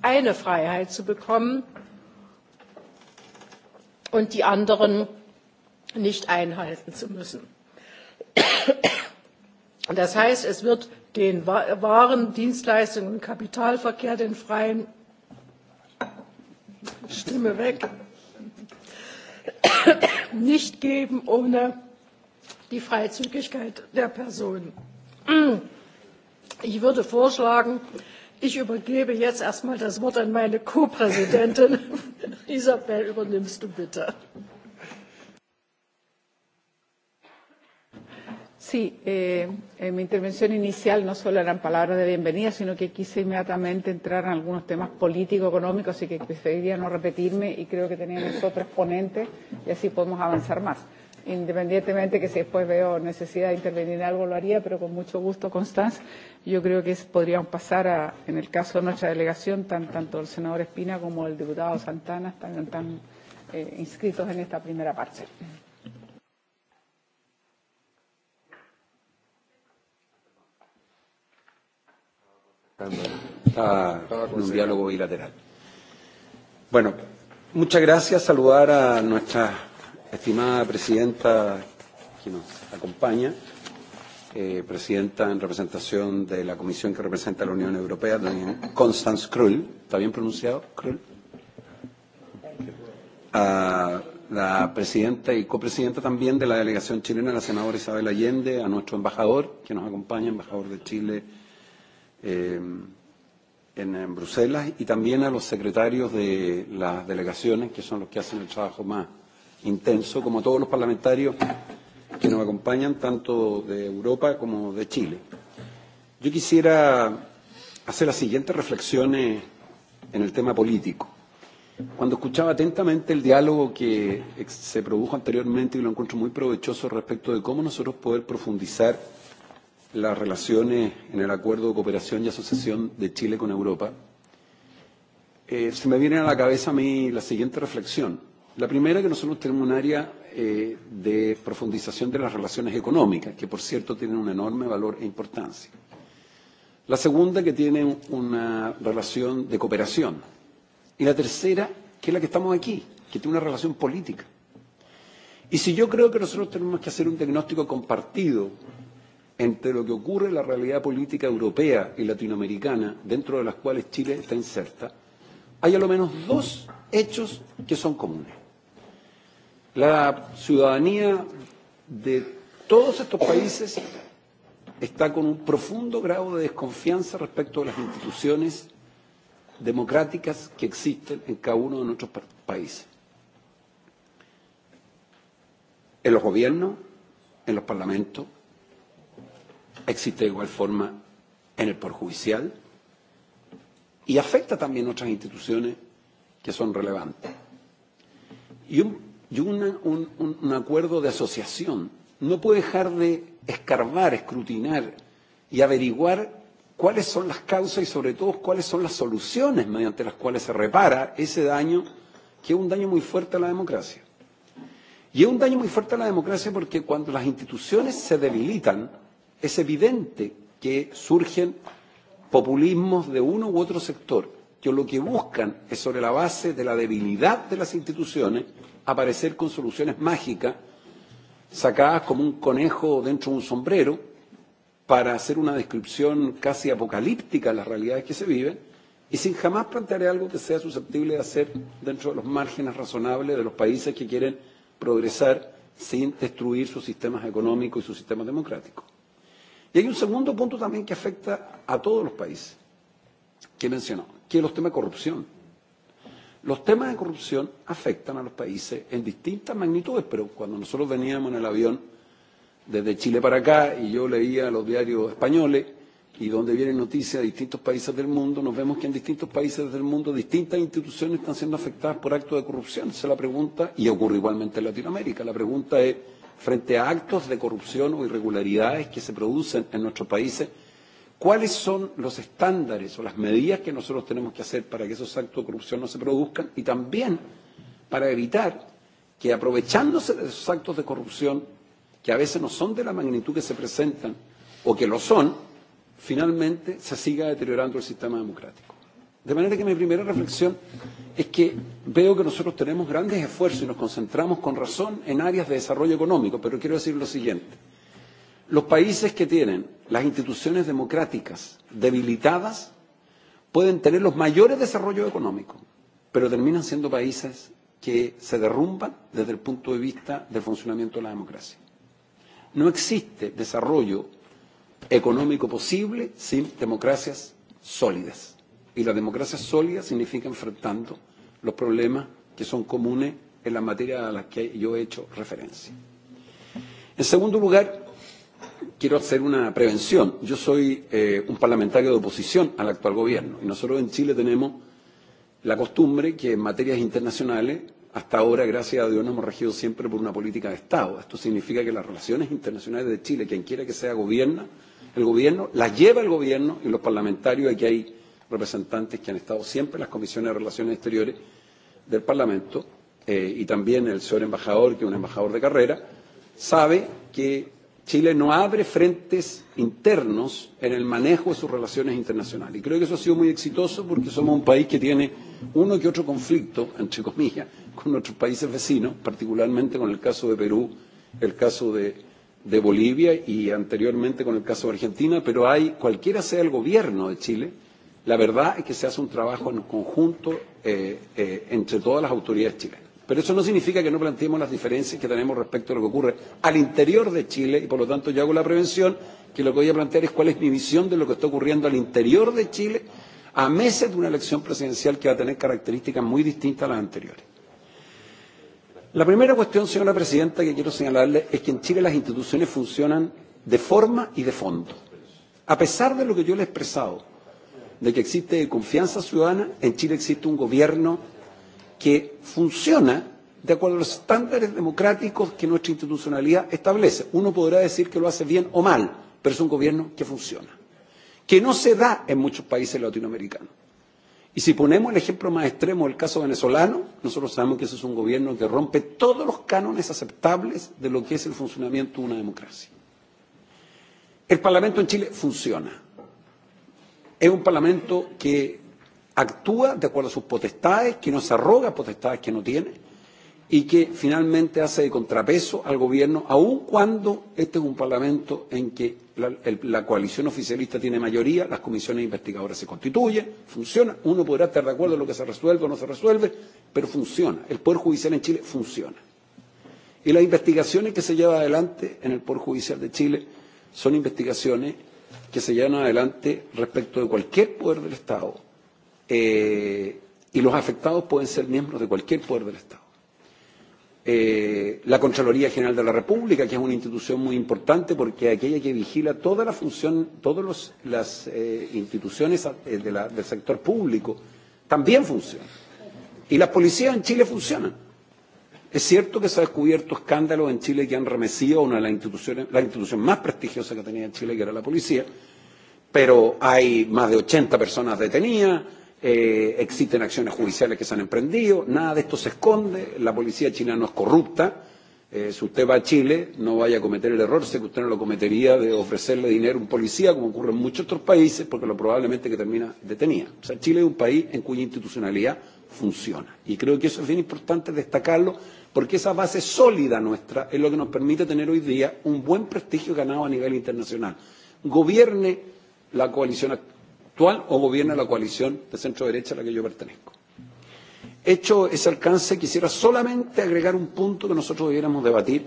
eine Freiheit zu bekommen und die anderen nicht einhalten zu müssen. Das heißt, es wird den Waren, Dienstleistungen und Kapitalverkehr, den freien Stimme weg. Nicht geben ohne die Freizügigkeit der Person. Ich würde vorschlagen, ich übergebe jetzt erstmal das Wort an meine Co-Präsidentin. Isabel, übernimmst du bitte. Sí, eh, en mi intervención inicial no solo eran palabras de bienvenida, sino que quise inmediatamente entrar en algunos temas políticos, económicos, así que preferiría no repetirme y creo que tenemos otro ponentes y así podemos avanzar más. Independientemente que si después veo necesidad de intervenir en algo, lo haría, pero con mucho gusto, Constance. Yo creo que podríamos pasar, a, en el caso de nuestra delegación, tan, tanto el senador Espina como el diputado Santana están tan eh, inscritos en esta primera parte. Está en un diálogo bilateral. Bueno, muchas gracias. Saludar a nuestra estimada presidenta que nos acompaña, eh, presidenta en representación de la comisión que representa a la Unión Europea, Constance Krull. ¿Está bien pronunciado, Krull? A la presidenta y copresidenta también de la delegación chilena, la senadora Isabel Allende, a nuestro embajador que nos acompaña, embajador de Chile eh, en, en Bruselas y también a los secretarios de las delegaciones, que son los que hacen el trabajo más intenso, como a todos los parlamentarios que nos acompañan, tanto de Europa como de Chile. Yo quisiera hacer las siguientes reflexiones en el tema político. Cuando escuchaba atentamente el diálogo que se produjo anteriormente y lo encuentro muy provechoso respecto de cómo nosotros poder profundizar las relaciones en el Acuerdo de Cooperación y Asociación de Chile con Europa, eh, se me viene a la cabeza a mí la siguiente reflexión. La primera, que nosotros tenemos un área eh, de profundización de las relaciones económicas, que por cierto tienen un enorme valor e importancia. La segunda, que tiene una relación de cooperación. Y la tercera, que es la que estamos aquí, que tiene una relación política. Y si yo creo que nosotros tenemos que hacer un diagnóstico compartido entre lo que ocurre en la realidad política europea y latinoamericana, dentro de las cuales Chile está inserta, hay a lo menos dos hechos que son comunes. La ciudadanía de todos estos países está con un profundo grado de desconfianza respecto a las instituciones democráticas que existen en cada uno de nuestros países. En los gobiernos, en los parlamentos, existe de igual forma en el Poder Judicial y afecta también otras instituciones que son relevantes. Y un, y una, un, un, un acuerdo de asociación no puede dejar de escarbar, escrutinar y averiguar cuáles son las causas y sobre todo cuáles son las soluciones mediante las cuales se repara ese daño, que es un daño muy fuerte a la democracia. Y es un daño muy fuerte a la democracia porque cuando las instituciones se debilitan, es evidente que surgen populismos de uno u otro sector que lo que buscan es sobre la base de la debilidad de las instituciones aparecer con soluciones mágicas sacadas como un conejo dentro de un sombrero para hacer una descripción casi apocalíptica de las realidades que se viven y sin jamás plantear algo que sea susceptible de hacer dentro de los márgenes razonables de los países que quieren progresar sin destruir sus sistemas económicos y sus sistemas democráticos. Y hay un segundo punto también que afecta a todos los países que he mencionado, que es los temas de corrupción. Los temas de corrupción afectan a los países en distintas magnitudes, pero cuando nosotros veníamos en el avión desde Chile para acá y yo leía los diarios españoles y donde vienen noticias de distintos países del mundo, nos vemos que en distintos países del mundo distintas instituciones están siendo afectadas por actos de corrupción. Esa es la pregunta, y ocurre igualmente en Latinoamérica. La pregunta es, frente a actos de corrupción o irregularidades que se producen en nuestros países, cuáles son los estándares o las medidas que nosotros tenemos que hacer para que esos actos de corrupción no se produzcan y también para evitar que aprovechándose de esos actos de corrupción, que a veces no son de la magnitud que se presentan o que lo son, finalmente se siga deteriorando el sistema democrático. De manera que mi primera reflexión es que veo que nosotros tenemos grandes esfuerzos y nos concentramos con razón en áreas de desarrollo económico, pero quiero decir lo siguiente. Los países que tienen las instituciones democráticas debilitadas pueden tener los mayores desarrollos económicos, pero terminan siendo países que se derrumban desde el punto de vista del funcionamiento de la democracia. No existe desarrollo económico posible sin democracias sólidas. Y la democracia sólida significa enfrentando los problemas que son comunes en la materia a la que yo he hecho referencia. En segundo lugar, quiero hacer una prevención. Yo soy eh, un parlamentario de oposición al actual gobierno y nosotros en Chile tenemos la costumbre que en materias internacionales, hasta ahora, gracias a Dios, nos hemos regido siempre por una política de Estado. Esto significa que las relaciones internacionales de Chile, quien quiera que sea gobierna, el gobierno, las lleva el gobierno y los parlamentarios, aquí hay representantes que han estado siempre en las comisiones de Relaciones Exteriores del Parlamento eh, y también el señor embajador, que es un embajador de carrera, sabe que Chile no abre frentes internos en el manejo de sus relaciones internacionales. Y creo que eso ha sido muy exitoso porque somos un país que tiene uno que otro conflicto, entre comillas, con nuestros países vecinos, particularmente con el caso de Perú, el caso de, de Bolivia y anteriormente con el caso de Argentina, pero hay, cualquiera sea el gobierno de Chile, La verdad es que se hace un trabajo en conjunto eh, eh, entre todas las autoridades chilenas. Pero eso no significa que no planteemos las diferencias que tenemos respecto a lo que ocurre al interior de Chile y por lo tanto yo hago la prevención que lo que voy a plantear es cuál es mi visión de lo que está ocurriendo al interior de Chile a meses de una elección presidencial que va a tener características muy distintas a las anteriores. La primera cuestión, señora presidenta, que quiero señalarle es que en Chile las instituciones funcionan de forma y de fondo. A pesar de lo que yo le he expresado, de que existe confianza ciudadana, en Chile existe un gobierno que funciona de acuerdo a los estándares democráticos que nuestra institucionalidad establece. Uno podrá decir que lo hace bien o mal, pero es un gobierno que funciona, que no se da en muchos países latinoamericanos. Y si ponemos el ejemplo más extremo, el caso venezolano, nosotros sabemos que eso es un gobierno que rompe todos los cánones aceptables de lo que es el funcionamiento de una democracia. El Parlamento en Chile funciona. Es un Parlamento que actúa de acuerdo a sus potestades, que no se arroga potestades que no tiene y que finalmente hace de contrapeso al gobierno, aun cuando este es un Parlamento en que la, el, la coalición oficialista tiene mayoría, las comisiones investigadoras se constituyen, funciona, uno podrá estar de acuerdo en lo que se resuelve o no se resuelve, pero funciona. El Poder Judicial en Chile funciona. Y las investigaciones que se llevan adelante en el Poder Judicial de Chile son investigaciones que se llevan adelante respecto de cualquier poder del Estado. Eh, y los afectados pueden ser miembros de cualquier poder del Estado. Eh, la Contraloría General de la República, que es una institución muy importante porque es aquella que vigila toda la función, todas las eh, instituciones de la, del sector público, también funciona. Y las policías en Chile funcionan Es cierto que se han descubierto escándalos en Chile que han remecido a una de las instituciones, la institución más prestigiosa que tenía en Chile, que era la policía, pero hay más de 80 personas detenidas, eh, existen acciones judiciales que se han emprendido, nada de esto se esconde, la policía china no es corrupta. Eh, si usted va a Chile, no vaya a cometer el error, sé que usted no lo cometería de ofrecerle dinero a un policía, como ocurre en muchos otros países, porque lo probablemente que termina detenida. O sea, Chile es un país en cuya institucionalidad funciona. Y creo que eso es bien importante destacarlo porque esa base sólida nuestra es lo que nos permite tener hoy día un buen prestigio ganado a nivel internacional. Gobierne la coalición actual o gobierne la coalición de centro derecha a la que yo pertenezco. Hecho ese alcance, quisiera solamente agregar un punto que nosotros debiéramos debatir,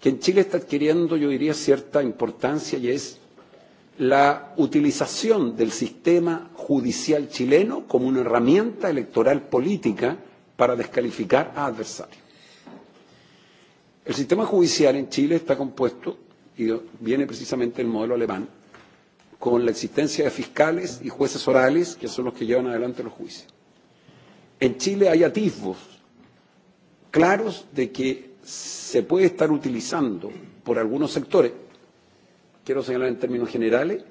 que en Chile está adquiriendo, yo diría, cierta importancia y es la utilización del sistema judicial chileno como una herramienta electoral política para descalificar a adversarios. El sistema judicial en Chile está compuesto, y viene precisamente del modelo alemán, con la existencia de fiscales y jueces orales, que son los que llevan adelante los juicios. En Chile hay atisbos claros de que se puede estar utilizando por algunos sectores, quiero señalar en términos generales,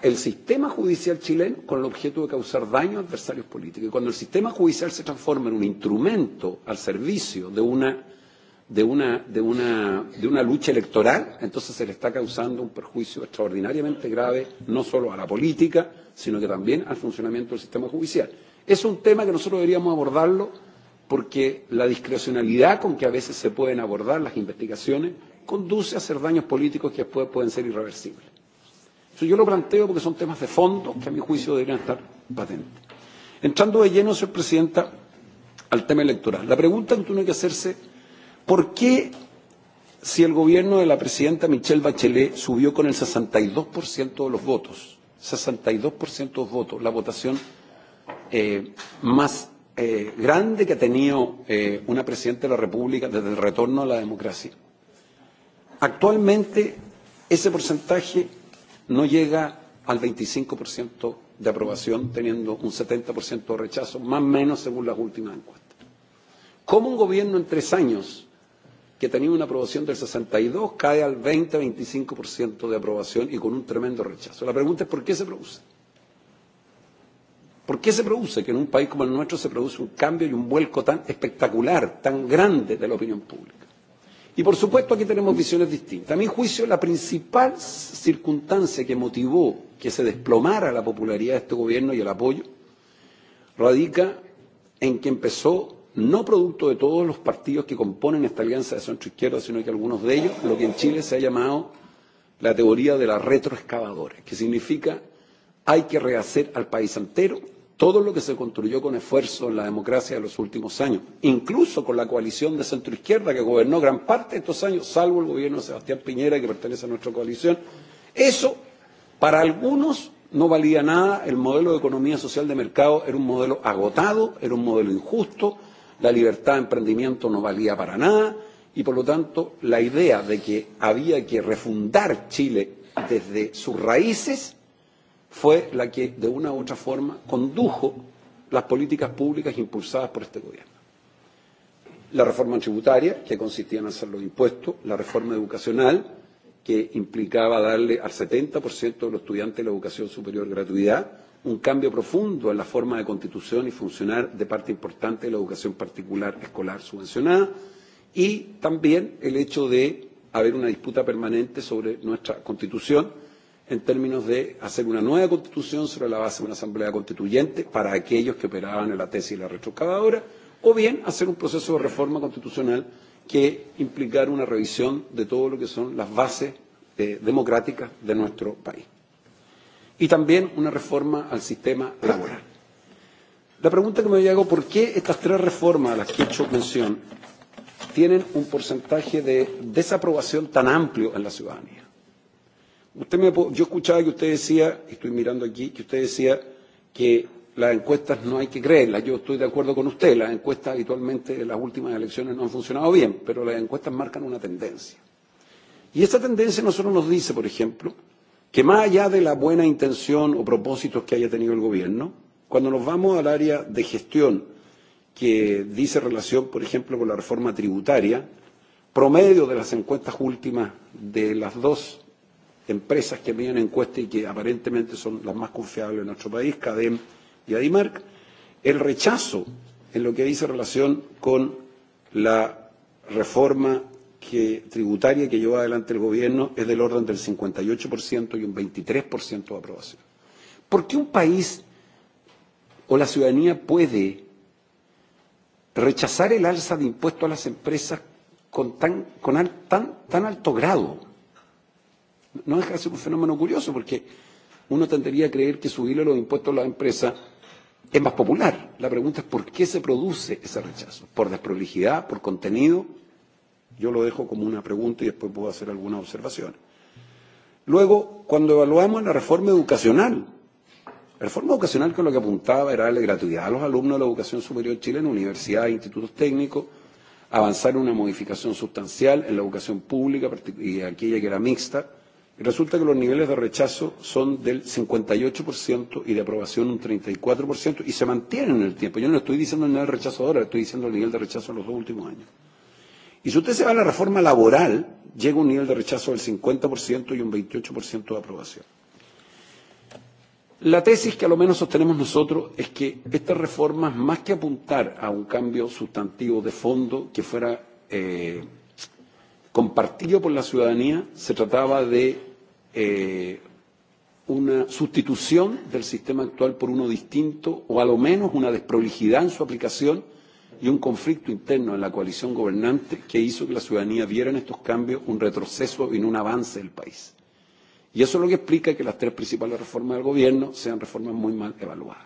el sistema judicial chileno con el objeto de causar daño a adversarios políticos. Y cuando el sistema judicial se transforma en un instrumento al servicio de una, de una, de una, de una lucha electoral, entonces se le está causando un perjuicio extraordinariamente grave, no solo a la política, sino que también al funcionamiento del sistema judicial. Es un tema que nosotros deberíamos abordarlo porque la discrecionalidad con que a veces se pueden abordar las investigaciones conduce a hacer daños políticos que después pueden ser irreversibles. Eso yo lo planteo porque son temas de fondo que a mi juicio deberían estar patentes. Entrando de lleno, señor Presidenta, al tema electoral. La pregunta que uno hay que hacerse, ¿por qué si el gobierno de la presidenta Michelle Bachelet subió con el 62% de los votos, 62% de los votos, la votación eh, más eh, grande que ha tenido eh, una presidenta de la República desde el retorno a la democracia. Actualmente ese porcentaje no llega al 25% de aprobación, teniendo un 70% de rechazo, más o menos según las últimas encuestas. ¿Cómo un gobierno en tres años que tenía una aprobación del 62 cae al 20-25% de aprobación y con un tremendo rechazo? La pregunta es ¿por qué se produce? ¿Por qué se produce que en un país como el nuestro se produce un cambio y un vuelco tan espectacular, tan grande de la opinión pública? Y por supuesto aquí tenemos visiones distintas. A mi juicio, la principal circunstancia que motivó que se desplomara la popularidad de este gobierno y el apoyo radica en que empezó no producto de todos los partidos que componen esta alianza de centro izquierda, sino que algunos de ellos, lo que en Chile se ha llamado la teoría de la retroexcavadora, que significa hay que rehacer al país entero, todo lo que se construyó con esfuerzo en la democracia de los últimos años, incluso con la coalición de centroizquierda que gobernó gran parte de estos años, salvo el gobierno de Sebastián Piñera, que pertenece a nuestra coalición, eso para algunos no valía nada, el modelo de economía social de mercado era un modelo agotado, era un modelo injusto, la libertad de emprendimiento no valía para nada y por lo tanto la idea de que había que refundar Chile desde sus raíces fue la que, de una u otra forma, condujo las políticas públicas impulsadas por este gobierno. La reforma tributaria, que consistía en hacer los impuestos, la reforma educacional, que implicaba darle al 70% de los estudiantes de la educación superior gratuidad, un cambio profundo en la forma de constitución y funcionar de parte importante de la educación particular escolar subvencionada, y también el hecho de haber una disputa permanente sobre nuestra constitución, en términos de hacer una nueva constitución sobre la base de una asamblea constituyente para aquellos que operaban en la tesis y la retrocavadora, o bien hacer un proceso de reforma constitucional que implicara una revisión de todo lo que son las bases eh, democráticas de nuestro país. Y también una reforma al sistema laboral. La pregunta que me hago, ¿por qué estas tres reformas a las que he hecho mención tienen un porcentaje de desaprobación tan amplio en la ciudadanía? Usted me, yo escuchaba que usted decía, y estoy mirando aquí, que usted decía que las encuestas no hay que creerlas. Yo estoy de acuerdo con usted, las encuestas habitualmente en las últimas elecciones no han funcionado bien, pero las encuestas marcan una tendencia. Y esa tendencia nosotros nos dice, por ejemplo, que más allá de la buena intención o propósitos que haya tenido el gobierno, cuando nos vamos al área de gestión que dice relación, por ejemplo, con la reforma tributaria, promedio de las encuestas últimas de las dos empresas que miden encuestas y que aparentemente son las más confiables en nuestro país, CADEM y ADIMARC, el rechazo en lo que dice relación con la reforma que, tributaria que lleva adelante el gobierno es del orden del 58% y un 23% de aprobación. ¿Por qué un país o la ciudadanía puede rechazar el alza de impuestos a las empresas con tan, con al, tan, tan alto grado? no deja de ser un fenómeno curioso porque uno tendría a creer que subirle los impuestos a la empresa es más popular. La pregunta es por qué se produce ese rechazo. ¿Por desprolijidad? ¿Por contenido? Yo lo dejo como una pregunta y después puedo hacer algunas observaciones. Luego, cuando evaluamos la reforma educacional, la reforma educacional con lo que apuntaba era darle gratuidad a los alumnos de la educación superior chilena, universidades, institutos técnicos, avanzar en una modificación sustancial en la educación pública y aquella que era mixta, Resulta que los niveles de rechazo son del 58% y de aprobación un 34% y se mantienen en el tiempo. Yo no estoy diciendo el nivel de rechazo ahora, estoy diciendo el nivel de rechazo en los dos últimos años. Y si usted se va a la reforma laboral, llega un nivel de rechazo del 50% y un 28% de aprobación. La tesis que a lo menos sostenemos nosotros es que estas reformas, más que apuntar a un cambio sustantivo de fondo que fuera eh, compartido por la ciudadanía, se trataba de eh, una sustitución del sistema actual por uno distinto o a lo menos una desprolijidad en su aplicación y un conflicto interno en la coalición gobernante que hizo que la ciudadanía viera en estos cambios un retroceso y no un avance del país. Y eso es lo que explica que las tres principales reformas del gobierno sean reformas muy mal evaluadas.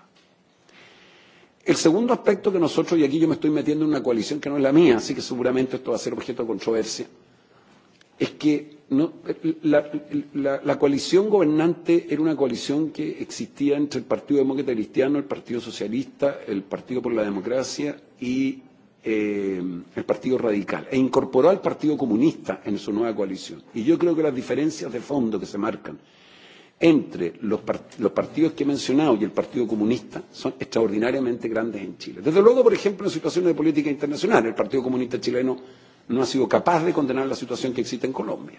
El segundo aspecto que nosotros, y aquí yo me estoy metiendo en una coalición que no es la mía, así que seguramente esto va a ser objeto de controversia, es que no, la, la, la coalición gobernante era una coalición que existía entre el Partido Demócrata Cristiano, el Partido Socialista, el Partido por la Democracia y eh, el Partido Radical e incorporó al Partido Comunista en su nueva coalición. Y yo creo que las diferencias de fondo que se marcan entre los, part los partidos que he mencionado y el Partido Comunista son extraordinariamente grandes en Chile. Desde luego, por ejemplo, en situaciones de política internacional, el Partido Comunista chileno no ha sido capaz de condenar la situación que existe en Colombia.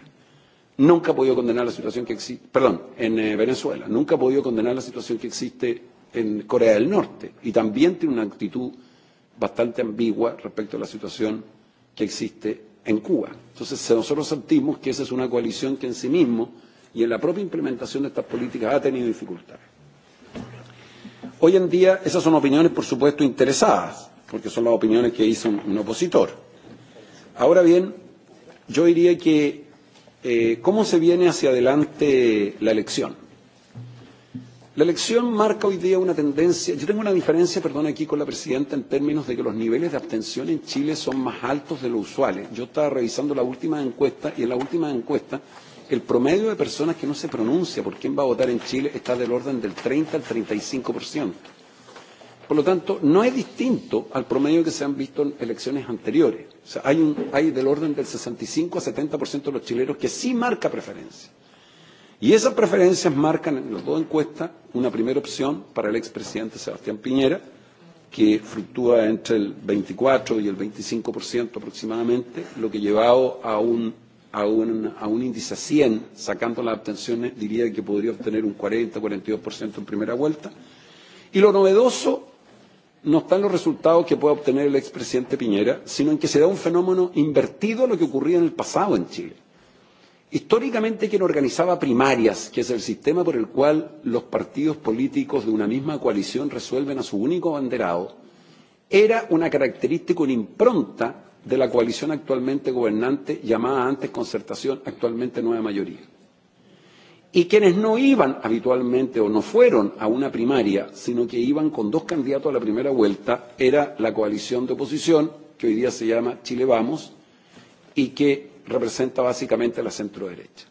Nunca ha podido condenar la situación que existe, perdón, en eh, Venezuela. Nunca ha podido condenar la situación que existe en Corea del Norte. Y también tiene una actitud bastante ambigua respecto a la situación que existe en Cuba. Entonces nosotros sentimos que esa es una coalición que en sí mismo y en la propia implementación de estas políticas ha tenido dificultades. Hoy en día esas son opiniones, por supuesto, interesadas, porque son las opiniones que hizo un, un opositor Ahora bien, yo diría que eh, cómo se viene hacia adelante la elección. La elección marca hoy día una tendencia. Yo tengo una diferencia, perdón, aquí con la presidenta en términos de que los niveles de abstención en Chile son más altos de lo usual. Yo estaba revisando la última encuesta y en la última encuesta el promedio de personas que no se pronuncia por quién va a votar en Chile está del orden del 30 al 35 Por lo tanto, no es distinto al promedio que se han visto en elecciones anteriores. O sea, hay, un, hay del orden del 65 a 70% de los chilenos que sí marca preferencia. Y esas preferencias marcan en las dos encuestas una primera opción para el expresidente Sebastián Piñera, que fluctúa entre el 24 y el 25% aproximadamente, lo que llevado a un, a, un, a un índice 100, sacando las abstenciones, diría que podría obtener un 40-42% en primera vuelta. Y lo novedoso no está en los resultados que pueda obtener el expresidente Piñera, sino en que se da un fenómeno invertido a lo que ocurría en el pasado en Chile. Históricamente quien organizaba primarias, que es el sistema por el cual los partidos políticos de una misma coalición resuelven a su único abanderado, era una característica, una impronta de la coalición actualmente gobernante, llamada antes concertación, actualmente nueva mayoría y quienes no iban habitualmente o no fueron a una primaria, sino que iban con dos candidatos a la primera vuelta, era la coalición de oposición, que hoy día se llama Chile Vamos, y que representa básicamente a la centroderecha.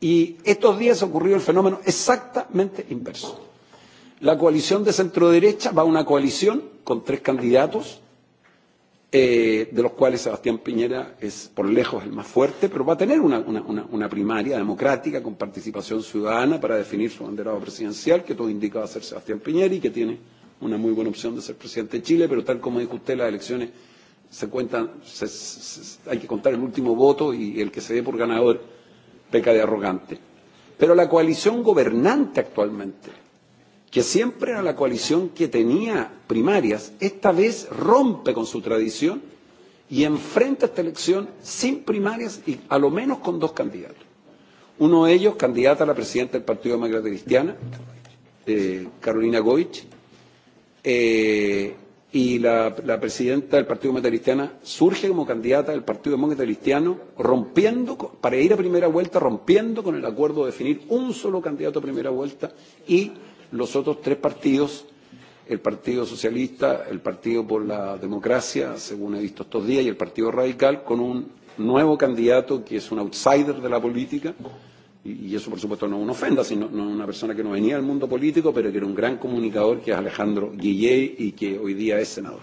Y estos días ocurrió el fenómeno exactamente inverso. La coalición de centroderecha va a una coalición con tres candidatos eh, de los cuales Sebastián Piñera es por lejos el más fuerte, pero va a tener una, una, una, una primaria democrática con participación ciudadana para definir su banderado presidencial, que todo indica va a ser Sebastián Piñera y que tiene una muy buena opción de ser presidente de Chile, pero tal como dijo usted, las elecciones se cuentan, se, se, hay que contar el último voto y el que se dé por ganador peca de arrogante. Pero la coalición gobernante actualmente que siempre era la coalición que tenía primarias, esta vez rompe con su tradición y enfrenta esta elección sin primarias y a lo menos con dos candidatos. Uno de ellos, candidata a la presidenta del Partido Demócrata Cristiana, eh, Carolina Goich, eh, y la, la presidenta del Partido Demócrata Cristiana surge como candidata del Partido Demócrata Cristiano, rompiendo, para ir a primera vuelta, rompiendo con el acuerdo de definir un solo candidato a primera vuelta y los otros tres partidos, el Partido Socialista, el Partido por la Democracia, según he visto estos días, y el Partido Radical, con un nuevo candidato que es un outsider de la política, y eso por supuesto no es una ofenda, sino no una persona que no venía del mundo político, pero que era un gran comunicador, que es Alejandro Guillé y que hoy día es senador.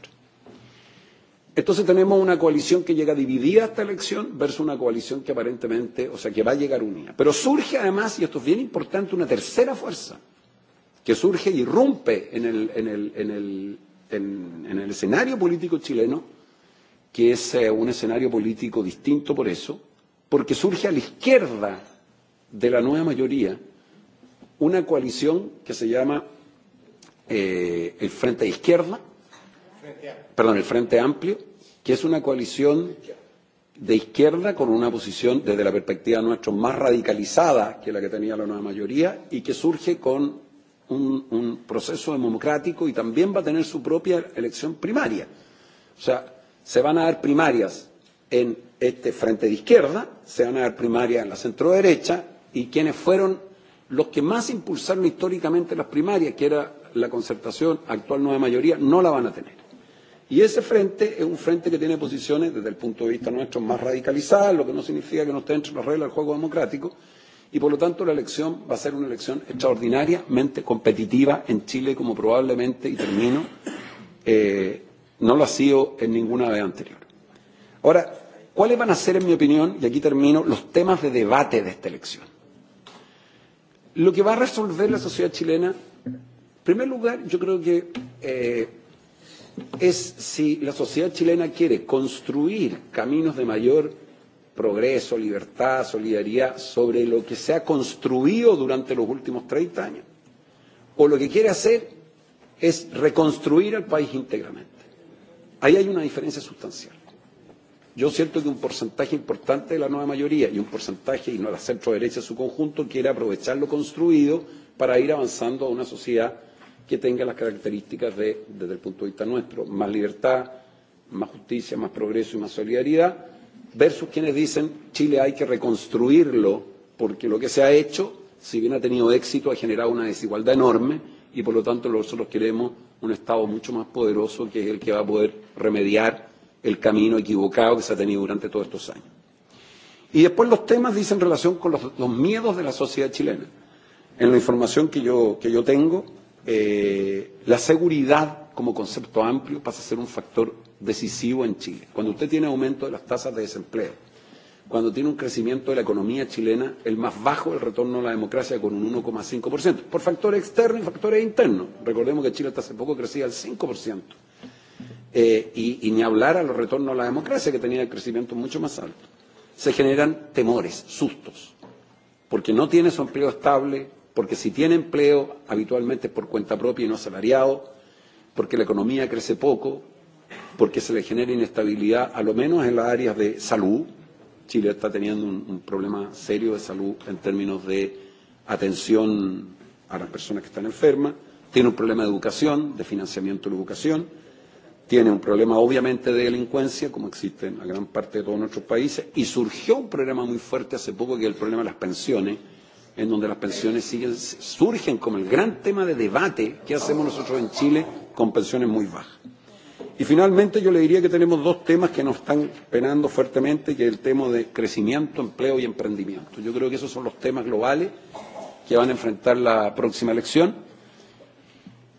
Entonces tenemos una coalición que llega dividida a esta elección versus una coalición que aparentemente, o sea, que va a llegar unida. Pero surge además, y esto es bien importante, una tercera fuerza, que surge y rompe en el, en el, en el, en, en el escenario político chileno, que es eh, un escenario político distinto por eso, porque surge a la izquierda de la nueva mayoría una coalición que se llama eh, el Frente de Izquierda, perdón, el Frente Amplio, que es una coalición de izquierda con una posición desde la perspectiva nuestra más radicalizada que la que tenía la nueva mayoría y que surge con un, un proceso democrático y también va a tener su propia elección primaria. O sea, se van a dar primarias en este frente de izquierda, se van a dar primarias en la centro derecha y quienes fueron los que más impulsaron históricamente las primarias, que era la concertación actual nueva mayoría, no la van a tener. Y ese frente es un frente que tiene posiciones, desde el punto de vista nuestro, más radicalizadas, lo que no significa que no esté dentro de las reglas del juego democrático, Y por lo tanto la elección va a ser una elección extraordinariamente competitiva en Chile, como probablemente, y termino, eh, no lo ha sido en ninguna vez anterior. Ahora, ¿cuáles van a ser, en mi opinión, y aquí termino, los temas de debate de esta elección? Lo que va a resolver la sociedad chilena, en primer lugar, yo creo que eh, es si la sociedad chilena quiere construir caminos de mayor progreso, libertad, solidaridad, sobre lo que se ha construido durante los últimos 30 años, o lo que quiere hacer es reconstruir el país íntegramente. Ahí hay una diferencia sustancial. Yo siento que un porcentaje importante de la nueva mayoría y un porcentaje, y no la centro derecha en su conjunto, quiere aprovechar lo construido para ir avanzando a una sociedad que tenga las características de, desde el punto de vista nuestro, más libertad, más justicia, más progreso y más solidaridad, versus quienes dicen Chile hay que reconstruirlo porque lo que se ha hecho, si bien ha tenido éxito, ha generado una desigualdad enorme y por lo tanto nosotros queremos un Estado mucho más poderoso que es el que va a poder remediar el camino equivocado que se ha tenido durante todos estos años. Y después los temas dicen relación con los, los miedos de la sociedad chilena. En la información que yo, que yo tengo, eh, la seguridad como concepto amplio pasa a ser un factor decisivo en Chile. Cuando usted tiene aumento de las tasas de desempleo, cuando tiene un crecimiento de la economía chilena, el más bajo, el retorno a la democracia con un 1,5%, por factores externos y factores internos. Recordemos que Chile hasta hace poco crecía al 5%. Eh, y, y ni hablar a los retornos a la democracia, que tenía el crecimiento mucho más alto. Se generan temores, sustos, porque no tiene su empleo estable, porque si tiene empleo habitualmente es por cuenta propia y no asalariado, porque la economía crece poco, porque se le genera inestabilidad, a lo menos en las áreas de salud. Chile está teniendo un, un problema serio de salud en términos de atención a las personas que están enfermas, tiene un problema de educación, de financiamiento de la educación, tiene un problema obviamente de delincuencia, como existe en la gran parte de todos nuestros países, y surgió un problema muy fuerte hace poco que es el problema de las pensiones, en donde las pensiones siguen, surgen como el gran tema de debate que hacemos nosotros en Chile con pensiones muy bajas. Y finalmente yo le diría que tenemos dos temas que nos están penando fuertemente, que es el tema de crecimiento, empleo y emprendimiento. Yo creo que esos son los temas globales que van a enfrentar la próxima elección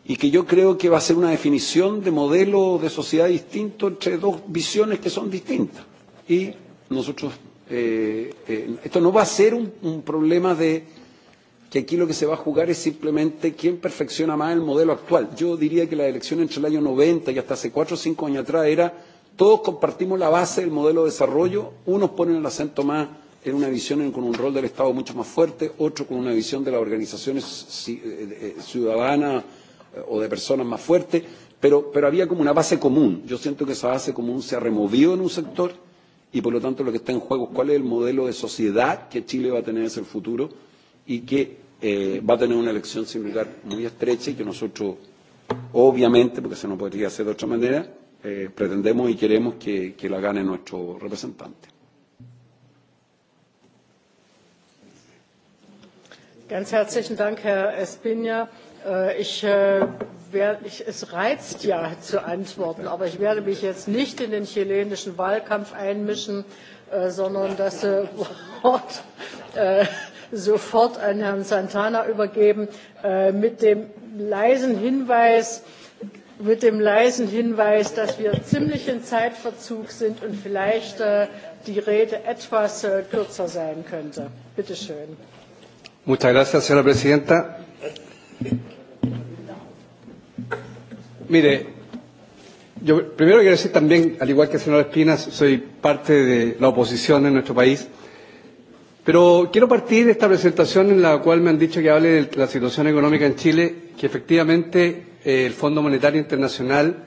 y que yo creo que va a ser una definición de modelo de sociedad distinto entre dos visiones que son distintas. Y nosotros, eh, eh, esto no va a ser un, un problema de que aquí lo que se va a jugar es simplemente quién perfecciona más el modelo actual. Yo diría que la elección entre el año 90 y hasta hace cuatro o cinco años atrás era todos compartimos la base del modelo de desarrollo, unos ponen el acento más en una visión con un rol del Estado mucho más fuerte, otro con una visión de las organizaciones ciudadanas o de personas más fuertes, pero, pero había como una base común. Yo siento que esa base común se ha removido en un sector y por lo tanto lo que está en juego es cuál es el modelo de sociedad que Chile va a tener hacia el futuro y que eh, va a tener una elección sin lugar muy estrecha y que nosotros, obviamente, porque se nos podría hacer de otra manera, eh, pretendemos y queremos que, que la gane nuestro representante. Ganz herzlichen Dank, Herr Espinja. Ich, es reizt ja zu antworten, aber ich werde mich jetzt nicht in den chilenischen Wahlkampf einmischen, sondern das Wort sofort an Herrn Santana übergeben mit dem leisen Hinweis, mit dem leisen Hinweis, dass wir ziemlich in Zeitverzug sind und vielleicht die Rede etwas kürzer sein könnte. Bitte schön. Muchas gracias, señora presidenta. Mire, yo primero quiero decir también, al igual que el señor Espinas, soy parte de la oposición en nuestro país Pero quiero partir de esta presentación en la cual me han dicho que hable de la situación económica en Chile, que efectivamente el Fondo Monetario Internacional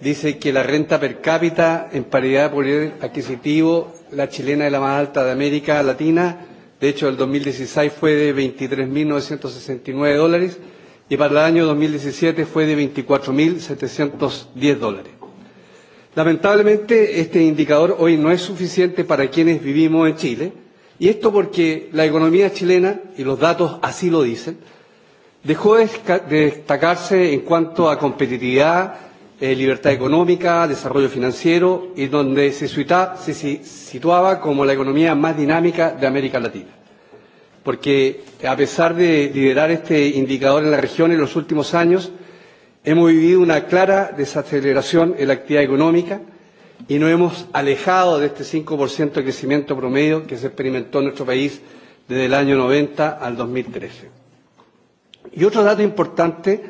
dice que la renta per cápita en paridad de poder adquisitivo, la chilena es la más alta de América Latina, de hecho el 2016 fue de 23.969 dólares y para el año 2017 fue de 24.710 dólares. Lamentablemente este indicador hoy no es suficiente para quienes vivimos en Chile, Y esto porque la economía chilena, y los datos así lo dicen, dejó de destacarse en cuanto a competitividad, eh, libertad económica, desarrollo financiero, y donde se, situaba, se situaba como la economía más dinámica de América Latina. Porque a pesar de liderar este indicador en la región en los últimos años, hemos vivido una clara desaceleración en la actividad económica, y nos hemos alejado de este 5% de crecimiento promedio que se experimentó en nuestro país desde el año 90 al 2013. Y otro dato importante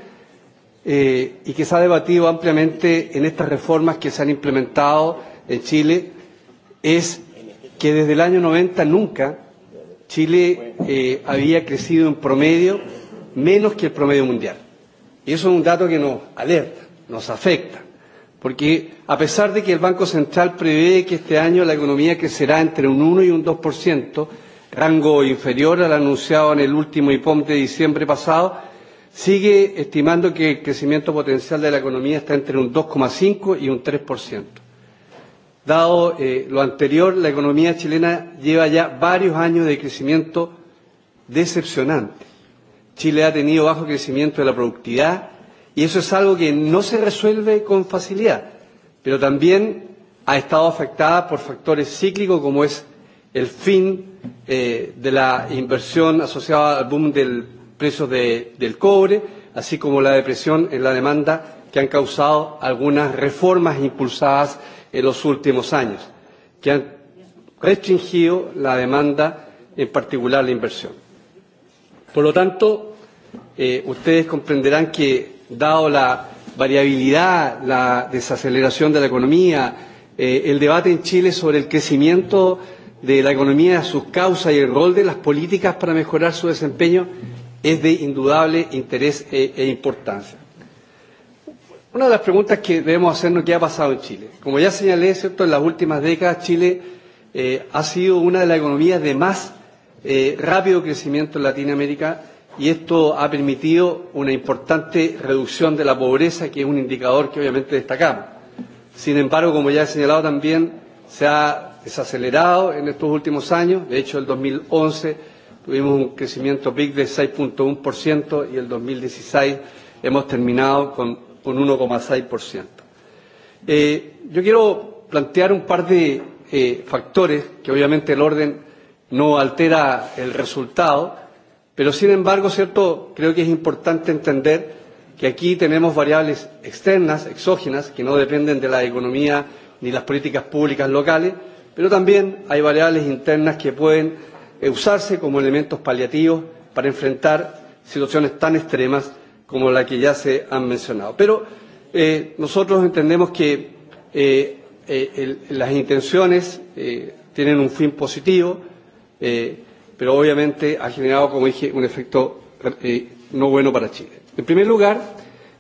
eh, y que se ha debatido ampliamente en estas reformas que se han implementado en Chile es que desde el año 90 nunca Chile eh, había crecido en promedio menos que el promedio mundial. Y eso es un dato que nos alerta, nos afecta. Porque a pesar de que el Banco Central prevé que este año la economía crecerá entre un 1 y un 2%, rango inferior al anunciado en el último IPOM de diciembre pasado, sigue estimando que el crecimiento potencial de la economía está entre un 2,5 y un 3%. Dado eh, lo anterior, la economía chilena lleva ya varios años de crecimiento decepcionante. Chile ha tenido bajo crecimiento de la productividad, Y eso es algo que no se resuelve con facilidad, pero también ha estado afectada por factores cíclicos como es el fin eh, de la inversión asociada al boom del precio de, del cobre, así como la depresión en la demanda que han causado algunas reformas impulsadas en los últimos años, que han restringido la demanda, en particular la inversión. Por lo tanto, eh, ustedes comprenderán que dado la variabilidad, la desaceleración de la economía, eh, el debate en Chile sobre el crecimiento de la economía, sus causas y el rol de las políticas para mejorar su desempeño es de indudable interés e, e importancia. Una de las preguntas que debemos hacernos qué ha pasado en Chile. Como ya señalé, ¿cierto? en las últimas décadas Chile eh, ha sido una de las economías de más eh, rápido crecimiento en Latinoamérica y esto ha permitido una importante reducción de la pobreza, que es un indicador que obviamente destacamos. Sin embargo, como ya he señalado también, se ha desacelerado en estos últimos años. De hecho, el 2011 tuvimos un crecimiento PIB de 6.1% y el 2016 hemos terminado con, con 1,6%. Eh, yo quiero plantear un par de eh, factores que obviamente el orden no altera el resultado, Pero, sin embargo, ¿cierto? creo que es importante entender que aquí tenemos variables externas, exógenas, que no dependen de la economía ni las políticas públicas locales, pero también hay variables internas que pueden usarse como elementos paliativos para enfrentar situaciones tan extremas como la que ya se han mencionado. Pero eh, nosotros entendemos que eh, eh, el, las intenciones eh, tienen un fin positivo. Eh, pero obviamente ha generado, como dije, un efecto eh, no bueno para Chile. En primer lugar,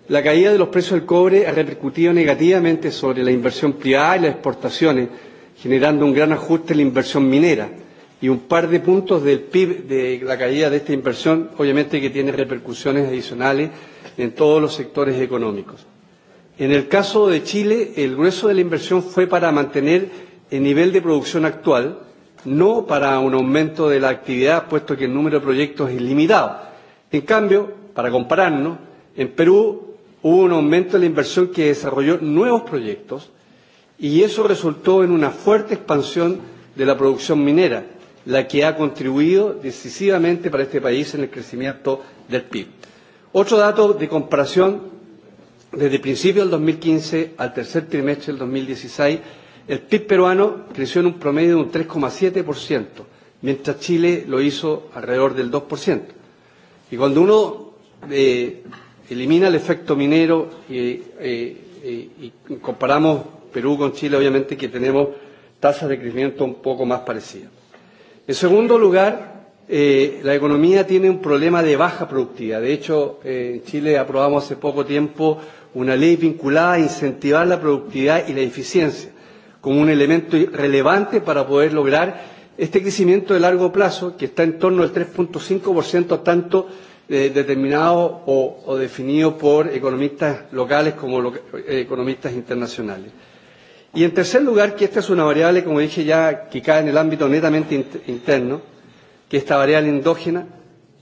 la caída de los precios del cobre ha repercutido negativamente sobre la inversión privada y las exportaciones, generando un gran ajuste en la inversión minera y un par de puntos del PIB de la caída de esta inversión, obviamente que tiene repercusiones adicionales en todos los sectores económicos. En el caso de Chile, el grueso de la inversión fue para mantener el nivel de producción actual no para un aumento de la actividad, puesto que el número de proyectos es limitado. En cambio, para compararnos, en Perú hubo un aumento de la inversión que desarrolló nuevos proyectos y eso resultó en una fuerte expansión de la producción minera, la que ha contribuido decisivamente para este país en el crecimiento del PIB. Otro dato de comparación, desde principios del 2015 al tercer trimestre del 2016, El PIB peruano creció en un promedio de un 3,7%, mientras Chile lo hizo alrededor del 2%. Y cuando uno eh, elimina el efecto minero y, eh, eh, y comparamos Perú con Chile, obviamente que tenemos tasas de crecimiento un poco más parecidas. En segundo lugar, eh, la economía tiene un problema de baja productividad. De hecho, eh, en Chile aprobamos hace poco tiempo una ley vinculada a incentivar la productividad y la eficiencia como un elemento relevante para poder lograr este crecimiento de largo plazo, que está en torno al 3.5%, tanto eh, determinado o, o definido por economistas locales como lo, eh, economistas internacionales. Y en tercer lugar, que esta es una variable, como dije ya, que cae en el ámbito netamente interno, que esta variable endógena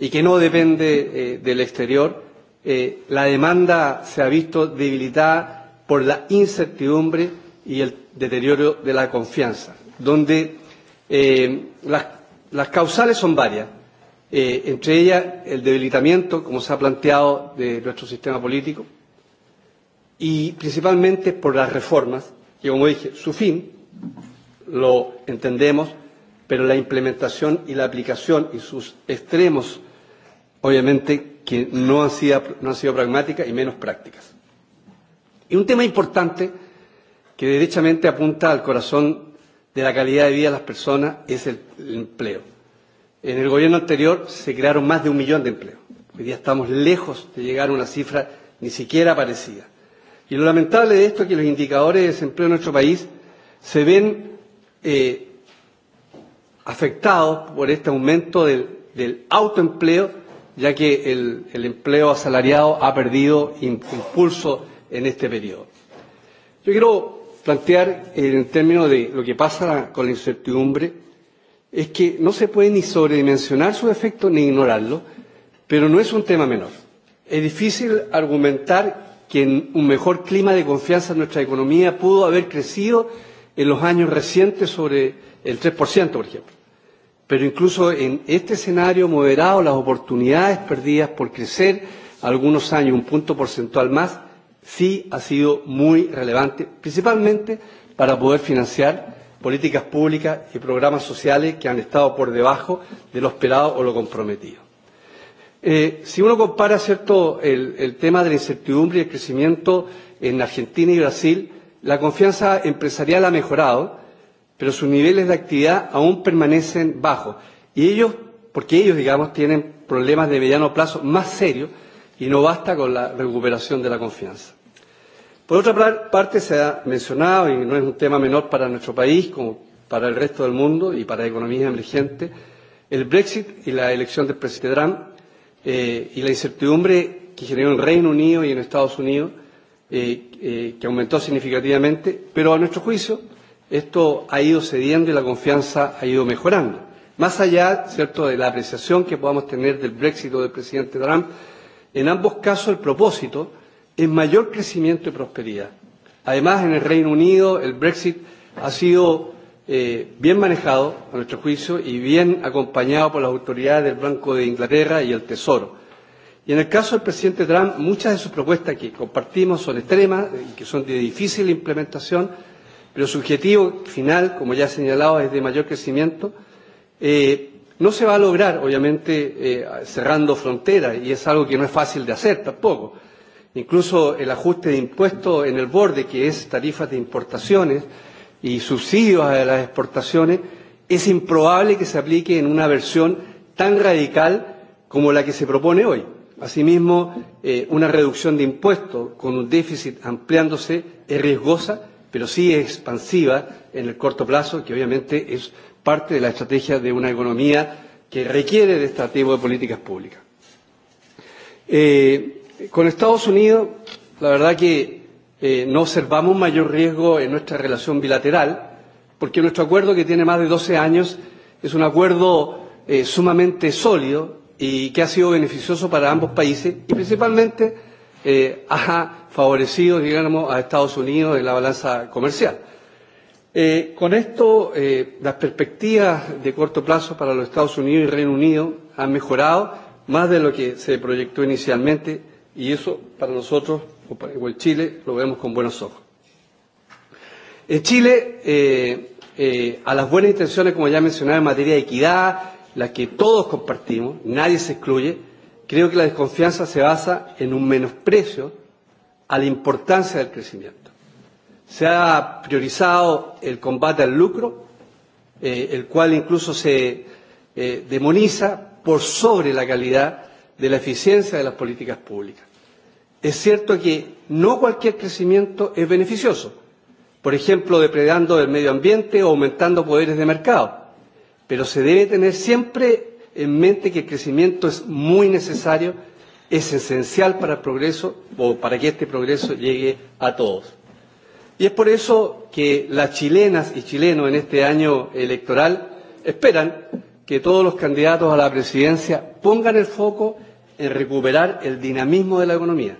y que no depende eh, del exterior, eh, la demanda se ha visto debilitada por la incertidumbre y el deterioro de la confianza, donde eh, las, las causales son varias, eh, entre ellas el debilitamiento, como se ha planteado, de nuestro sistema político, y principalmente por las reformas, que como dije, su fin lo entendemos, pero la implementación y la aplicación y sus extremos, obviamente, que no han sido, no han sido pragmáticas y menos prácticas. Y un tema importante que derechamente apunta al corazón de la calidad de vida de las personas es el, el empleo. En el gobierno anterior se crearon más de un millón de empleos. Hoy día estamos lejos de llegar a una cifra ni siquiera parecida. Y lo lamentable de esto es que los indicadores de desempleo en nuestro país se ven eh, afectados por este aumento del, del autoempleo, ya que el, el empleo asalariado ha perdido impulso en este periodo. Yo quiero plantear en términos de lo que pasa con la incertidumbre es que no se puede ni sobredimensionar su efecto ni ignorarlo, pero no es un tema menor. Es difícil argumentar que en un mejor clima de confianza en nuestra economía pudo haber crecido en los años recientes sobre el 3%, por ejemplo. Pero incluso en este escenario moderado, las oportunidades perdidas por crecer algunos años, un punto porcentual más, sí ha sido muy relevante, principalmente para poder financiar políticas públicas y programas sociales que han estado por debajo de lo esperado o lo comprometido. Eh, si uno compara cierto, el, el tema de la incertidumbre y el crecimiento en Argentina y Brasil, la confianza empresarial ha mejorado, pero sus niveles de actividad aún permanecen bajos. Y ellos, porque ellos, digamos, tienen problemas de mediano plazo más serios y no basta con la recuperación de la confianza. Por otra parte, se ha mencionado, y no es un tema menor para nuestro país como para el resto del mundo y para economías emergentes, el Brexit y la elección del presidente Trump eh, y la incertidumbre que generó en Reino Unido y en Estados Unidos, eh, eh, que aumentó significativamente, pero a nuestro juicio esto ha ido cediendo y la confianza ha ido mejorando. Más allá, ¿cierto?, de la apreciación que podamos tener del Brexit o del presidente Trump, En ambos casos el propósito es mayor crecimiento y prosperidad. Además, en el Reino Unido el Brexit ha sido eh, bien manejado, a nuestro juicio, y bien acompañado por las autoridades del Banco de Inglaterra y el Tesoro. Y en el caso del presidente Trump, muchas de sus propuestas que compartimos son extremas y que son de difícil implementación, pero su objetivo final, como ya he señalado, es de mayor crecimiento. Eh, No se va a lograr, obviamente, eh, cerrando fronteras, y es algo que no es fácil de hacer tampoco. Incluso el ajuste de impuestos en el borde, que es tarifas de importaciones y subsidios a las exportaciones, es improbable que se aplique en una versión tan radical como la que se propone hoy. Asimismo, eh, una reducción de impuestos con un déficit ampliándose es riesgosa, pero sí es expansiva en el corto plazo, que obviamente es parte de la estrategia de una economía que requiere de este tipo de políticas públicas. Eh, con Estados Unidos, la verdad que eh, no observamos mayor riesgo en nuestra relación bilateral, porque nuestro acuerdo, que tiene más de 12 años, es un acuerdo eh, sumamente sólido y que ha sido beneficioso para ambos países y principalmente eh, ha favorecido, digamos, a Estados Unidos en la balanza comercial. Eh, con esto, eh, las perspectivas de corto plazo para los Estados Unidos y Reino Unido han mejorado más de lo que se proyectó inicialmente y eso para nosotros, o el Chile, lo vemos con buenos ojos. En Chile, eh, eh, a las buenas intenciones, como ya mencionaba, en materia de equidad, las que todos compartimos, nadie se excluye, creo que la desconfianza se basa en un menosprecio a la importancia del crecimiento. Se ha priorizado el combate al lucro, eh, el cual incluso se eh, demoniza por sobre la calidad de la eficiencia de las políticas públicas. Es cierto que no cualquier crecimiento es beneficioso, por ejemplo, depredando el medio ambiente o aumentando poderes de mercado, pero se debe tener siempre en mente que el crecimiento es muy necesario, es esencial para el progreso o para que este progreso llegue a todos. Y es por eso que las chilenas y chilenos en este año electoral esperan que todos los candidatos a la presidencia pongan el foco en recuperar el dinamismo de la economía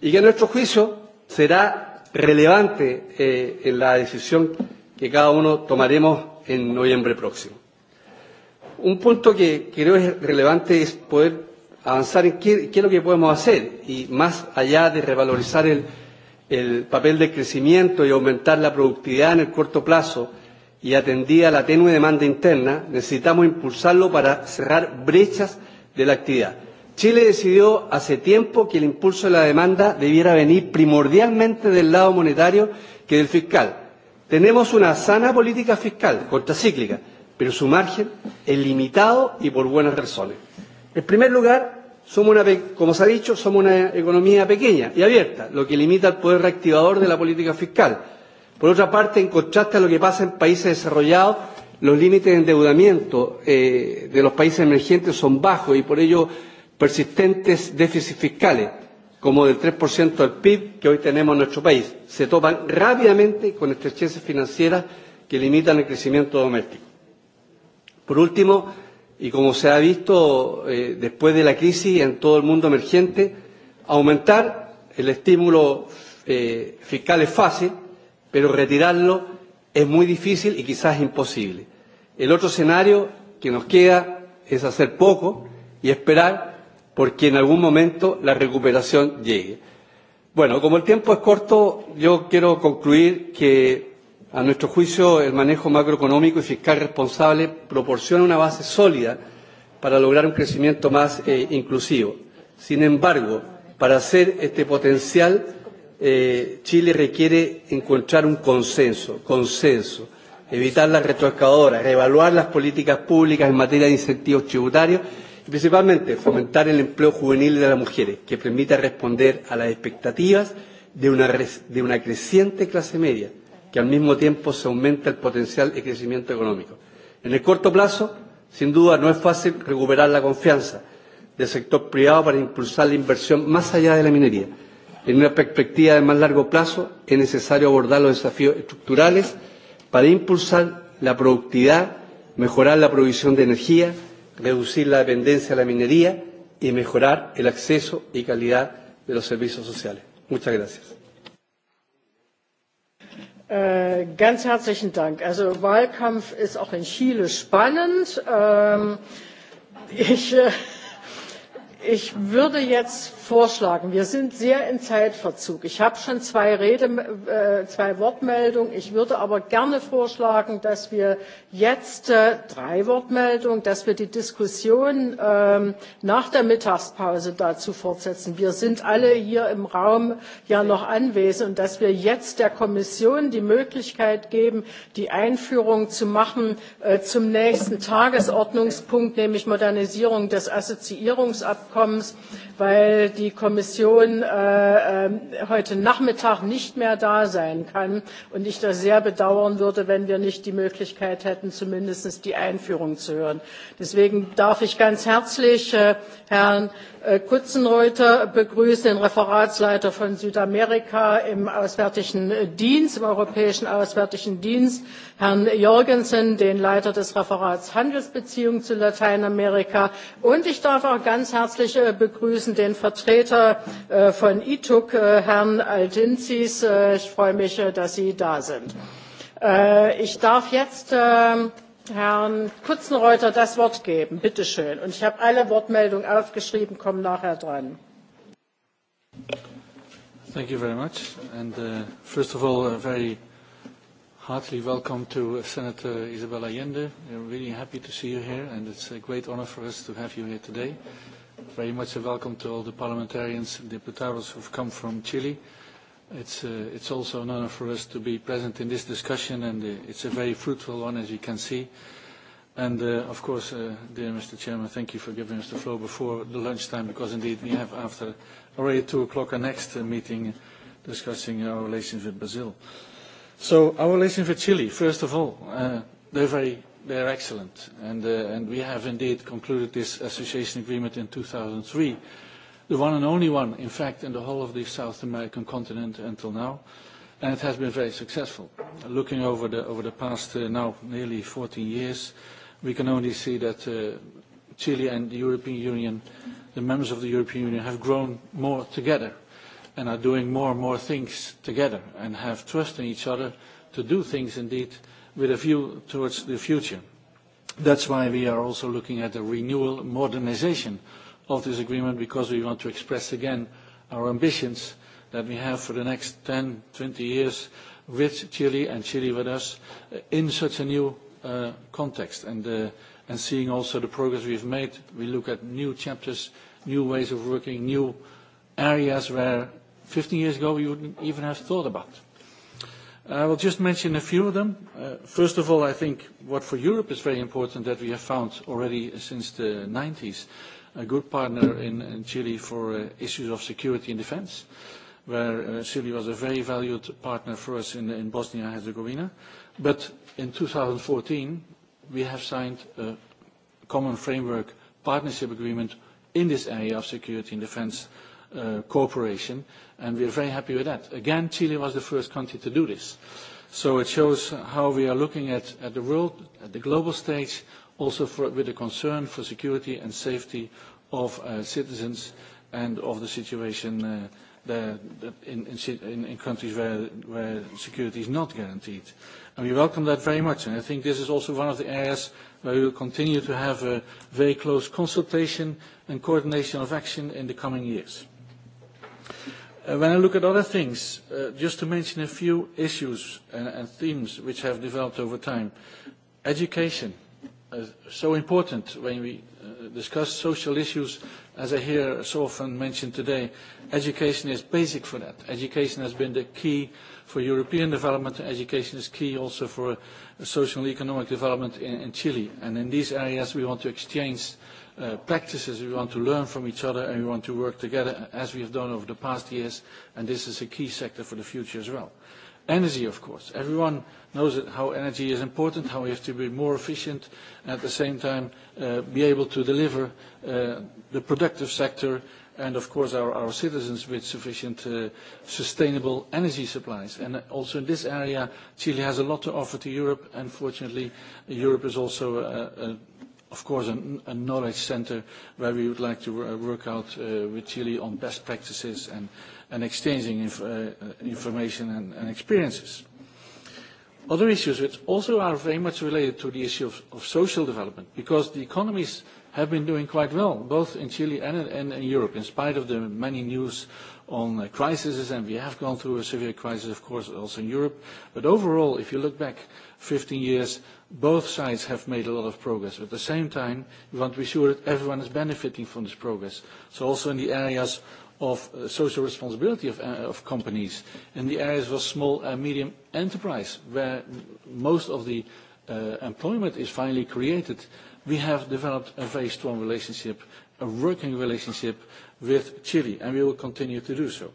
y que a nuestro juicio será relevante eh, en la decisión que cada uno tomaremos en noviembre próximo. Un punto que creo es relevante es poder avanzar en qué, qué es lo que podemos hacer y más allá de revalorizar el el papel del crecimiento y aumentar la productividad en el corto plazo y atendía la tenue demanda interna, necesitamos impulsarlo para cerrar brechas de la actividad. Chile decidió hace tiempo que el impulso de la demanda debiera venir primordialmente del lado monetario que del fiscal. Tenemos una sana política fiscal, contracíclica, pero su margen es limitado y por buenas razones. En primer lugar, Somos una, como se ha dicho, somos una economía pequeña y abierta, lo que limita el poder reactivador de la política fiscal. Por otra parte, en contraste a lo que pasa en países desarrollados, los límites de endeudamiento eh, de los países emergentes son bajos y por ello persistentes déficits fiscales, como del 3% del PIB que hoy tenemos en nuestro país, se topan rápidamente con estrecheces financieras que limitan el crecimiento doméstico. Por último, y como se ha visto eh, después de la crisis en todo el mundo emergente, aumentar el estímulo eh, fiscal es fácil, pero retirarlo es muy difícil y quizás imposible. El otro escenario que nos queda es hacer poco y esperar porque en algún momento la recuperación llegue. Bueno, como el tiempo es corto, yo quiero concluir que A nuestro juicio, el manejo macroeconómico y fiscal responsable proporciona una base sólida para lograr un crecimiento más eh, inclusivo. Sin embargo, para hacer este potencial, eh, Chile requiere encontrar un consenso, consenso, evitar las retroescadoras, reevaluar las políticas públicas en materia de incentivos tributarios y principalmente fomentar el empleo juvenil de las mujeres, que permita responder a las expectativas de una, de una creciente clase media que al mismo tiempo se aumenta el potencial de crecimiento económico. En el corto plazo, sin duda, no es fácil recuperar la confianza del sector privado para impulsar la inversión más allá de la minería. En una perspectiva de más largo plazo, es necesario abordar los desafíos estructurales para impulsar la productividad, mejorar la provisión de energía, reducir la dependencia de la minería y mejorar el acceso y calidad de los servicios sociales. Muchas gracias ganz herzlichen Dank. Also Wahlkampf ist auch in Chile spannend. ich, ich würde jetzt vorschlagen. Wir sind sehr in Zeitverzug. Ich habe schon zwei, Rede, zwei Wortmeldungen. Ich würde aber gerne vorschlagen, dass wir jetzt drei Wortmeldungen, dass wir die Diskussion nach der Mittagspause dazu fortsetzen. Wir sind alle hier im Raum ja noch anwesend und dass wir jetzt der Kommission die Möglichkeit geben, die Einführung zu machen zum nächsten Tagesordnungspunkt, nämlich Modernisierung des Assoziierungsabkommens weil die Kommission heute Nachmittag nicht mehr da sein kann und ich das sehr bedauern würde, wenn wir nicht die Möglichkeit hätten, zumindest die Einführung zu hören. Deswegen darf ich ganz herzlich Herrn Kutzenreuter begrüßen, den Referatsleiter von Südamerika im Auswärtigen Dienst, im Europäischen Auswärtigen Dienst Herrn Jorgensen, den Leiter des Referats Handelsbeziehungen zu Lateinamerika. Und ich darf auch ganz herzlich begrüßen den Vertreter von ITUC, Herrn Altinzis. Ich freue mich, dass Sie da sind. Ich darf jetzt Herrn Kutzenreuter das Wort geben. Bitte schön. Und ich habe alle Wortmeldungen aufgeschrieben, kommen nachher dran. Thank you very much. And uh, first of all, a very Heartily welcome to Senator Isabella Allende. are really happy to see you here, and it's a great honor for us to have you here today. Very much a welcome to all the parliamentarians and deputados who've come from Chile. It's, uh, it's also an honor for us to be present in this discussion, and uh, it's a very fruitful one, as you can see. And, uh, of course, uh, dear Mr. Chairman, thank you for giving us the floor before the lunchtime, because indeed we have, after already 2 o'clock, our next uh, meeting discussing our relations with Brazil. Uh, So our relation with Chile, first of all, they're very they're excellent, and and we have indeed concluded this association agreement in 2003, the one and only one, in fact, in the whole of the South American continent until now, and it has been very successful. Looking over the over the past now nearly 14 years, we can only see that Chile and the European Union, the members of the European Union, have grown more together and are doing more and more things together and have trust in each other to do things indeed with a view towards the future. That's why we are also looking at the renewal modernization of this agreement because we want to express again our ambitions that we have for the next 10, 20 years with Chile and Chile with us in such a new uh, context and, uh, and seeing also the progress we've made. We look at new chapters, new ways of working, new areas where 15 years ago, we wouldn't even have thought about. I will just mention a few of them. First of all, I think what for Europe is very important that we have found already since the 90s a good partner in Chile for issues of security and defense, where Chile was a very valued partner for us in Bosnia and Herzegovina. But in 2014, we have signed a common framework partnership agreement in this area of security and defense cooperation, and we are very happy with that. Again, Chile was the first country to do this. So it shows how we are looking at, at the world, at the global stage, also for, with a concern for security and safety of uh, citizens and of the situation uh, in, in, in countries where, where security is not guaranteed. And we welcome that very much. And I think this is also one of the areas where we will continue to have a very close consultation and coordination of action in the coming years. When I look at other things, just to mention a few issues and themes which have developed over time. Education, is so important when we discuss social issues, as I hear so often mentioned today, education is basic for that. Education has been the key for European development, and education is key also for social and economic development in Chile. And In these areas, we want to exchange practices. We want to learn from each other and we want to work together as we have done over the past years. And this is a key sector for the future as well. Energy, of course. Everyone knows that how energy is important, how we have to be more efficient, and at the same time be able to deliver the productive sector and, of course, our, our citizens with sufficient sustainable energy supplies. And also in this area, Chile has a lot to offer to Europe. Unfortunately, Europe is also a of course, a knowledge center where we would like to work out with Chile on best practices and exchanging information and experiences. Other issues which also are very much related to the issue of social development, because the economies have been doing quite well, both in Chile and in Europe, in spite of the many news on crises, and we have gone through a severe crisis, of course, also in Europe. But overall, if you look back 15 years, both sides have made a lot of progress. But at the same time, we want to be sure that everyone is benefiting from this progress. So also in the areas of uh, social responsibility of, uh, of companies, in the areas of small and medium enterprise, where most of the uh, employment is finally created, we have developed a very strong relationship, a working relationship with Chile, and we will continue to do so.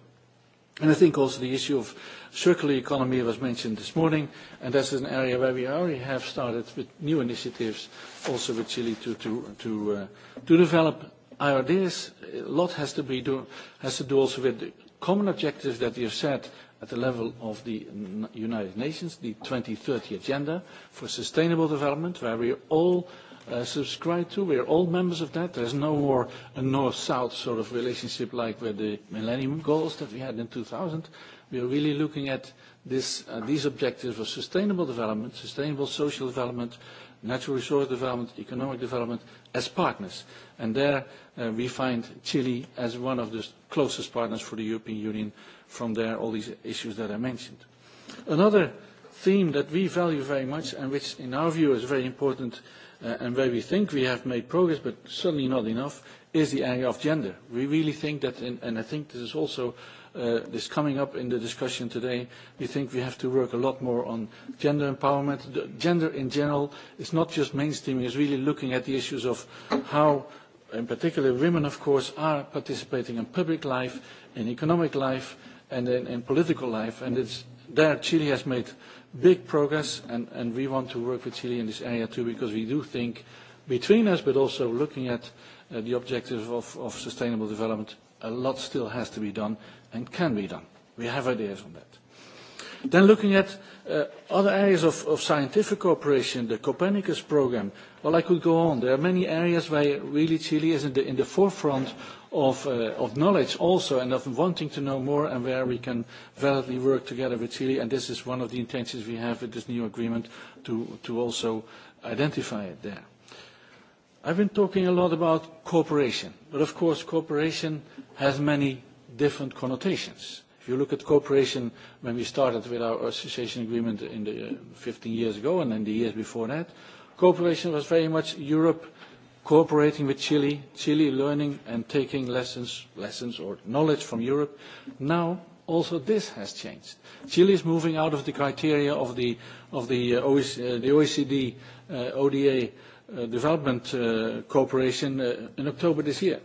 And I think also the issue of circular economy was mentioned this morning, and that's an area where we already have started with new initiatives, also with Chile, to, to, to, uh, to develop ideas. A lot has to, be do, has to do also with the common objectives that you have set at the level of the United Nations, the 2030 Agenda for Sustainable Development, where we all uh, subscribe to. We're all members of that. There's no more a north-south sort of relationship like with the Millennium Goals that we had in 2000. We are really looking at this, uh, these objectives of sustainable development, sustainable social development, natural resource development, economic development as partners. And there uh, we find Chile as one of the closest partners for the European Union from there all these issues that I mentioned. Another theme that we value very much and which in our view is very important and where we think we have made progress, but certainly not enough, is the area of gender. We really think that, in, and I think this is also uh, this coming up in the discussion today, we think we have to work a lot more on gender empowerment. The, gender in general is not just mainstreaming, it's really looking at the issues of how, in particular, women, of course, are participating in public life, in economic life, and in, in political life. And it's there Chile has made big progress, and, we want to work with Chile in this area too, because we do think between us, but also looking at the objectives of sustainable development, a lot still has to be done and can be done. We have ideas on that. Then looking at uh, other areas of, of scientific cooperation, the Copernicus program, well, I could go on. There are many areas where really Chile is in the, in the forefront of, uh, of knowledge also and of wanting to know more and where we can validly work together with Chile. And this is one of the intentions we have with this new agreement to, to also identify it there. I've been talking a lot about cooperation, but of course cooperation has many different connotations If you look at cooperation, when we started with our association agreement in the, uh, 15 years ago and in the years before that, cooperation was very much Europe cooperating with Chile, Chile learning and taking lessons, lessons or knowledge from Europe. Now, also this has changed. Chile is moving out of the criteria of the, of the, uh, OEC, uh, the OECD uh, ODA uh, development uh, cooperation uh, in October this year.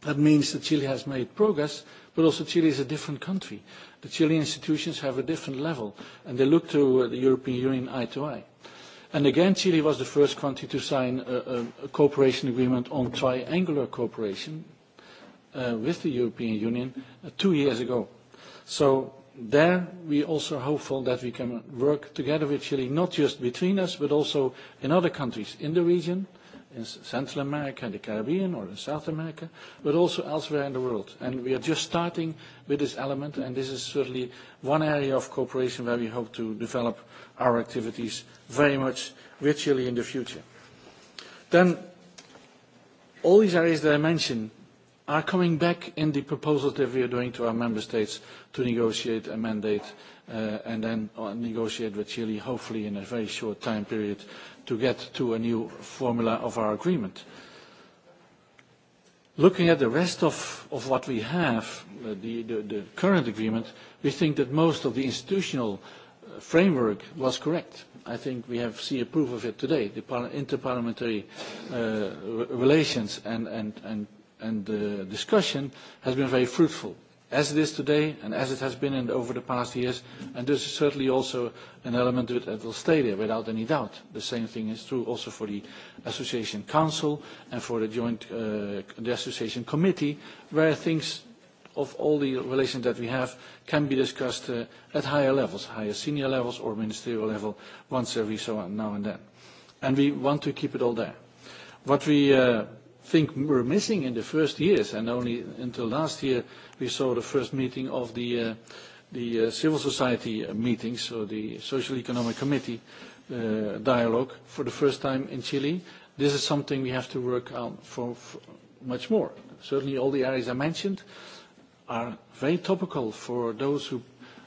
That means that Chile has made progress, but also Chile is a different country. The Chilean institutions have a different level, and they look to uh, the European Union eye to eye. And again, Chile was the first country to sign a, a cooperation agreement on triangular cooperation uh, with the European Union uh, two years ago. So there we also hopeful that we can work together with Chile, not just between us, but also in other countries in the region, in Central America, and the Caribbean, or in South America, but also elsewhere in the world. And we are just starting with this element, and this is certainly one area of cooperation where we hope to develop our activities very much with Chile in the future. Then, all these areas that I mentioned are coming back in the proposals that we are doing to our member states to negotiate a mandate uh, and then negotiate with Chile, hopefully in a very short time period, to get to a new formula of our agreement. Looking at the rest of what we have, the current agreement, we think that most of the institutional framework was correct. I think we have see a proof of it today. The interparliamentary relations and discussion has been very fruitful as it is today and as it has been in, over the past years. And this is certainly also an element that will stay there without any doubt. The same thing is true also for the Association Council and for the Joint uh, the Association Committee, where things of all the relations that we have can be discussed uh, at higher levels, higher senior levels or ministerial level once every so now and then. And we want to keep it all there. What we uh, think were missing in the first years, and only until last year we saw the first meeting of the uh, the uh, civil society meetings, so the Social Economic Committee uh, dialogue for the first time in Chile. This is something we have to work on for, for much more. Certainly all the areas I mentioned are very topical for those who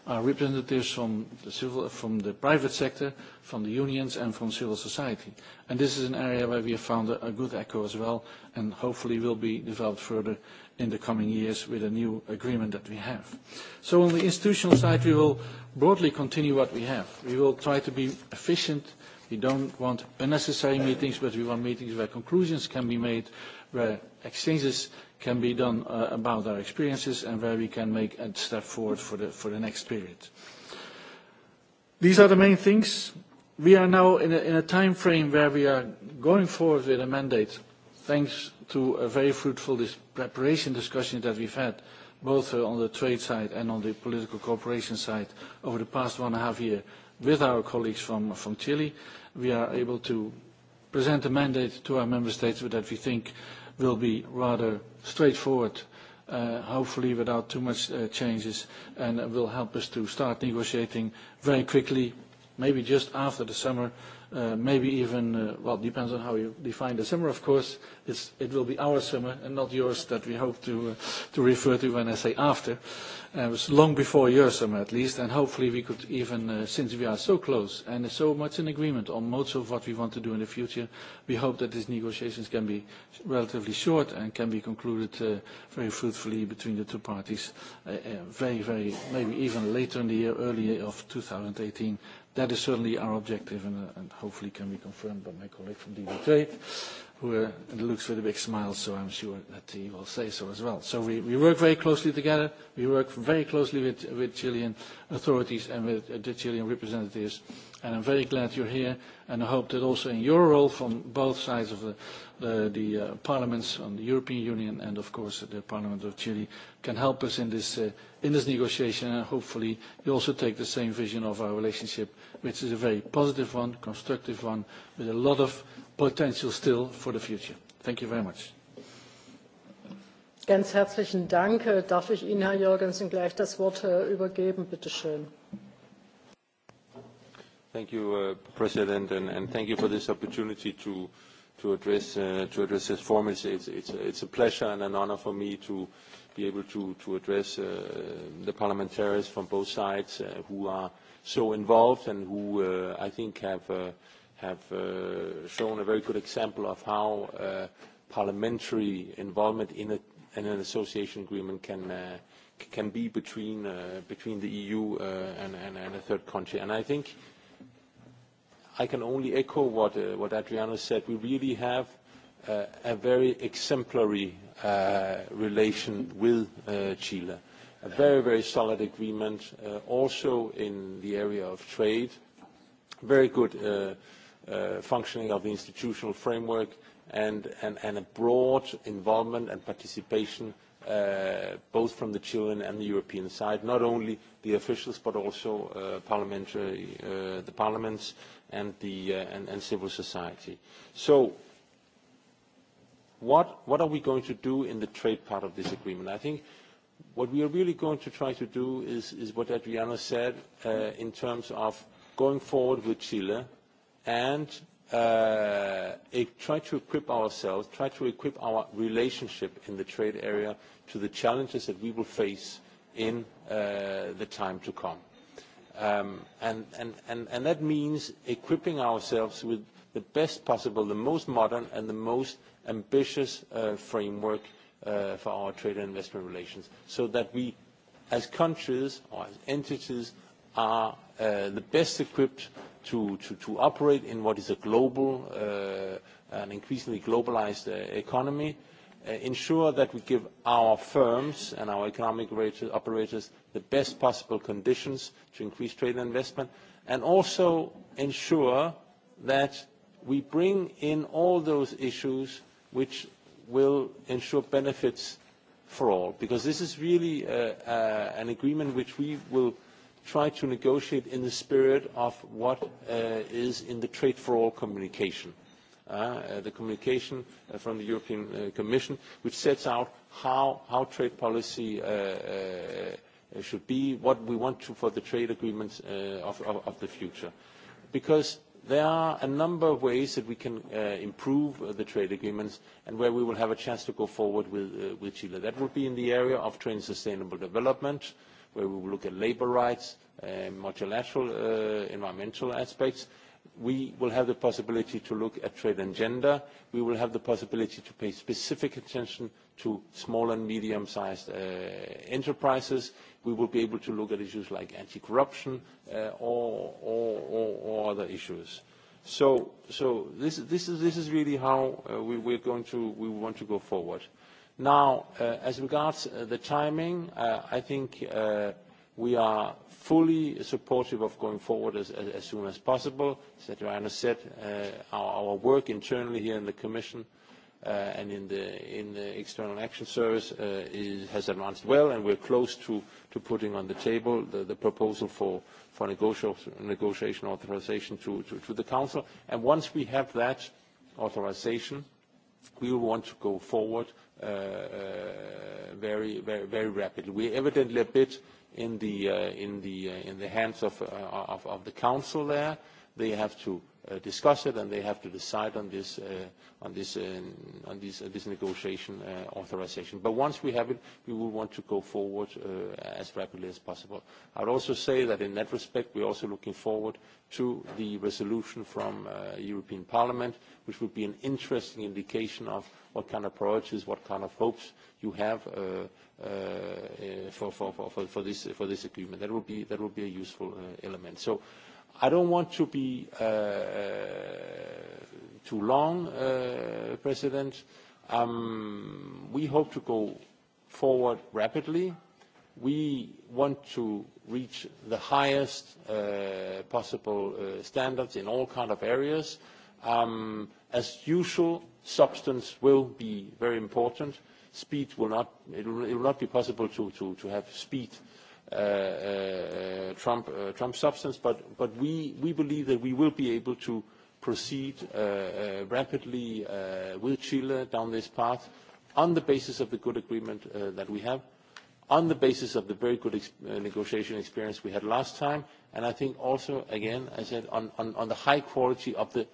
are representatives from the, civil, from the private sector, from the unions and from civil society. And this is an area where we have found a, a good echo as well and hopefully will be developed further in the coming years with a new agreement that we have. So on the institutional side, we will broadly continue what we have. We will try to be efficient. We don't want unnecessary meetings, but we want meetings where conclusions can be made, where exchanges can be done about our experiences and where we can make a step forward for the, for the next period. These are the main things. We are now in a, time frame where we are going forward with a mandate, thanks to a very fruitful preparation discussion that we've had, both on the trade side and on the political cooperation side over the past one and a half year with our colleagues from Chile. We are able to present a mandate to our member states that we think will be rather straightforward, hopefully without too much changes, and will help us to start negotiating very quickly, maybe just after the summer, maybe even, well, depends on how you define the summer, of course. It's, it will be our summer and not yours that we hope to, to refer to when I say after. Uh, it was long before your summer, at least, and hopefully we could even, uh, since we are so close and so much in agreement on most of what we want to do in the future, we hope that these negotiations can be relatively short and can be concluded uh, very fruitfully between the two parties uh, uh, very, very, maybe even later in the year, early of 2018, That is certainly our objective, and, and hopefully can be confirmed by my colleague from DB Trade, who uh, looks with a big smile, so I'm sure that he will say so as well. So we, we work very closely together. We work very closely with, with Chilean authorities and with uh, the Chilean representatives. And I'm very glad you're here, and I hope that also in your role from both sides of the, the parliaments on the European Union and, of course, the Parliament of Chile can help us in this, negotiation. And hopefully you also take the same vision of our relationship, which is a very positive one, constructive one, with a lot of potential still for the future. Thank you very much. Ganz herzlichen Dank. Darf ich Ihnen, Herr Jorgensen, gleich das Wort übergeben? Bitte schön. Thank you, President, and thank you for this opportunity to to address uh, to address this forum. It's it's it's a, pleasure and an honor for me to be able to to address the parliamentarians from both sides who are so involved and who uh, I think have uh, have uh, shown a very good example of how uh, parliamentary involvement in, a, in an association agreement can. Uh, can be between uh, between the EU uh, and, and, and a third country, and I think I can only echo what Adriano said. We really have a very exemplary relation with Chile. A very, very solid agreement, also in the area of trade. Very good functioning of the institutional framework and a broad involvement and participation both from the Chilean and the European side, not only the officials, but also parliamentary, the parliaments and, the, uh, and, and civil society. So what, what are we going to do in the trade part of this agreement? I think what we are really going to try to do is, is what Adriana said uh, in terms of going forward with Chile and uh, try to equip ourselves, try to equip our relationship in the trade area to the challenges that we will face in uh, the time to come Um, and, and, and, and that means equipping ourselves with the best possible, the most modern and the most ambitious uh, framework uh, for our trade and investment relations so that we, as countries or as entities, are uh, the best equipped to, to, to operate in what is a global, uh, an increasingly globalized uh, economy, uh, ensure that we give our firms and our economic operators the best possible conditions to increase trade and investment, and also ensure that we bring in all those issues which will ensure benefits for all, because this is really an agreement which we will try to negotiate in the spirit of what is in the Trade for All communication, the communication from the European Commission, which sets out how trade policy should be, what we want to for the trade agreements of, of, of the future. Because there are a number of ways that we can uh, improve the trade agreements and where we will have a chance to go forward with, uh, with Chile. That will be in the area of trade and sustainable development, where we will look at labor rights, uh, multilateral uh, environmental aspects. We will have the possibility to look at trade and gender. We will have the possibility to pay specific attention to small and medium-sized enterprises. We will be able to look at issues like anti-corruption or other issues. So This is really how we're going to we want to go forward. Now, as regards the timing, I think we are fully supportive of going forward as soon as possible. As Marianne said, our work internally here in the commission and in the external action service has advanced well, and we're close to putting on the table the proposal for negotiation authorization to the council. Once we have that authorization, we will want to go forward very very rapidly. We're evidently a bit in the hands of the council there. They have to discuss it, and they have to decide on this on this on this this negotiation uh authorization. But once we have it, we will want to go forward as rapidly as possible. I would also say that in that respect, we are also looking forward to the resolution from European Parliament, which would be an interesting indication of what kind of priorities, what kind of hopes you have for this agreement. That would be a useful element. So I don't want to be too long, President. We hope to go forward rapidly. We want to reach the highest possible standards in all kind of areas. As usual, substance will be very important. Speed will not. It will it will not be possible to have speed Trump substance, but we believe that we will be able to proceed rapidly with Chile down this path on the basis of the good agreement that we have, on the basis of the very good negotiation experience we had last time, and I think also, again, I said, on the high quality of the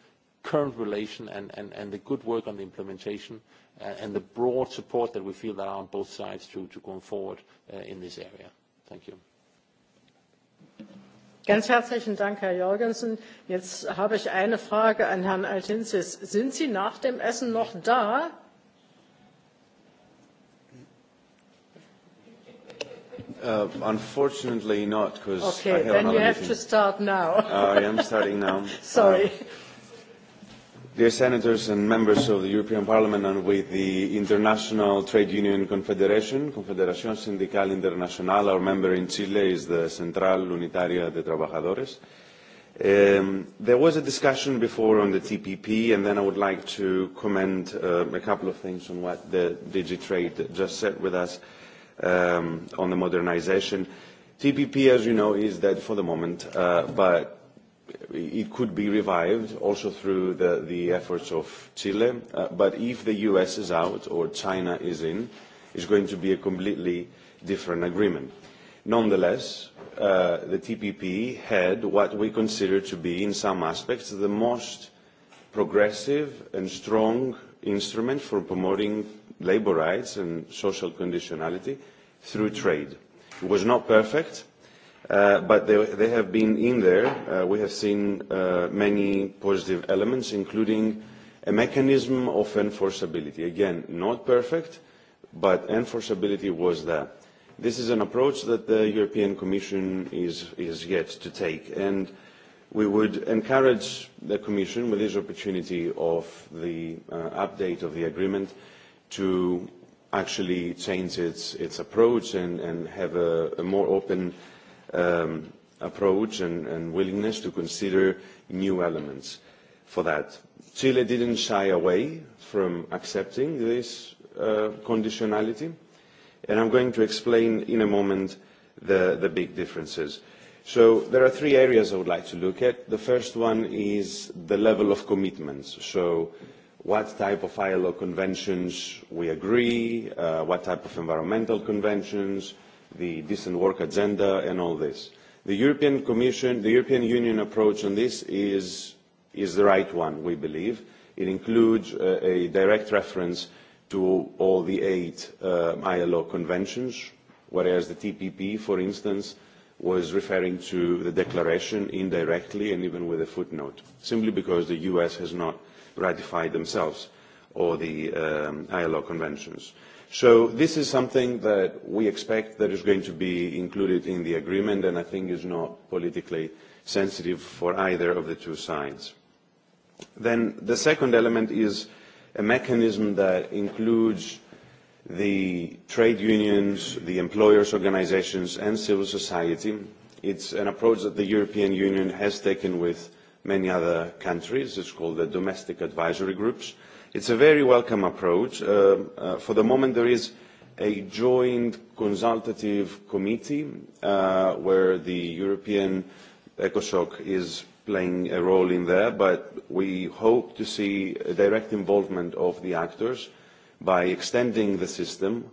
current relation and the good work on the implementation and the broad support that we feel there are on both sides to going forward in this area. Thank you. Ganz herzlichen Dank, Herr Jorgensen. Jetzt habe ich eine Frage an Herrn Altinsis. Sind Sie nach dem Essen noch da? Uh, unfortunately not, because okay, I have then you have meeting. to start now. uh, I am starting now. Sorry. Uh, Dear Senators and members of the European Parliament and with the International Trade Union Confederation, Confederación Sindical Internacional, our member in Chile is the Central Unitaria de Trabajadores. Um, there was a discussion before on the TPP, and then I would like to comment uh, a couple of things on what the DigiTrade just said with us um, on the modernization. TPP, as you know, is dead for the moment, uh, but it could be revived also through the, the efforts of Chile. Uh, but if the US is out or China is in, it's going to be a completely different agreement. Nonetheless, uh, the TPP had what we consider to be, in some aspects, the most progressive and strong instrument for promoting labor rights and social conditionality through trade. It was not perfect Uh, but they, they have been in there. Uh, we have seen uh, many positive elements, including a mechanism of enforceability. Again, not perfect, but enforceability was there. This is an approach that the European Commission is, is yet to take, and we would encourage the Commission, with this opportunity of the uh, update of the agreement, to actually change its, its approach and, and have a, a more open um, approach and, and willingness to consider new elements for that. Chile didn't shy away from accepting this uh, conditionality, and I'm going to explain in a moment the, the big differences. So there are three areas I would like to look at. The first one is the level of commitments. So what type of ILO conventions we agree, uh, what type of environmental conventions, the decent work agenda and all this. The European Commission, the European Union approach on this is, is the right one, we believe. It includes a, a direct reference to all the eight uh, ILO conventions, whereas the TPP, for instance, was referring to the declaration indirectly and even with a footnote, simply because the US has not ratified themselves or the um, ILO conventions. Uh, So this is something that we expect that is going to be included in the agreement, and I think is not politically sensitive for either of the two sides. Then the second element is a mechanism that includes the trade unions, the employers' organizations, and civil society. It's an approach that the European Union has taken with many other countries. It's called the domestic advisory groups It's a very welcome approach. for the moment, there is a joint consultative committee where the European ECOSOC is playing a role in there, but we hope to see a direct involvement of the actors by extending the system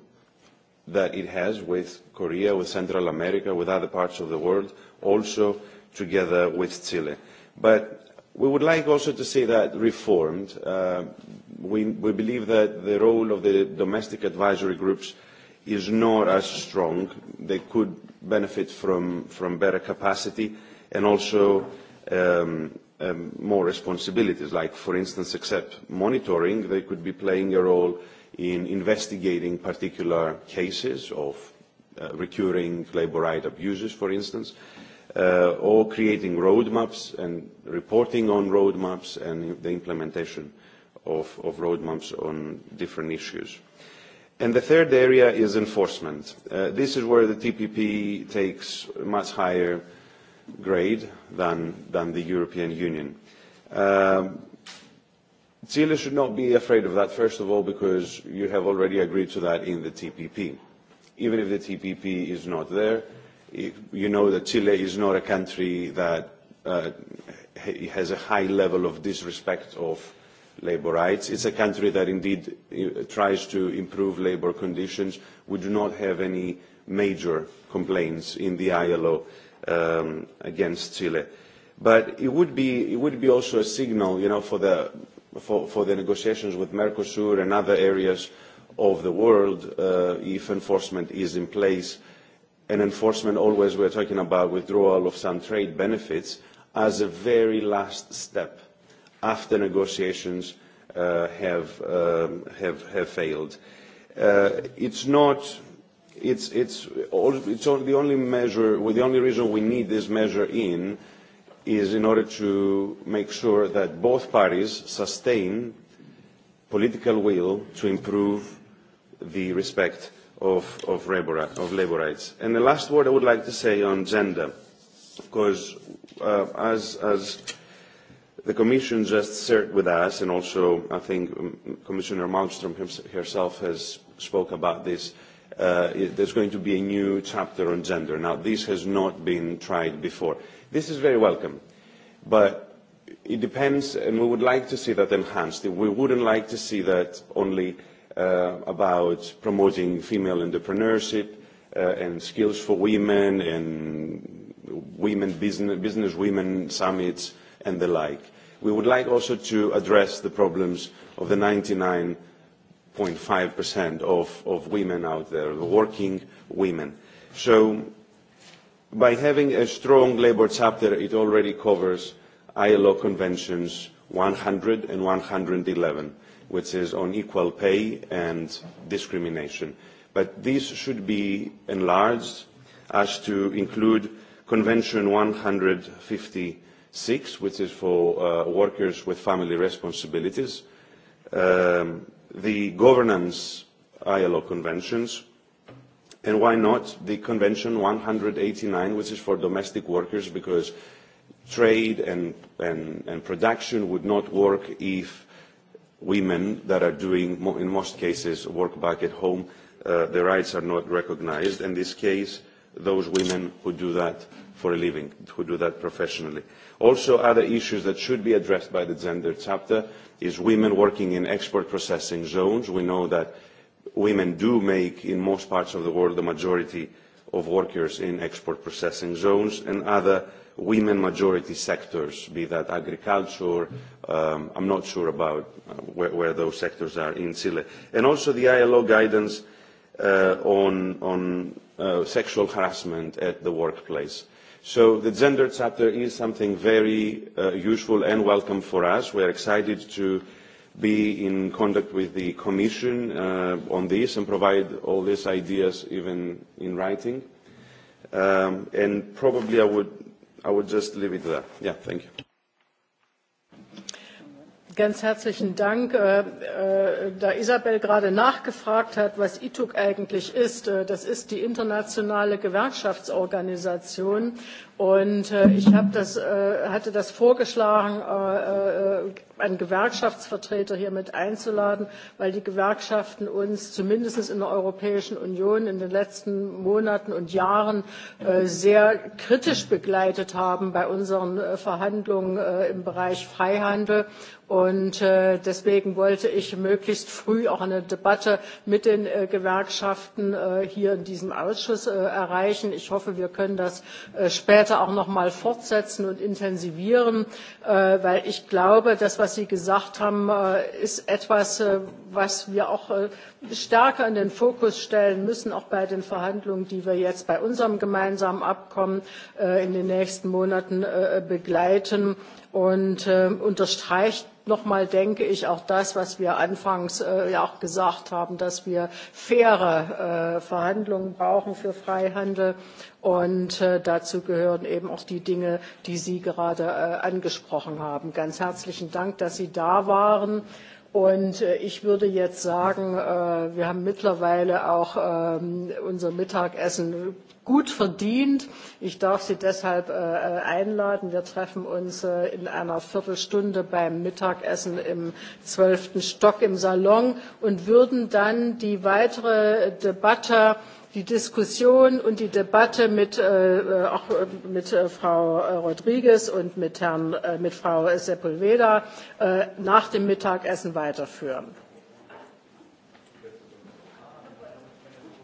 that it has with Korea, with Central America, with other parts of the world, also together with Chile. But We would like also to see that reformed. Uh, we, we believe that the role of the domestic advisory groups is not as strong. They could benefit from, from better capacity and also um, um, more responsibilities. Like, for instance, except monitoring, they could be playing a role in investigating particular cases of uh, recurring labor right abuses, for instance, uh, uh, or creating roadmaps and reporting on roadmaps and the implementation of, of roadmaps on different issues. And the third area is enforcement. Uh, this is where the TPP takes a much higher grade than, than the European Union. Um, Chile should not be afraid of that, first of all, because you have already agreed to that in the TPP. Even if the TPP is not there, You know that Chile is not a country that uh, has a high level of disrespect of labour rights. It's a country that indeed tries to improve labour conditions. We do not have any major complaints in the ILO um, against Chile. But it would be, it would be also a signal you know, for, the, for, for the negotiations with Mercosur and other areas of the world uh, if enforcement is in place uh, and enforcement always we're talking about withdrawal of some trade benefits as a very last step after negotiations uh, have, uh, have, have failed. Uh, it's not it's it's all, it's all the only measure well, the only reason we need this measure in is in order to make sure that both parties sustain political will to improve the respect of, of, labor, of labor rights. And the last word I would like to say on gender, because uh, as, as the Commission just shared with us, and also I think Commissioner Malmström herself has spoke about this, uh, there's going to be a new chapter on gender. Now, this has not been tried before. This is very welcome, but it depends, and we would like to see that enhanced. We wouldn't like to see that only – uh, about promoting female entrepreneurship uh, and skills for women and women business, business women summits and the like. We would like also to address the problems of the 99.5% of, of women out there, the working women. So by having a strong labour chapter, it already covers ILO conventions 100 and 111 which is on equal pay and discrimination. But these should be enlarged as to include Convention 156, which is for uh, workers with family responsibilities, um, the governance ILO conventions, and why not the Convention 189, which is for domestic workers, because trade and, and, and production would not work if women that are doing, in most cases, work back at home, uh, rights are not recognized. In this case, those women who do that for a living, who do that professionally. Also, other issues that should be addressed by the gender chapter is women working in export processing zones. We know that women do make, in most parts of the world, the majority of workers in export processing zones and other women majority sectors, be that agriculture, Um, I'm not sure about uh, where, where those sectors are in Chile. And also the ILO guidance uh, on, on uh, sexual harassment at the workplace. So the gender chapter is something very uh, useful and welcome for us. We are excited to be in contact with the Commission uh, on this and provide all these ideas even in writing. Um, and probably I would, I would just leave it there. Yeah, thank you. Ganz herzlichen Dank. Da Isabel gerade nachgefragt hat, was ITUC eigentlich ist, das ist die internationale Gewerkschaftsorganisation. Und äh, ich hab das, äh, hatte das vorgeschlagen, äh, einen Gewerkschaftsvertreter hier mit einzuladen, weil die Gewerkschaften uns zumindest in der Europäischen Union in den letzten Monaten und Jahren äh, sehr kritisch begleitet haben bei unseren äh, Verhandlungen äh, im Bereich Freihandel. Und äh, deswegen wollte ich möglichst früh auch eine Debatte mit den äh, Gewerkschaften äh, hier in diesem Ausschuss äh, erreichen. Ich hoffe, wir können das äh, später später auch noch mal fortsetzen und intensivieren, weil ich glaube, das, was Sie gesagt haben, ist etwas, was wir auch stärker in den Fokus stellen müssen, auch bei den Verhandlungen, die wir jetzt bei unserem gemeinsamen Abkommen in den nächsten Monaten begleiten und unterstreicht nochmal denke ich auch das, was wir anfangs ja auch gesagt haben, dass wir faire Verhandlungen brauchen für Freihandel. Und dazu gehören eben auch die Dinge, die Sie gerade angesprochen haben. Ganz herzlichen Dank, dass Sie da waren. Und ich würde jetzt sagen, wir haben mittlerweile auch unser Mittagessen gut verdient. Ich darf Sie deshalb einladen. Wir treffen uns in einer Viertelstunde beim Mittagessen im zwölften Stock im Salon und würden dann die weitere Debatte die Diskussion und die Debatte mit, äh, auch mit äh, Frau Rodriguez und mit, Herrn, äh, mit Frau Sepulveda äh, nach dem Mittagessen weiterführen.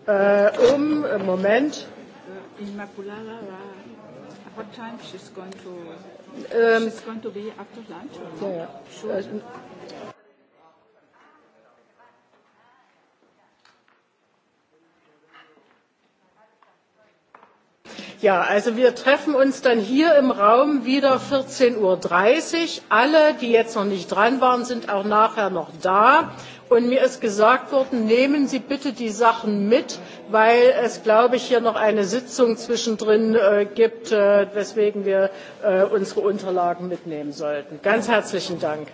Äh, um, Moment. Immaculada, uh, what time she's going to? Um, she's going to be after lunch. Yeah. Sure. Ja, also wir treffen uns dann hier im Raum wieder 14.30 Uhr. Alle, die jetzt noch nicht dran waren, sind auch nachher noch da. Und mir ist gesagt worden, nehmen Sie bitte die Sachen mit, weil es, glaube ich, hier noch eine Sitzung zwischendrin äh, gibt, äh, weswegen wir äh, unsere Unterlagen mitnehmen sollten. Ganz herzlichen Dank.